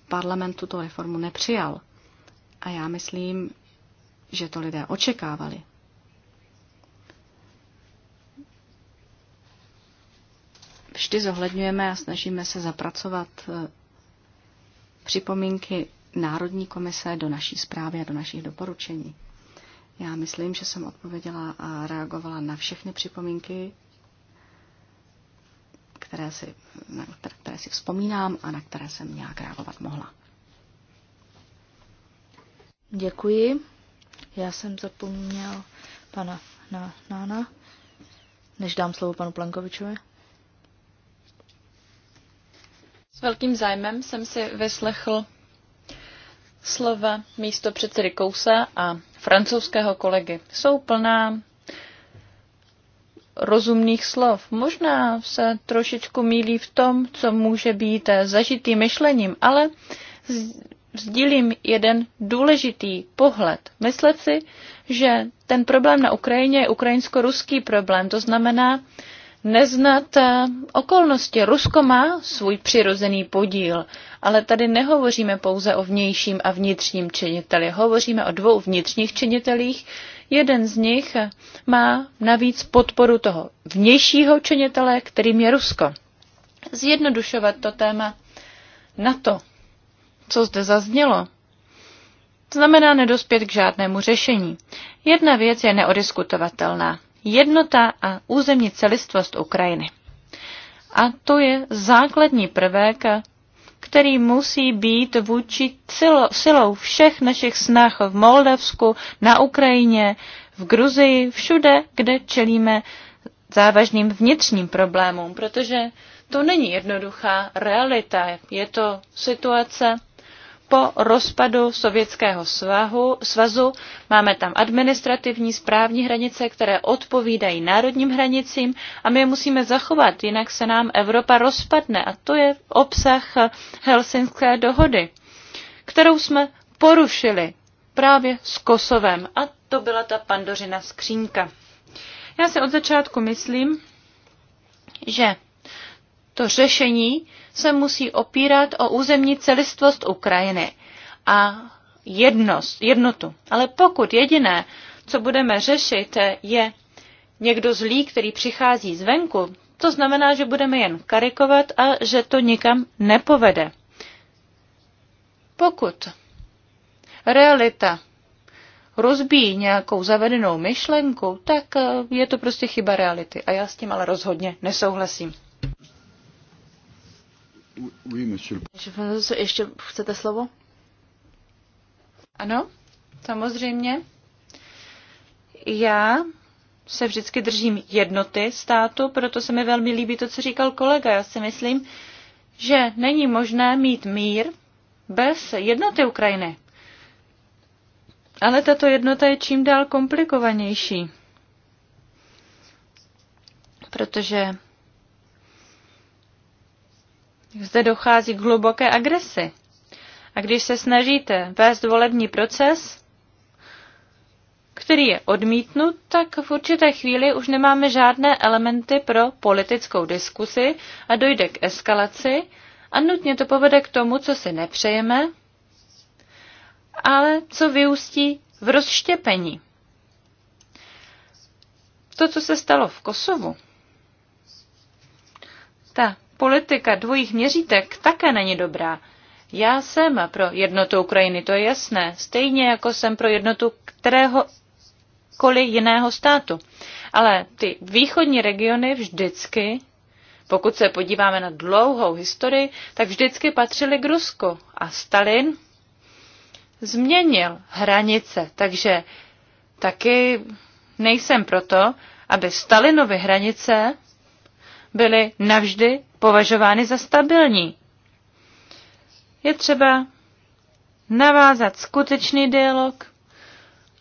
parlament tuto reformu nepřijal. A já myslím, že to lidé očekávali. vždy zohledňujeme a snažíme se zapracovat eh, připomínky Národní komise do naší zprávy a do našich doporučení. Já myslím, že jsem odpověděla a reagovala na všechny připomínky, které si, na které si vzpomínám a na které jsem nějak reagovat mohla. Děkuji. Já jsem zapomněl pana Nána, než dám slovo panu Plankovičovi. S velkým zájmem jsem si vyslechl slova místo předsedy Kousa a francouzského kolegy. Jsou plná rozumných slov. Možná se trošičku mílí v tom, co může být zažitým myšlením, ale vzdílím jeden důležitý pohled. Myslet si, že ten problém na Ukrajině je ukrajinsko-ruský problém. To znamená, neznat eh, okolnosti. Rusko má svůj přirozený podíl, ale tady nehovoříme pouze o vnějším a vnitřním činiteli. Hovoříme o dvou vnitřních činitelích. Jeden z nich eh, má navíc podporu toho vnějšího činitele, kterým je Rusko. Zjednodušovat to téma na to, co zde zaznělo, znamená nedospět k žádnému řešení. Jedna věc je neodiskutovatelná jednota a územní celistvost Ukrajiny. A to je základní prvek, který musí být vůči cilo, silou všech našich snah v Moldavsku, na Ukrajině, v Gruzii, všude, kde čelíme závažným vnitřním problémům, protože to není jednoduchá realita. Je to situace, po rozpadu Sovětského svahu, svazu. Máme tam administrativní správní hranice, které odpovídají národním hranicím a my je musíme zachovat, jinak se nám Evropa rozpadne. A to je obsah Helsinské dohody, kterou jsme porušili právě s Kosovem. A to byla ta pandořina skřínka. Já si od začátku myslím, že to řešení se musí opírat o územní celistvost Ukrajiny a jednost, jednotu. Ale pokud jediné, co budeme řešit, je někdo zlý, který přichází zvenku, to znamená, že budeme jen karikovat a že to nikam nepovede. Pokud realita rozbíjí nějakou zavedenou myšlenku, tak eh, je to prostě chyba reality. A já s tím ale rozhodně nesouhlasím. Ještě chcete slovo? Ano, samozřejmě. Já se vždycky držím jednoty státu, proto se mi velmi líbí to, co říkal kolega. Já si myslím, že není možné mít mír bez jednoty Ukrajiny. Ale tato jednota je čím dál komplikovanější, protože zde dochází k hluboké agresi. A když se snažíte vést volební proces, který je odmítnut, tak v určité chvíli už nemáme žádné elementy pro politickou diskusi a dojde k eskalaci a nutně to povede k tomu, co si nepřejeme, ale co vyústí v rozštěpení. To, co se stalo v Kosovu, ta politika dvojích měřítek také není dobrá. Já jsem pro jednotu Ukrajiny, to je jasné, stejně jako jsem pro jednotu kteréhokoliv jiného státu. Ale ty východní regiony vždycky, pokud se podíváme na dlouhou historii, tak vždycky patřily k Rusku. A Stalin změnil hranice, takže taky nejsem proto, aby Stalinovy hranice byly navždy považovány za stabilní. Je třeba navázat skutečný dialog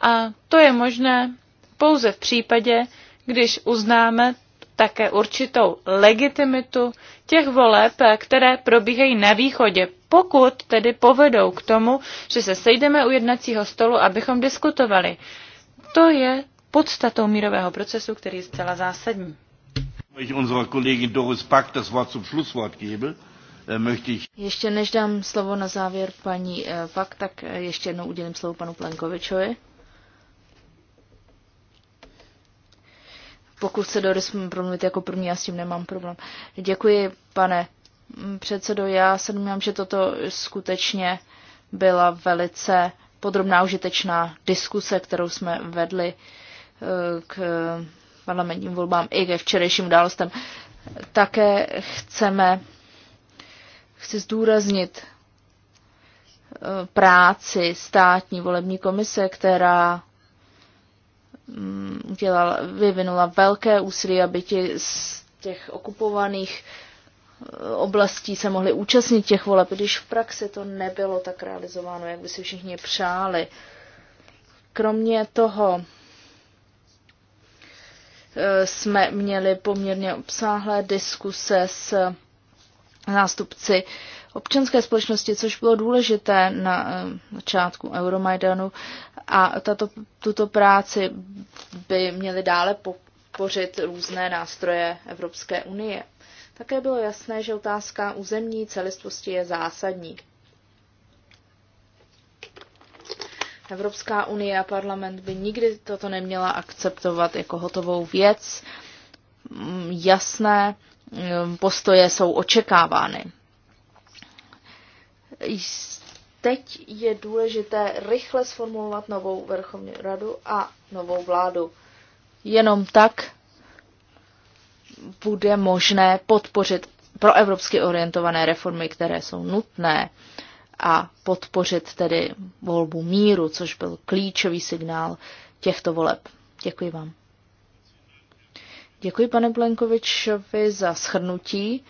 a to je možné pouze v případě, když uznáme také určitou legitimitu těch voleb, které probíhají na východě, pokud tedy povedou k tomu, že se sejdeme u jednacího stolu, abychom diskutovali. To je podstatou mírového procesu, který je zcela zásadní. Ich unserer Kollegin Doris Pack das Wort zum Schlusswort gebe, äh, möchte ich... Ještě než dám slovo na závěr paní äh, Pak, tak äh, ještě jednou udělím slovo panu Plenkovičovi. Pokud se Doris promluvit jako první, já s tím nemám problém. Děkuji, pane mm, předsedo. Já se domnívám, že toto skutečně byla velice podrobná užitečná diskuse, kterou jsme vedli k parlamentním volbám i ke včerejším událostem. Také chceme, chci zdůraznit eh, práci státní volební komise, která mm, udělala, vyvinula velké úsilí, aby ti z těch okupovaných eh, oblastí se mohli účastnit těch voleb, když v praxi to nebylo tak realizováno, jak by si všichni přáli. Kromě toho Eh, jsme měli poměrně obsáhlé diskuse s nástupci občanské společnosti, což bylo důležité eh, na začátku Euromajdanu a tato, tuto práci by měly dále pořit různé nástroje Evropské unie. Také bylo jasné, že otázka územní celistvosti je zásadní. Evropská unie a parlament by nikdy toto neměla akceptovat jako hotovou věc. Mm, jasné mm, postoje jsou očekávány. Teď je důležité rychle sformulovat novou vrchovní radu a novou vládu. Jenom tak bude možné podpořit pro evropsky orientované reformy, které jsou nutné. Uh, a podpořit tedy volbu míru, což byl klíčový signál těchto voleb. Děkuji vám. Děkuji pane Plenkovičovi za shrnutí.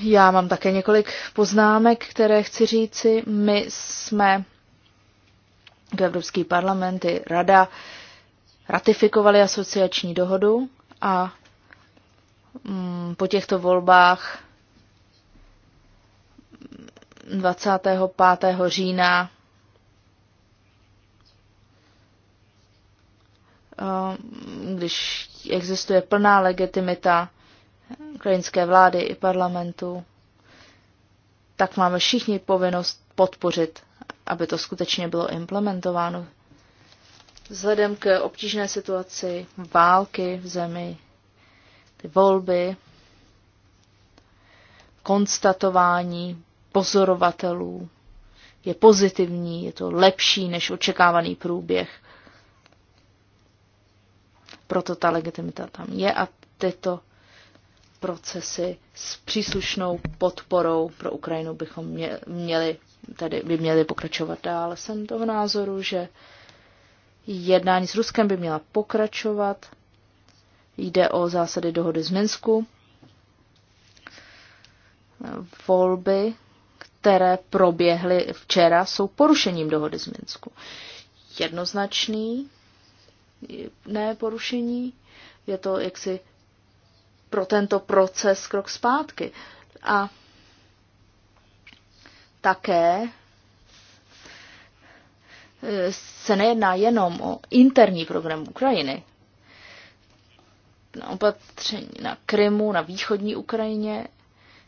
Já mám také několik poznámek, které chci říci. My jsme do Evropský parlament i Rada ratifikovali asociační dohodu a mm, po těchto volbách 25. října eh, když existuje plná legitimita ukrajinské vlády i parlamentu, tak máme všichni povinnost podpořit, aby to skutečně bylo implementováno. Vzhledem k obtížné situaci války v zemi, ty volby, konstatování pozorovatelů je pozitivní, je to lepší než očekávaný průběh. Proto ta legitimita tam je a tyto procesy s příslušnou podporou pro Ukrajinu bychom měli, tedy by měli pokračovat dál. Jsem toho názoru, že jednání s Ruskem by měla pokračovat. Jde o zásady dohody z Minsku, volby které proběhly včera, jsou porušením dohody z Minsku. Jednoznačný ne porušení, je to jaksi pro tento proces krok zpátky. A také eh, se nejedná jenom o interní program Ukrajiny, na opatření na Krymu, na východní Ukrajině,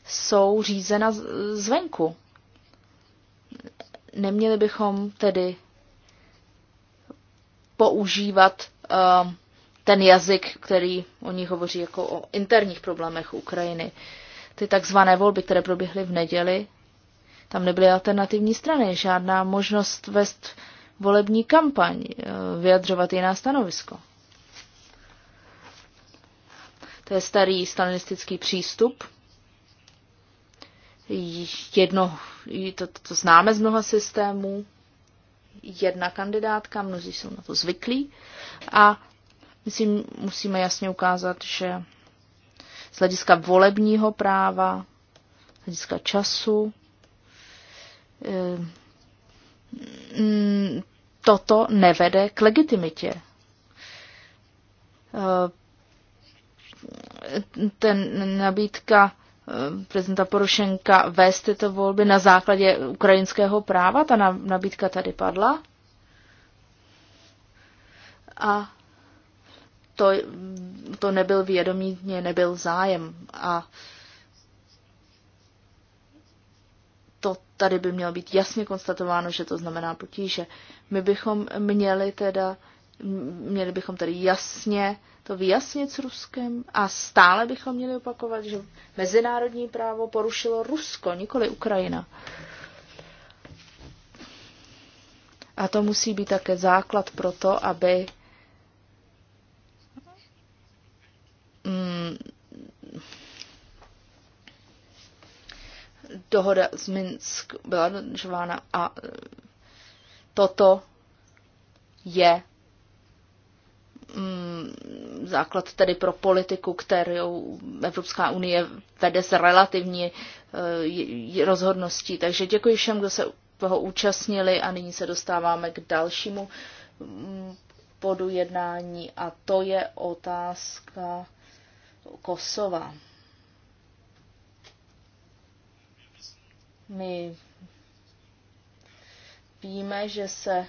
jsou řízena zvenku. Neměli bychom tedy používat uh, ten jazyk, který oni hovoří jako o interních problémech Ukrajiny. Ty takzvané volby, které proběhly v neděli, tam nebyly alternativní strany, žádná možnost vést volební kampaň, eh, vyjadřovat jiná stanovisko. To je starý stalinistický přístup, jedno, to, to známe z mnoha systémů, jedna kandidátka, mnozí jsou na to zvyklí a myslím, musíme jasně ukázat, že z hlediska volebního práva, z hlediska času, eh, mm, toto nevede k legitimitě. Eh, ten nabídka Eh, prezidenta Porošenka vést tyto volby na základě ukrajinského práva. Ta nabídka tady padla. A to, to nebyl vědomí, nebyl zájem. A to tady by mělo být jasně konstatováno, že to znamená potíže. My bychom měli teda, měli bychom tady jasně to vyjasnit s Ruskem a stále bychom měli opakovat, že mezinárodní právo porušilo Rusko, nikoli Ukrajina. A to musí být také základ pro to, aby mm, dohoda z Minsk byla dodržována a e, toto je Mm, základ tedy pro politiku, kterou Evropská unie vede s relativní eh, rozhodností. Takže děkuji všem, kdo se toho účastnili a nyní se dostáváme k dalšímu mm, bodu jednání a to je otázka Kosova. My víme, že se